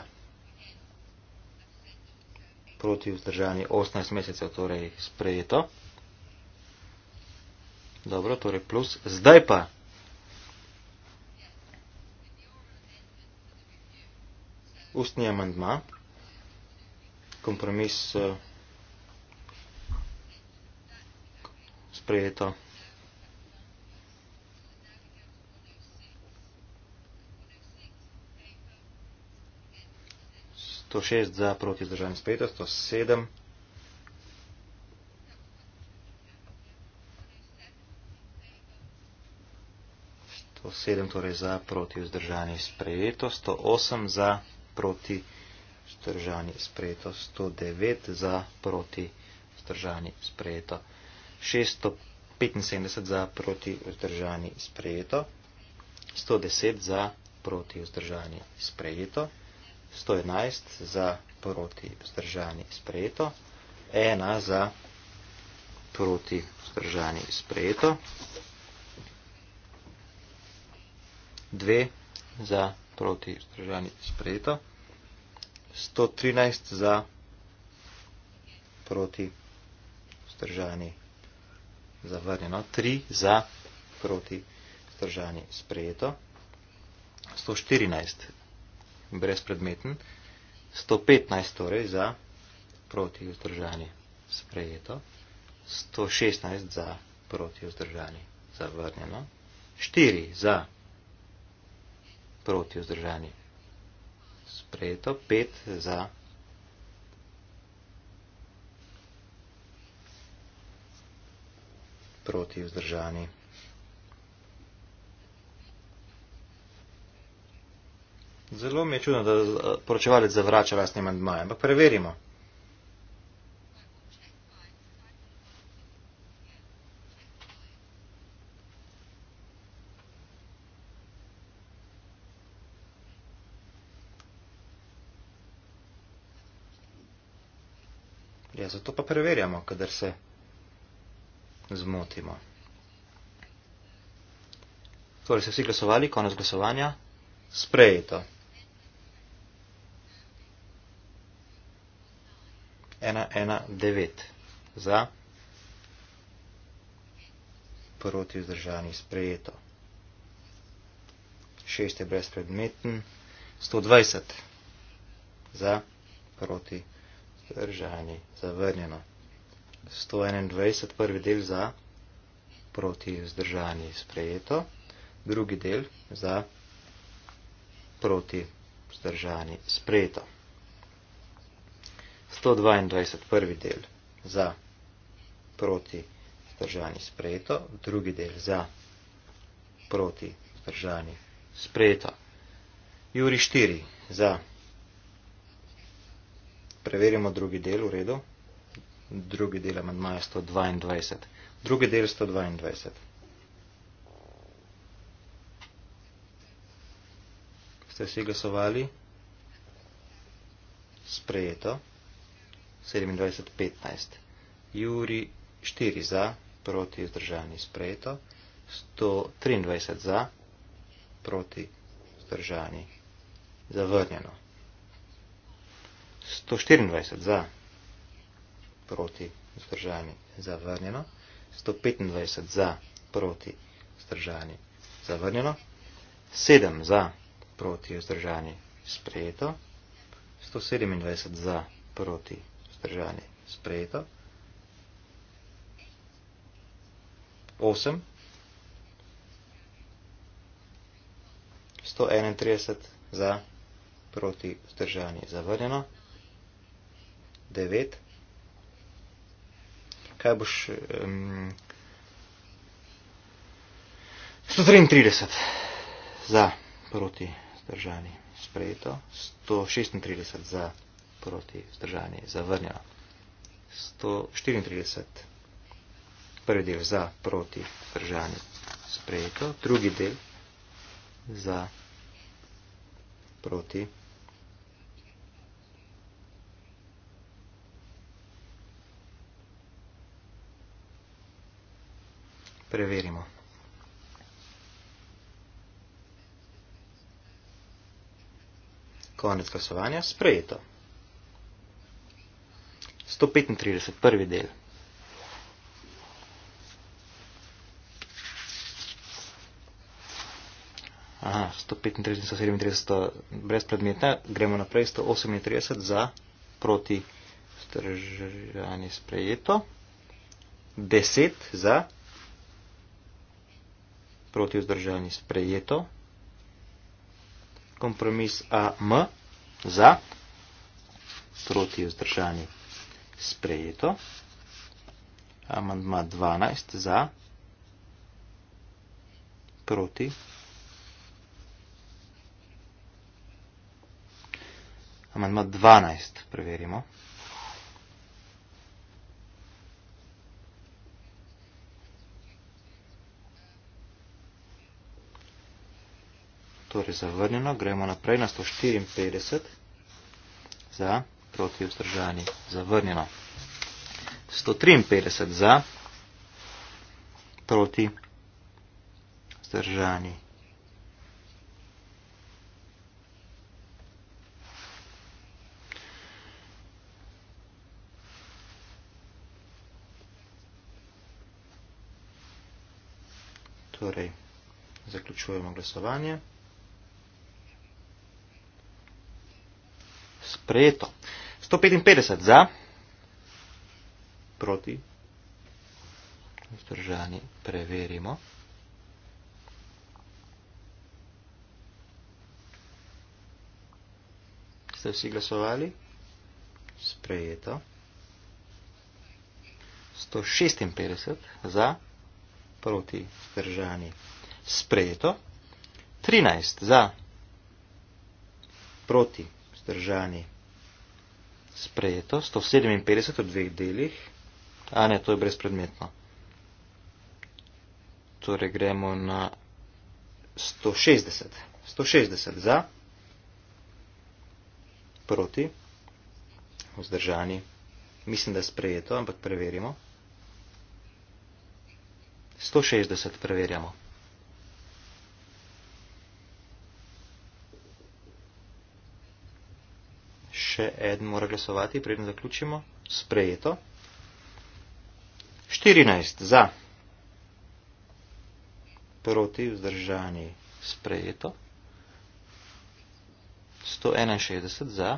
Proti vzdržanje 18 mesecev, torej sprejeto. Dobro, torej plus. Zdaj pa. Ustni amandma. Kompromis eh, sprejeto. 106 za proti zdržanje spreta, 107. Sedem torej za proti vzdržanje sprejeto, 108 za proti vzdržanje sprejeto, 109 za proti vzdržanje sprejeto, 675 za proti vzdržanje sprejeto, 110 za proti vzdržanje sprejeto. 111 za proti vzdržani sprejeto, 1 za proti vzdržani sprejeto, 2 za proti vzdržani sprejeto, 113 za proti vzdržani zavrnjeno, 3 za proti vzdržani sprejeto, 114 za brezpredmeten. 115 torej za proti vzdržanje sprejeto, 116 za proti vzdržanje zavrnjeno, 4 za proti vzdržanje sprejeto, 5 za proti vzdržanje sprejeto. Zelo mi je čudno, da eh, poročevalec zavrača lastne mandmaje, ampak preverimo. Ja, zato pa preverjamo, kadar se zmotimo. Torej, se vsi glasovali, konec glasovanja, sprejeto. 1.1.9. Za. Proti vzdržani sprejeto. 6 je brezpredmeten. 120. Za. Proti vzdržani zavrnjeno. 121. Prvi del za. Proti vzdržani sprejeto. Drugi del za. Proti vzdržani sprejeto. 122. Prvi del za proti zdržani sprejeto, drugi del za proti zdržani sprejeto. Juri 4 za. Preverimo drugi del v redu. Drugi del amandmaja 122. Drugi del 122. Ste vsi glasovali? Sprejeto. 27.15. Juri 4 za, proti vzdržani sprejeto. 123 za, proti vzdržani zavrnjeno. 124 za, proti vzdržani zavrnjeno. 125 za, proti vzdržani zavrnjeno. 7 za, proti vzdržani sprejeto. 127 za, proti pridržani. Sprejeto. Osem. 131 za proti vzdržanje zavrnjeno. 9. Kaj boš... Um, 133 za proti vzdržanje sprejeto. 136 za proti proti vzdržanju zavrnjeno. 134. Prvi del za proti vzdržanju sprejeto, drugi del za proti Preverimo. Konec glasovanja sprejeto. 135, prvi del. Aha, 135, 137 brez predmeta, gremo naprej, 138 za proti stržanje sprejeto, 10 za proti vzdržanje sprejeto, kompromis AM za proti vzdržanje sprejeto. Amandma 12 za, proti. Amandma 12 preverimo. Torej zavrnjeno, gremo naprej na 154 za proti vzdržani zavrnjeno. 153 za, proti vzdržani Torej, zaključujemo glasovanje. Sprejeto. 155 za, proti, vzdržani, preverimo. Ste vsi glasovali? Sprejeto. 156 za, proti, vzdržani, sprejeto. 13 za, proti, vzdržani, sprejeto sprejeto, 157 v dveh delih, a ne, to je brezpredmetno. Torej gremo na 160. 160 za, proti, vzdržani, mislim, da je sprejeto, ampak preverimo. 160 preverjamo. še eden mora glasovati, preden zaključimo. Sprejeto. 14 za. Proti vzdržani. Sprejeto. 161 za.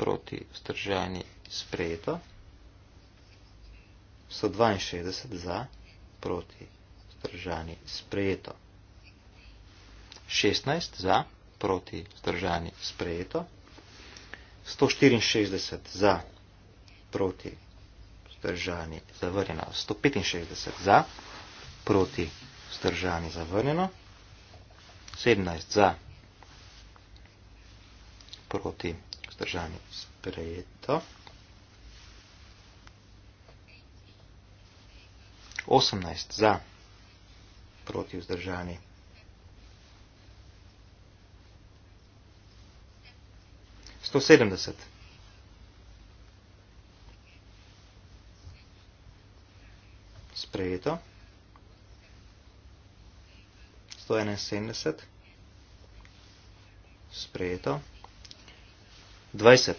Proti vzdržani. Sprejeto. 162 za. Proti vzdržani. Sprejeto. 16 za. Proti vzdržani. Sprejeto. 164 za, proti, vzdržani, zavrnjeno, 165 za, proti, vzdržani, zavrnjeno, 17 za, proti, vzdržani, sprejeto, 18 za, proti, vzdržani, sprejeto, 170. Sprejeto. 171. Sprejeto. 20.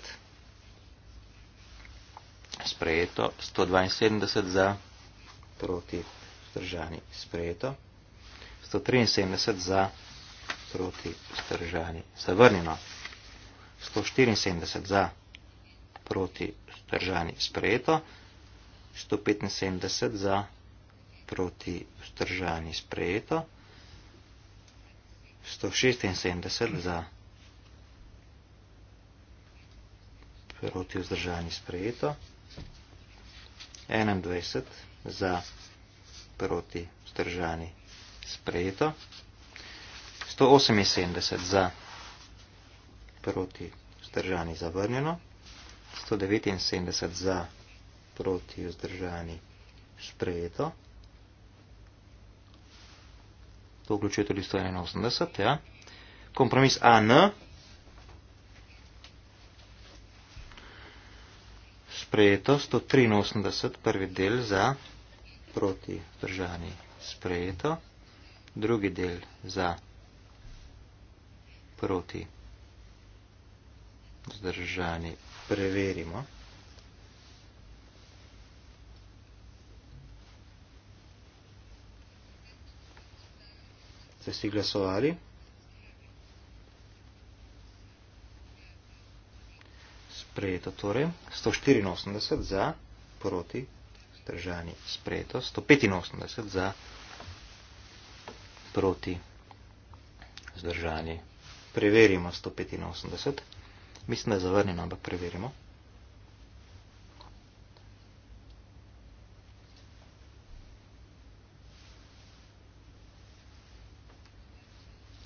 Sprejeto. 172 za proti vzdržani. Sprejeto. 173 za proti vzdržani. Zavrnjeno. 174 za proti vzdržani sprejeto, 175 za proti vzdržani sprejeto, 176 za proti vzdržani sprejeto, 21 za proti vzdržani sprejeto, 178 za proti vzdržani sprejeto, proti, vzdržani zavrnjeno, 179 za, proti, vzdržani sprejeto. To vključuje tudi 181, ja. Kompromis AN, sprejeto, 183, prvi del za, proti, vzdržani sprejeto, drugi del za, proti, vzdržani sprejeto, zdržani, preverimo. Ste si glasovali? Sprejeto torej. 184 za, proti, zdržani, sprejeto. 185 za, proti, zdržani. Preverimo 185. Mislim, da je zavrnjeno, ampak preverimo.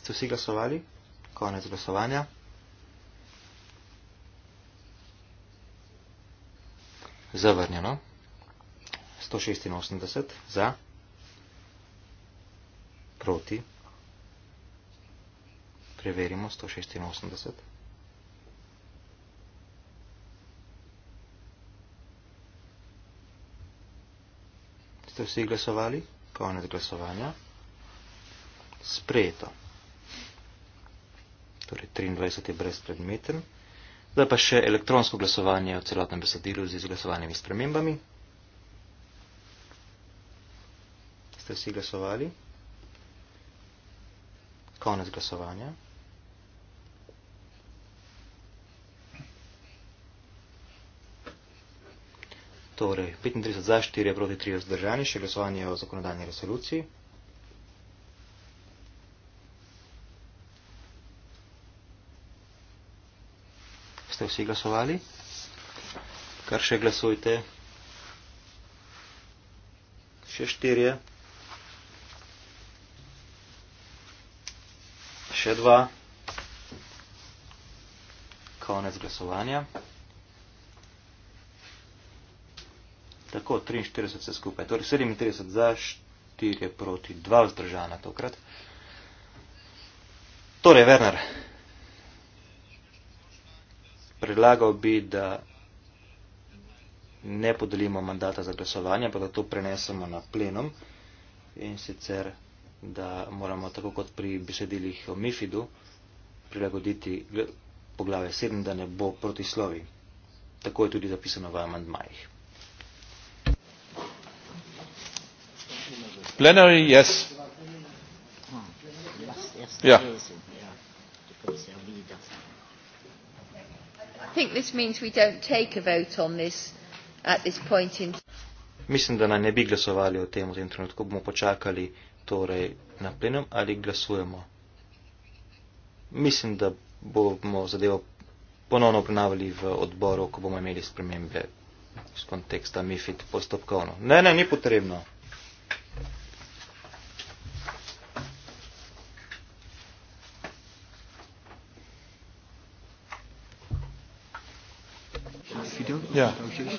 Ste vsi glasovali? Konec glasovanja. Zavrnjeno. 186 za. Proti. Preverimo 186. Ste vsi glasovali? Konec glasovanja. Sprejeto. Torej 23 je brezpredmeten. Zdaj pa še elektronsko glasovanje o celotnem besedilu z izglasovanimi spremembami. Ste vsi glasovali? Konec glasovanja. Torej, 35 za, 4 proti 3 vzdržani, še glasovanje o zakonodajni resoluciji. Ste vsi glasovali? Kar še glasujte? Še 4 je. Še 2. Konec glasovanja. Tako, 43 se skupaj, torej 37 za, 4 proti, 2 vzdržana tokrat. Torej, Werner, predlagal bi, da ne podelimo mandata za glasovanje, pa da to prenesemo na plenum in sicer, da moramo tako kot pri besedilih o Mifidu prilagoditi poglave 7, da ne bo proti slovi. Tako je tudi zapisano v amandmajih. plenary yes. Yeah. I think this means we don't take a vote on this at this point in Mislim, da naj ne bi glasovali o tem v tem trenutku, bomo počakali torej na plenum ali glasujemo. Mislim, da bomo zadevo ponovno obravnavali v odboru, ko bomo imeli spremembe iz konteksta MIFID postopkovno. Ne, ne, ni potrebno. Yeah. Ja.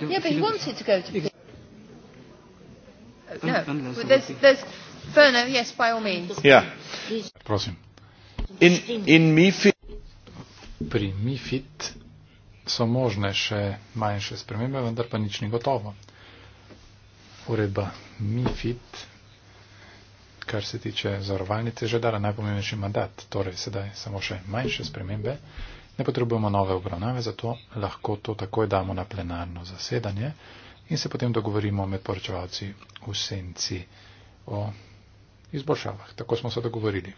Yeah, but he wanted to go to prison. No, there's, there's Ferno, yes, by all means. Yeah. Ja. Prosim. In, in MIFID. Pri MIFID so možne še manjše spremembe, vendar pa nič ni gotovo. Uredba MIFID, kar se tiče zarovalnice, že dala najpomembnejši mandat, torej sedaj samo še manjše spremembe. Ne potrebujemo nove obravnave, zato lahko to takoj damo na plenarno zasedanje in se potem dogovorimo med poročevalci v senci o izboljšavah. Tako smo se dogovorili.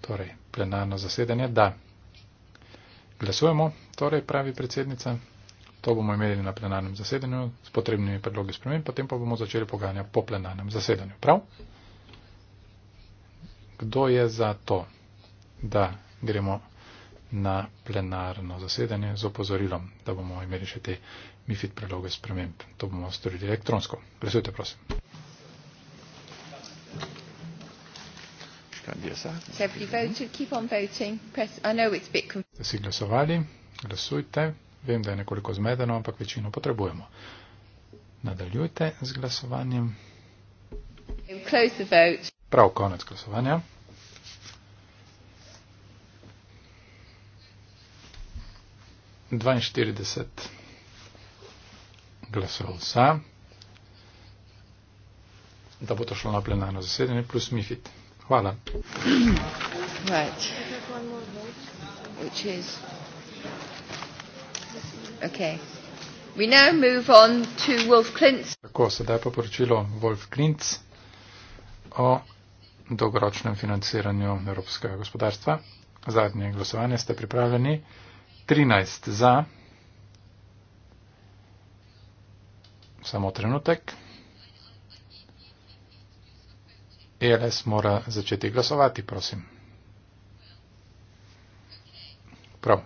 Torej, plenarno zasedanje, da. Glasujemo, torej pravi predsednica, to bomo imeli na plenarnem zasedanju s potrebnimi predlogi spremenj, potem pa bomo začeli pogajanja po plenarnem zasedanju. Prav? Kdo je za to, da gremo na plenarno zasedanje z opozorilom, da bomo imeli še te MIFID predloge sprememb. To bomo storili elektronsko. Presujte, prosim. Ste si glasovali, glasujte. Vem, da je nekoliko zmedeno, ampak večino potrebujemo. Nadaljujte z glasovanjem. Prav konec glasovanja. 42 glasov za, da bo to šlo na plenarno zasedanje, plus MIFID. Hvala. Right. We now move on to Wolf Tako, sedaj pa poročilo Wolf Klintz o dolgoročnem financiranju evropskega gospodarstva. Zadnje glasovanje ste pripravljeni. 13 za. Samo trenutek. ELS mora začeti glasovati, prosim. Prav.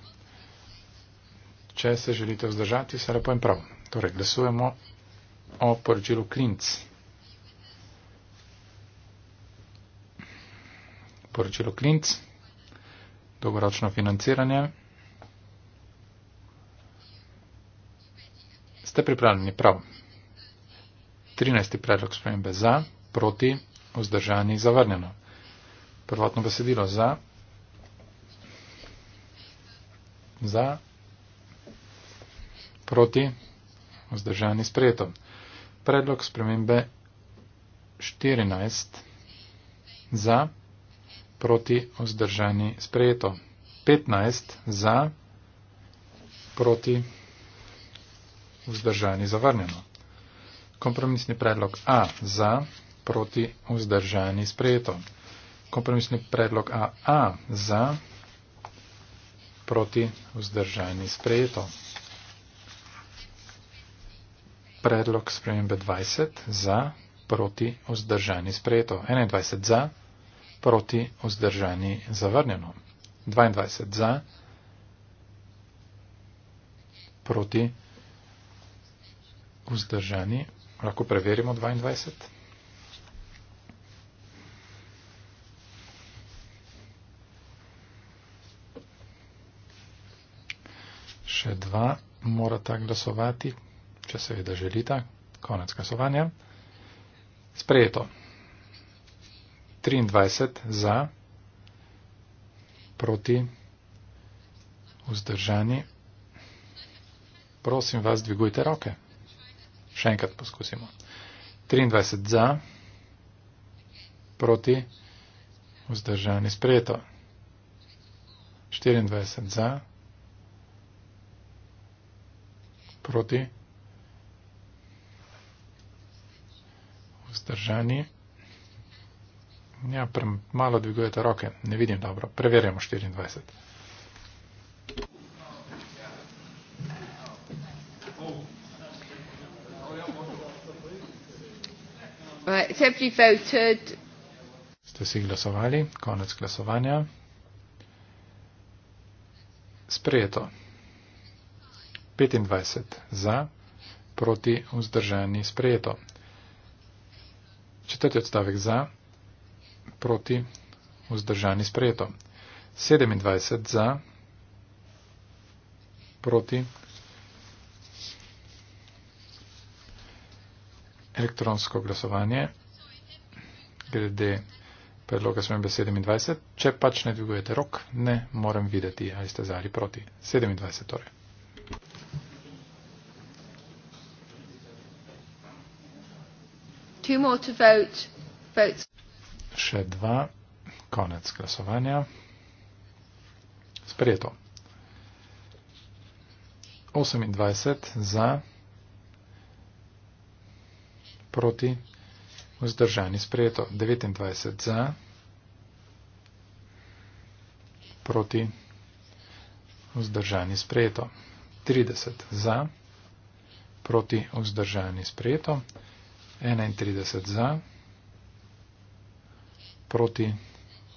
Če se želite vzdržati, se lepo in prav. Torej, glasujemo o poročilu Klinc. Poročilo Klinc. Dolgoročno financiranje. ste pripravljeni prav. 13. predlog spremembe za, proti, vzdržani, zavrnjeno. Prvotno besedilo za, za, proti, vzdržani, sprejeto. Predlog spremembe 14. Za, proti, vzdržani, sprejeto. 15. Za, proti, vzdržani vzdržani zavrnjeno. Kompromisni predlog A za, proti vzdržani sprejeto. Kompromisni predlog A A za, proti vzdržani sprejeto. Predlog spremembe 20 za, proti vzdržani sprejeto. 21 za, proti vzdržani zavrnjeno. 22 za, proti vzdržani sprejeto vzdržani. Lahko preverimo 22. Še dva morata glasovati, če seveda želita. Konec glasovanja. Sprejeto. 23 za, proti, vzdržani. Prosim vas, dvigujte roke. Še enkrat poskusimo. 23 za, proti, vzdržani sprejeto. 24 za, proti, vzdržani. Ja, malo dvigujete roke, ne vidim dobro. Preverjamo 24. Ste si glasovali? Konec glasovanja. Sprejeto. 25 za, proti vzdržani sprejeto. Četrti odstavek za, proti vzdržani sprejeto. 27 za, proti. Elektronsko glasovanje. 4D predloga spremembe 27. Če pač ne dvigujete rok, ne morem videti, ali ste za ali proti. 27 torej. Vote. Vote. Še dva. Konec glasovanja. Sprejeto. 28 za, proti Vzdržani sprejeto 29 za, proti vzdržani sprejeto 30 za, proti vzdržani sprejeto 31 za, proti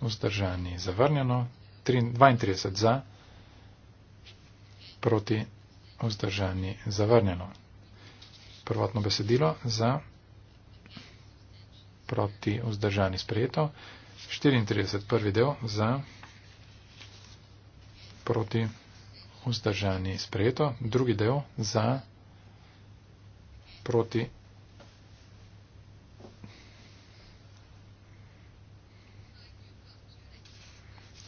vzdržani zavrnjeno 32 za, proti vzdržani zavrnjeno. Prvotno besedilo za proti vzdržani sprejeto. 34. prvi del za proti vzdržani sprejeto. Drugi del za proti.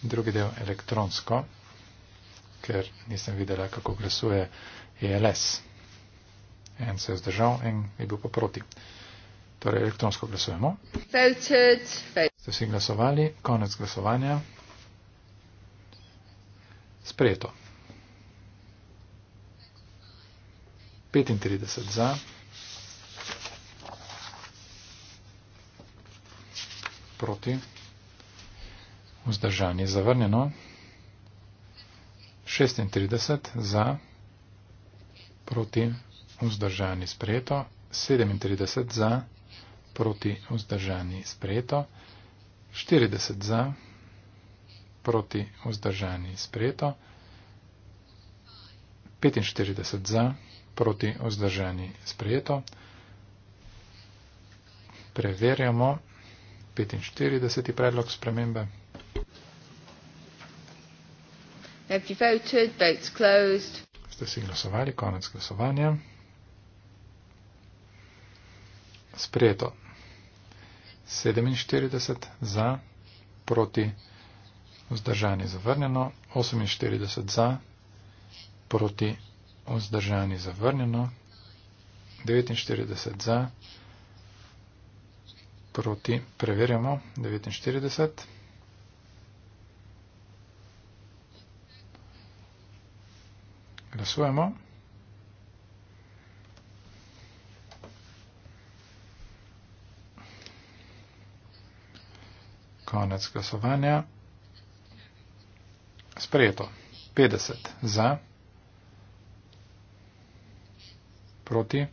Drugi del elektronsko, ker nisem videla, kako glasuje ELS. En se je zdržal, en je bil pa proti torej elektronsko glasujemo. Ste si glasovali, konec glasovanja. Sprejeto. 35 za. Proti. Vzdržanje zavrnjeno. 36 za. Proti. Vzdržanje sprejeto. 37 za proti vzdržani sprejeto, 40 za, proti vzdržani sprejeto, 45 za, proti vzdržani sprejeto. Preverjamo 45. predlog spremembe. Voted, Ste si glasovali, konec glasovanja sprejeto. 47 za, proti, vzdržani zavrnjeno, 48 za, proti, vzdržani zavrnjeno, 49 za, proti, preverjamo, 49. konec glasovanja. Sprejeto. 50 za, proti,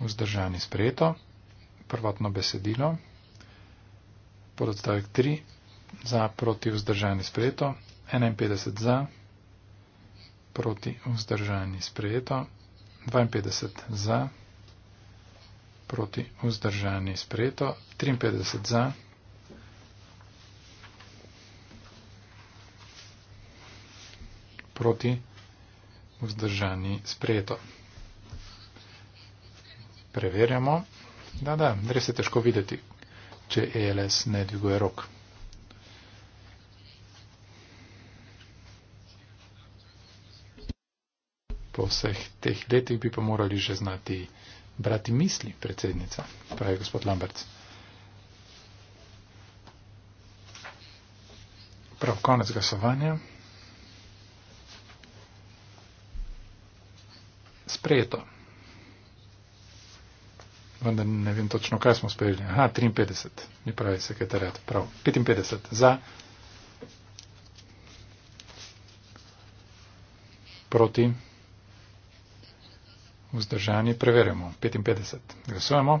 vzdržani sprejeto, prvotno besedilo, podstavek 3 za, proti, vzdržani sprejeto, 51 za, proti, vzdržani sprejeto, 52 za, proti, vzdržani sprejeto, 53 za. proti vzdržani sprejeto. Preverjamo. Da, da, res je težko videti, če ELS ne dviguje rok. Po vseh teh letih bi pa morali že znati brati misli predsednica, pravi gospod Lamberts. Prav konec glasovanja. sprejeto. Vendar ne vem točno, kaj smo sprejeli. Aha, 53, ni pravi sekretarjat, prav. 55 za, proti, vzdržani, preverjamo. 55, glasujemo.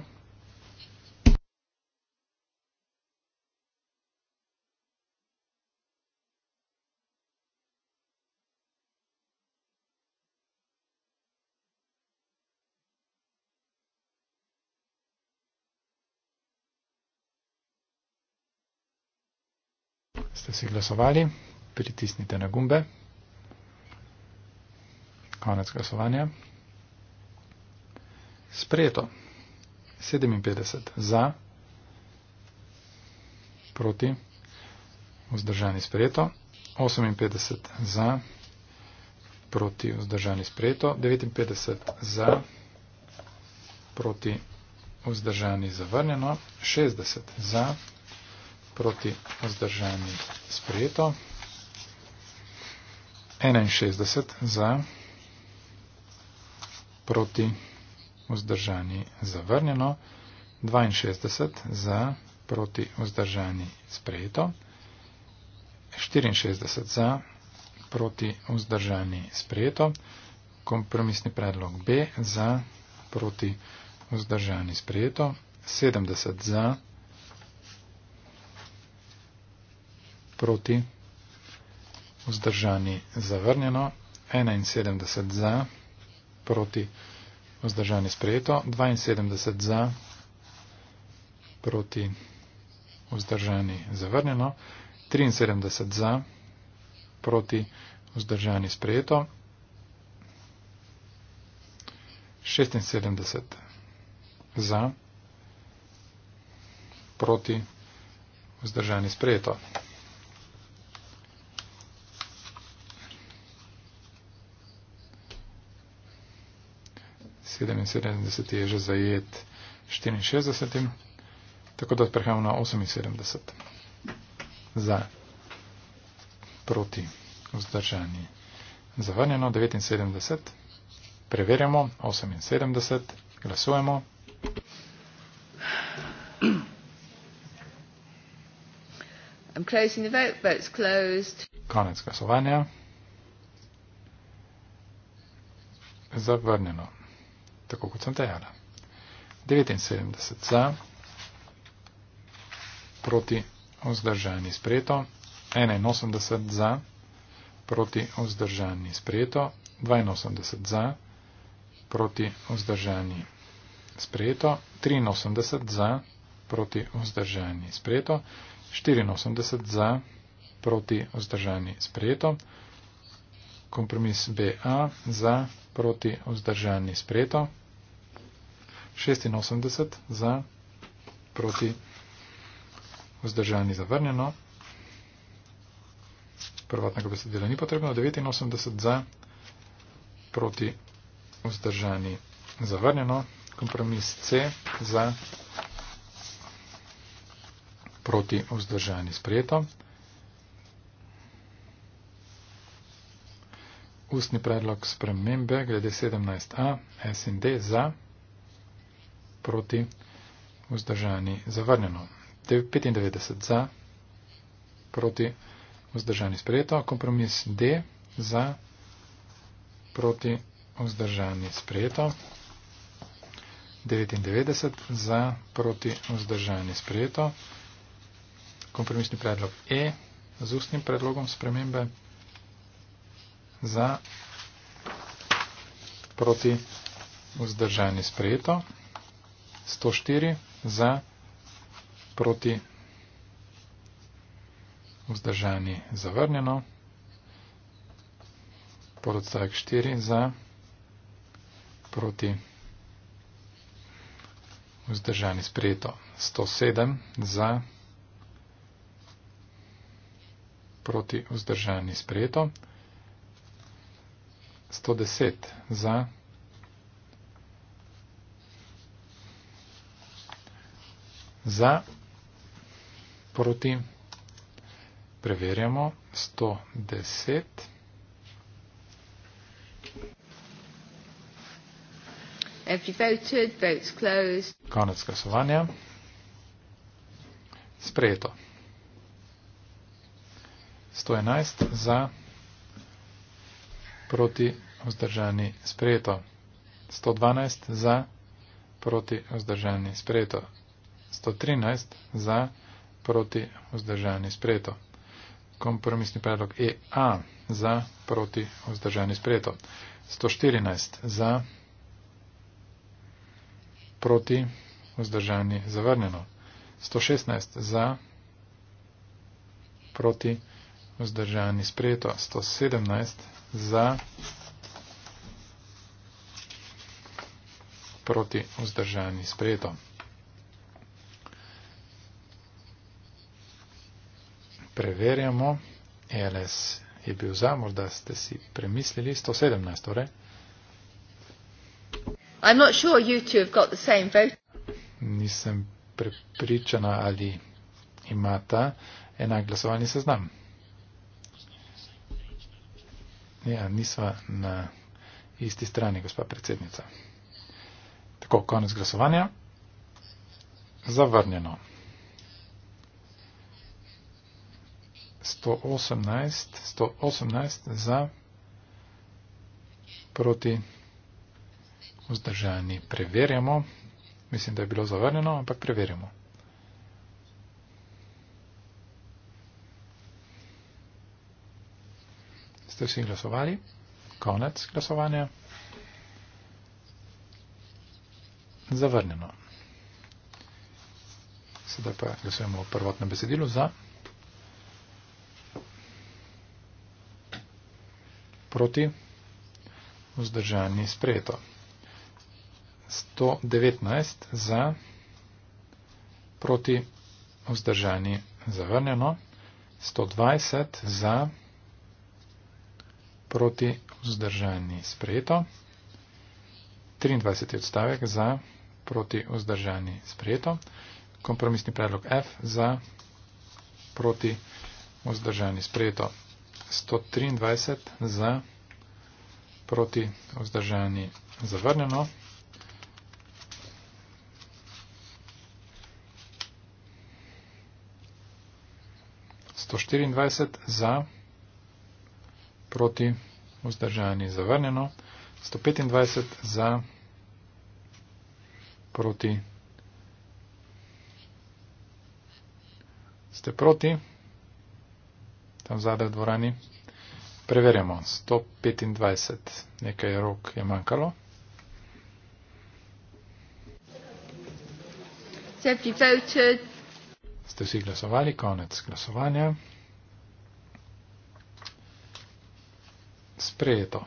si glasovali, pritisnite na gumbe. Konec glasovanja. Sprejeto. 57 za, proti, vzdržani sprejeto. 58 za, proti, vzdržani sprejeto. 59 za, proti, vzdržani zavrnjeno. 60 za, proti, vzdržani zavrnjeno proti vzdržanju sprejeto. 61 za, proti vzdržanji zavrnjeno, 62 za, proti vzdržanji sprejeto, 64 za, proti vzdržanji sprejeto, kompromisni predlog B za, proti vzdržanji sprejeto, 70 za, proti vzdržanji sprejeto, proti, vzdržani zavrnjeno, 71 za, proti, vzdržani sprejeto, 72 za, proti, vzdržani zavrnjeno, 73 za, proti, vzdržani sprejeto, 76 za, proti, vzdržani sprejeto. 77 je že zajet 64, tako da prehajamo na 78 za proti vzdržani zavrnjeno 79, preverjamo 78, glasujemo. I'm closing the vote, vote's closed. Konec glasovanja. Zavrnjeno tako kot sem dejala. 79 za, proti vzdržani sprejeto, 81 za, proti vzdržani sprejeto, 82 za, proti vzdržani sprejeto, 83 za, proti vzdržani sprejeto, 84 za, proti vzdržani sprejeto, kompromis BA za, proti vzdržani sprejeto. 86 za, proti, vzdržani zavrnjeno. Prvotnega besedila ni potrebno, 89 za, proti, vzdržani zavrnjeno. Kompromis C za, proti, vzdržani sprijeto. Ustni predlog spremembe glede 17a, S in D za proti, vzdržani zavrnjeno. 95 za, proti, vzdržani sprejeto, kompromis D za, proti, vzdržani sprejeto. 99 za, proti, vzdržani sprejeto. Kompromisni predlog E z ustnim predlogom spremembe za, proti, vzdržani sprejeto. 104 za, proti, vzdržani, zavrnjeno, pododstavek 4 za, proti, vzdržani, sprejeto, 107 za, proti, vzdržani, sprejeto, 110 za, proti, za proti. Preverjamo 110. Have you voted? Votes closed. Konec glasovanja. Sprejeto. 111 za, proti vzdržani sprejeto. 112 za, proti vzdržani sprejeto. 113 za proti vzdržanje spreto. Kompromisni predlog EA za proti vzdržanje spreto. 114 za proti vzdržanje zavrnjeno. 116 za proti vzdržanje spreto. 117 za proti vzdržanje spreto. preverjamo, e LS je bil za, morda ste si premislili, 117, torej. I'm not sure you two have got the same vote. Nisem prepričana, ali imata enak glasovalni seznam. Ja, nisva na isti strani, gospa predsednica. Tako, konec glasovanja. Zavrnjeno. 118, 118 za proti vzdržani. Preverjamo. Mislim, da je bilo zavrnjeno, ampak preverjamo. Ste vsi glasovali? Konec glasovanja. Zavrnjeno. Sedaj pa glasujemo o prvotnem besedilu za. proti, vzdržani sprejeto. 119 za, proti, vzdržani zavrnjeno. 120 za, proti, vzdržani sprejeto. 23 odstavek za, proti, vzdržani sprejeto. Kompromisni predlog F za, proti, vzdržani sprejeto. 123 za proti vzdržani zavrnjeno. Sto štiriindvajset za proti vzdržani zavrnjeno, sto petindvajset za proti ste proti tam zadaj v dvorani. Preverjamo, 125, nekaj rok je manjkalo. Ste vsi glasovali, konec glasovanja. Sprejeto.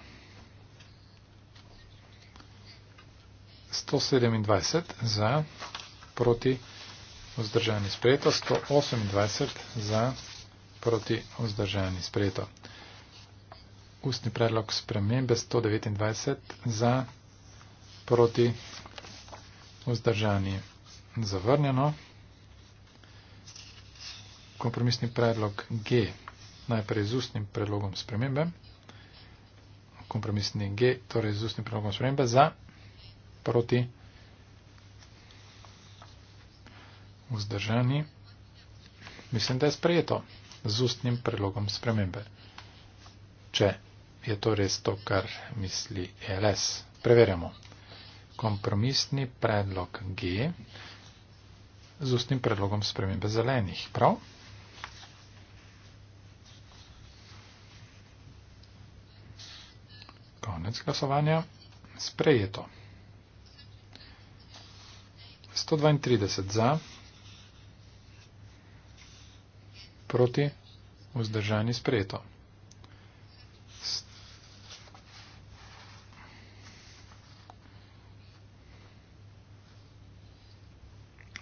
127 za, proti, vzdržani sprejeto, 128 za proti vzdržani sprejeto. Ustni predlog spremembe 129 za proti vzdržani zavrnjeno. Kompromisni predlog G najprej z ustnim predlogom spremembe. Kompromisni G torej z ustnim predlogom spremembe za proti vzdržani. Mislim, da je sprejeto z ustnim prelogom spremembe. Če je to res to, kar misli e LS. Preverjamo. Kompromisni predlog G z ustnim predlogom spremembe zelenih. Prav? Konec glasovanja. Sprejeto. 132 za. proti, vzdržani sprejeto.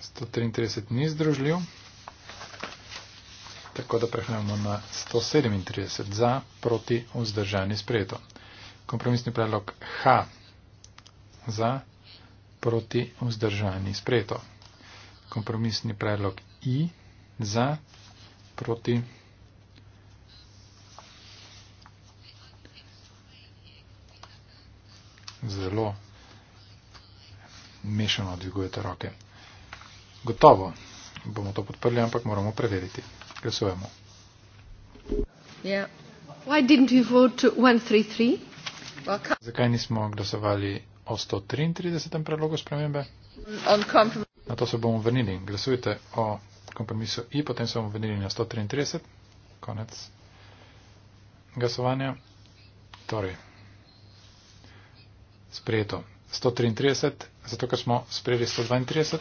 Sto trideset ni združljiv, tako da prehajamo na sto sedemintrideset za, proti, vzdržani sprejeto. Kompromisni predlog H za, proti, vzdržani sprejeto. Kompromisni predlog I za, proti. Zelo mešano dvigujete roke. Gotovo bomo to podprli, ampak moramo preveriti. Glasujemo. Yeah. Zakaj nismo glasovali o 133. predlogu spremembe? Na to se bomo vrnili. Glasujte o kompromisu I, potem so vodili na 133, konec glasovanja. Torej, sprejeto 133, zato ker smo sprejeli 132.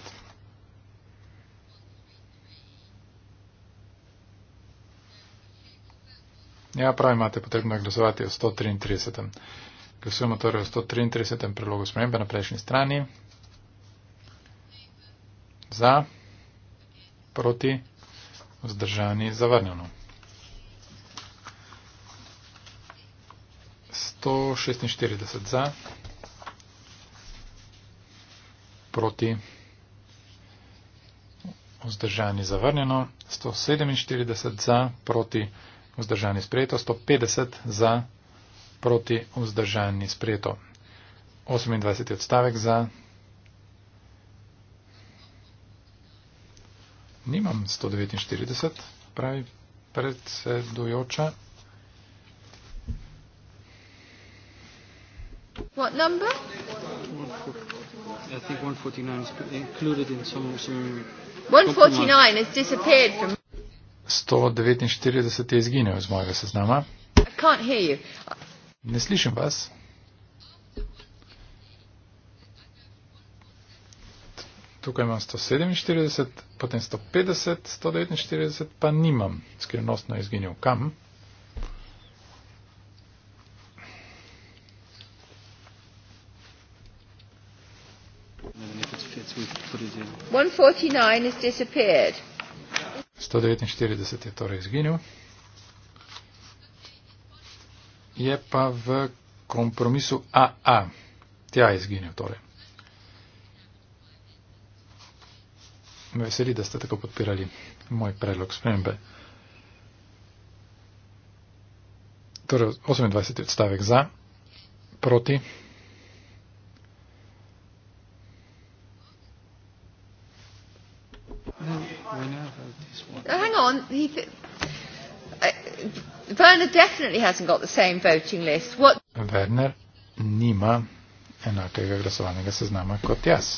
Ja, pravi, imate potrebno glasovati o 133. Glasujemo torej o 133. prilogu spremembe na prejšnji strani. 在。proti, vzdržani, zavrnjeno. 146 za, proti, vzdržani, zavrnjeno. 147 za, proti, vzdržani, sprejeto. 150 za, proti, vzdržani, sprejeto. 28 odstavek za, Nimam 149, pravi predsedujoča. What number? I think 149 is included in some... some 149 has disappeared from... 149 je izginil iz mojega seznama. I can't hear you. Ne slišim vas. tukaj imam 147, potem 150, 149, pa nimam. Skrivnostno je izginil kam. Sto devetinštirideset je torej izginil. Je pa v kompromisu AA. Tja je izginil torej. me veseli, da ste tako podpirali moj predlog spremembe. Torej, 28. odstavek za, proti. Oh, hang on, he, uh, Werner definitely hasn't got the same voting list. What? Werner nima enakega glasovanega seznama kot jaz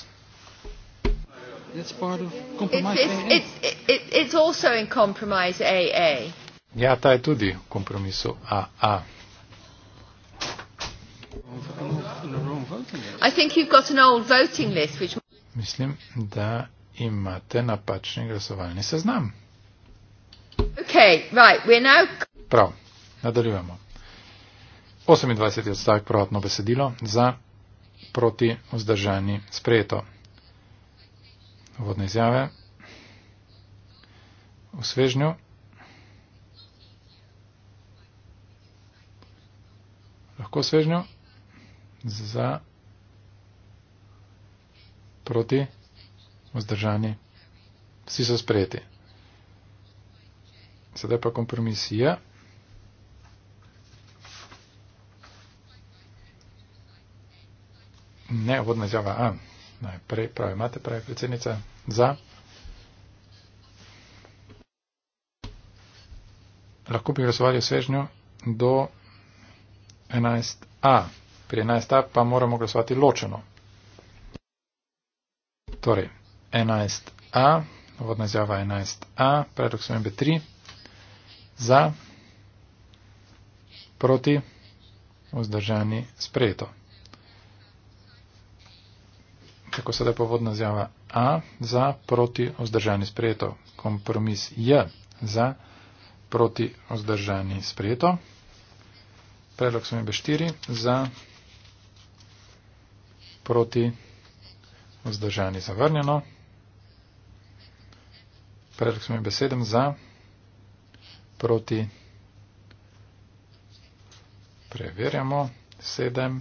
it's part of compromise it's, it's, AA. It's, it's also in compromise AA. Ja, ta je tudi v kompromisu AA. I think you've got an old voting list which Mislim, da imate napačni glasovalni seznam. Okay, right, we're now... Prav, nadaljujemo. 28. odstavek prvotno besedilo za proti vzdržani sprejeto vodne izjave v svežnju. Lahko svežnju za proti vzdržani. Vsi so sprejeti. Sedaj pa kompromis je. Ne, vodna izjava A. Najprej pravi, imate pravi predsednica za. Lahko bi glasovali v svežnju do 11a. Pri 11a pa moramo glasovati ločeno. Torej, 11a, vodna izjava 11a, predlog smembe 3, za, proti, vzdržani, sprejeto tako sedaj povodna zjava A za proti vzdržani sprejeto, kompromis J za proti vzdržani sprejeto, predlog smembe 4 za proti vzdržani zavrnjeno, predlog smembe 7 za proti preverjamo 7.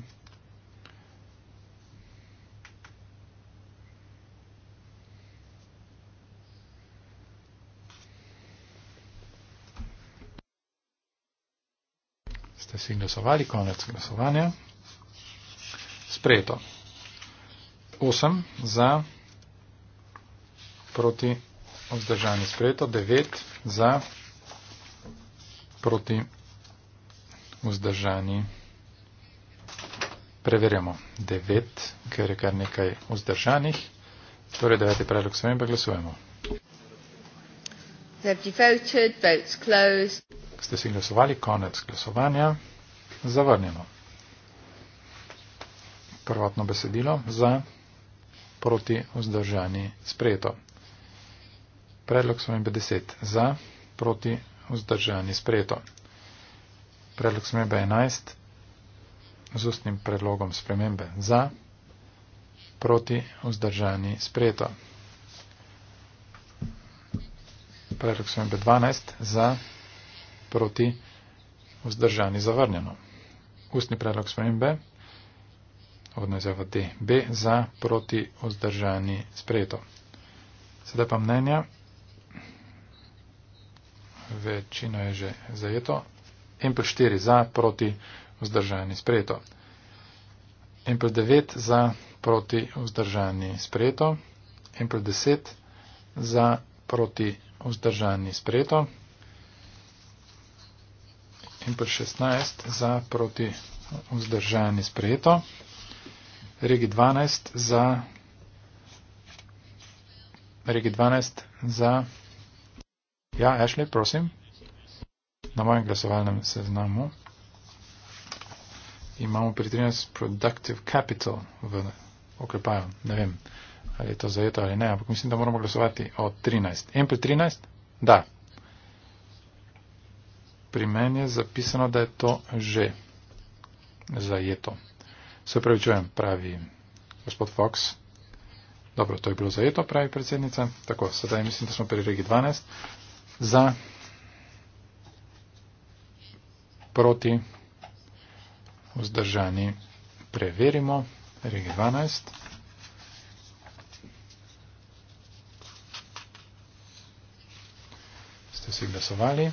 ste si glasovali, konec glasovanja. Sprejeto. 8 za, proti vzdržanje sprejeto, 9 za, proti vzdržanje. Preverjamo 9, ker je kar nekaj vzdržanih. Torej, 9 predlog sprememba glasujemo. Ste si glasovali? Konec glasovanja. Zavrnjeno. Prvotno besedilo za proti vzdržani sprejeto. Predlog smembe 10 za proti vzdržani sprejeto. Predlog smembe 11 z ustnim predlogom spremembe za proti vzdržani sprejeto. Predlog smembe 12 za proti vzdržani sprejeto proti vzdržani zavrnjeno. Ustni predlog spremembe, odno izjava D, B za proti vzdržani sprejeto. Sedaj pa mnenja, večino je že zajeto, M plus 4 za proti vzdržani sprejeto. M plus 9 za proti vzdržani sprejeto. M plus 10 za proti vzdržani sprejeto in pa 16 za proti vzdržani sprejeto. Regi 12 za. Regi 12 za. Ja, Ashley, prosim. Na mojem glasovalnem seznamu imamo pri 13 productive capital v oklepaju. Ne vem, ali je to zajeto ali ne, ampak mislim, da moramo glasovati o 13. En pri 13? Da pri meni je zapisano, da je to že zajeto. Se pravičujem, pravi gospod Fox. Dobro, to je bilo zajeto, pravi predsednica. Tako, sedaj mislim, da smo pri regi 12. Za proti vzdržani preverimo regi 12. Ste si glasovali?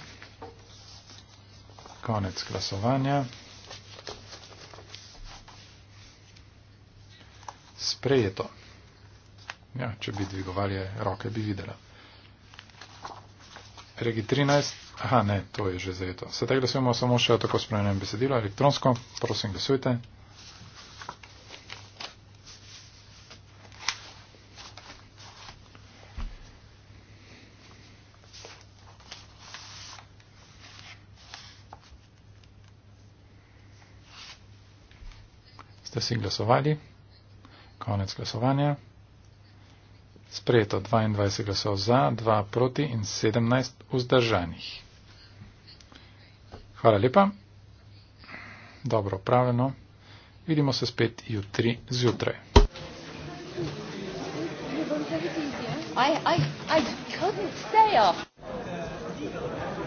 konec glasovanja. Sprejeto. Ja, če bi dvigovali roke, bi videla. Regi 13. Aha, ne, to je že zajeto. Sedaj glasujemo samo še o tako spremenjenem besedilu elektronsko. Prosim, glasujte. vsi glasovali. Konec glasovanja. Sprejeto 22 glasov za, 2 proti in 17 vzdržanih. Hvala lepa. Dobro upravljeno. Vidimo se spet jutri zjutraj. I, I, I couldn't stay off.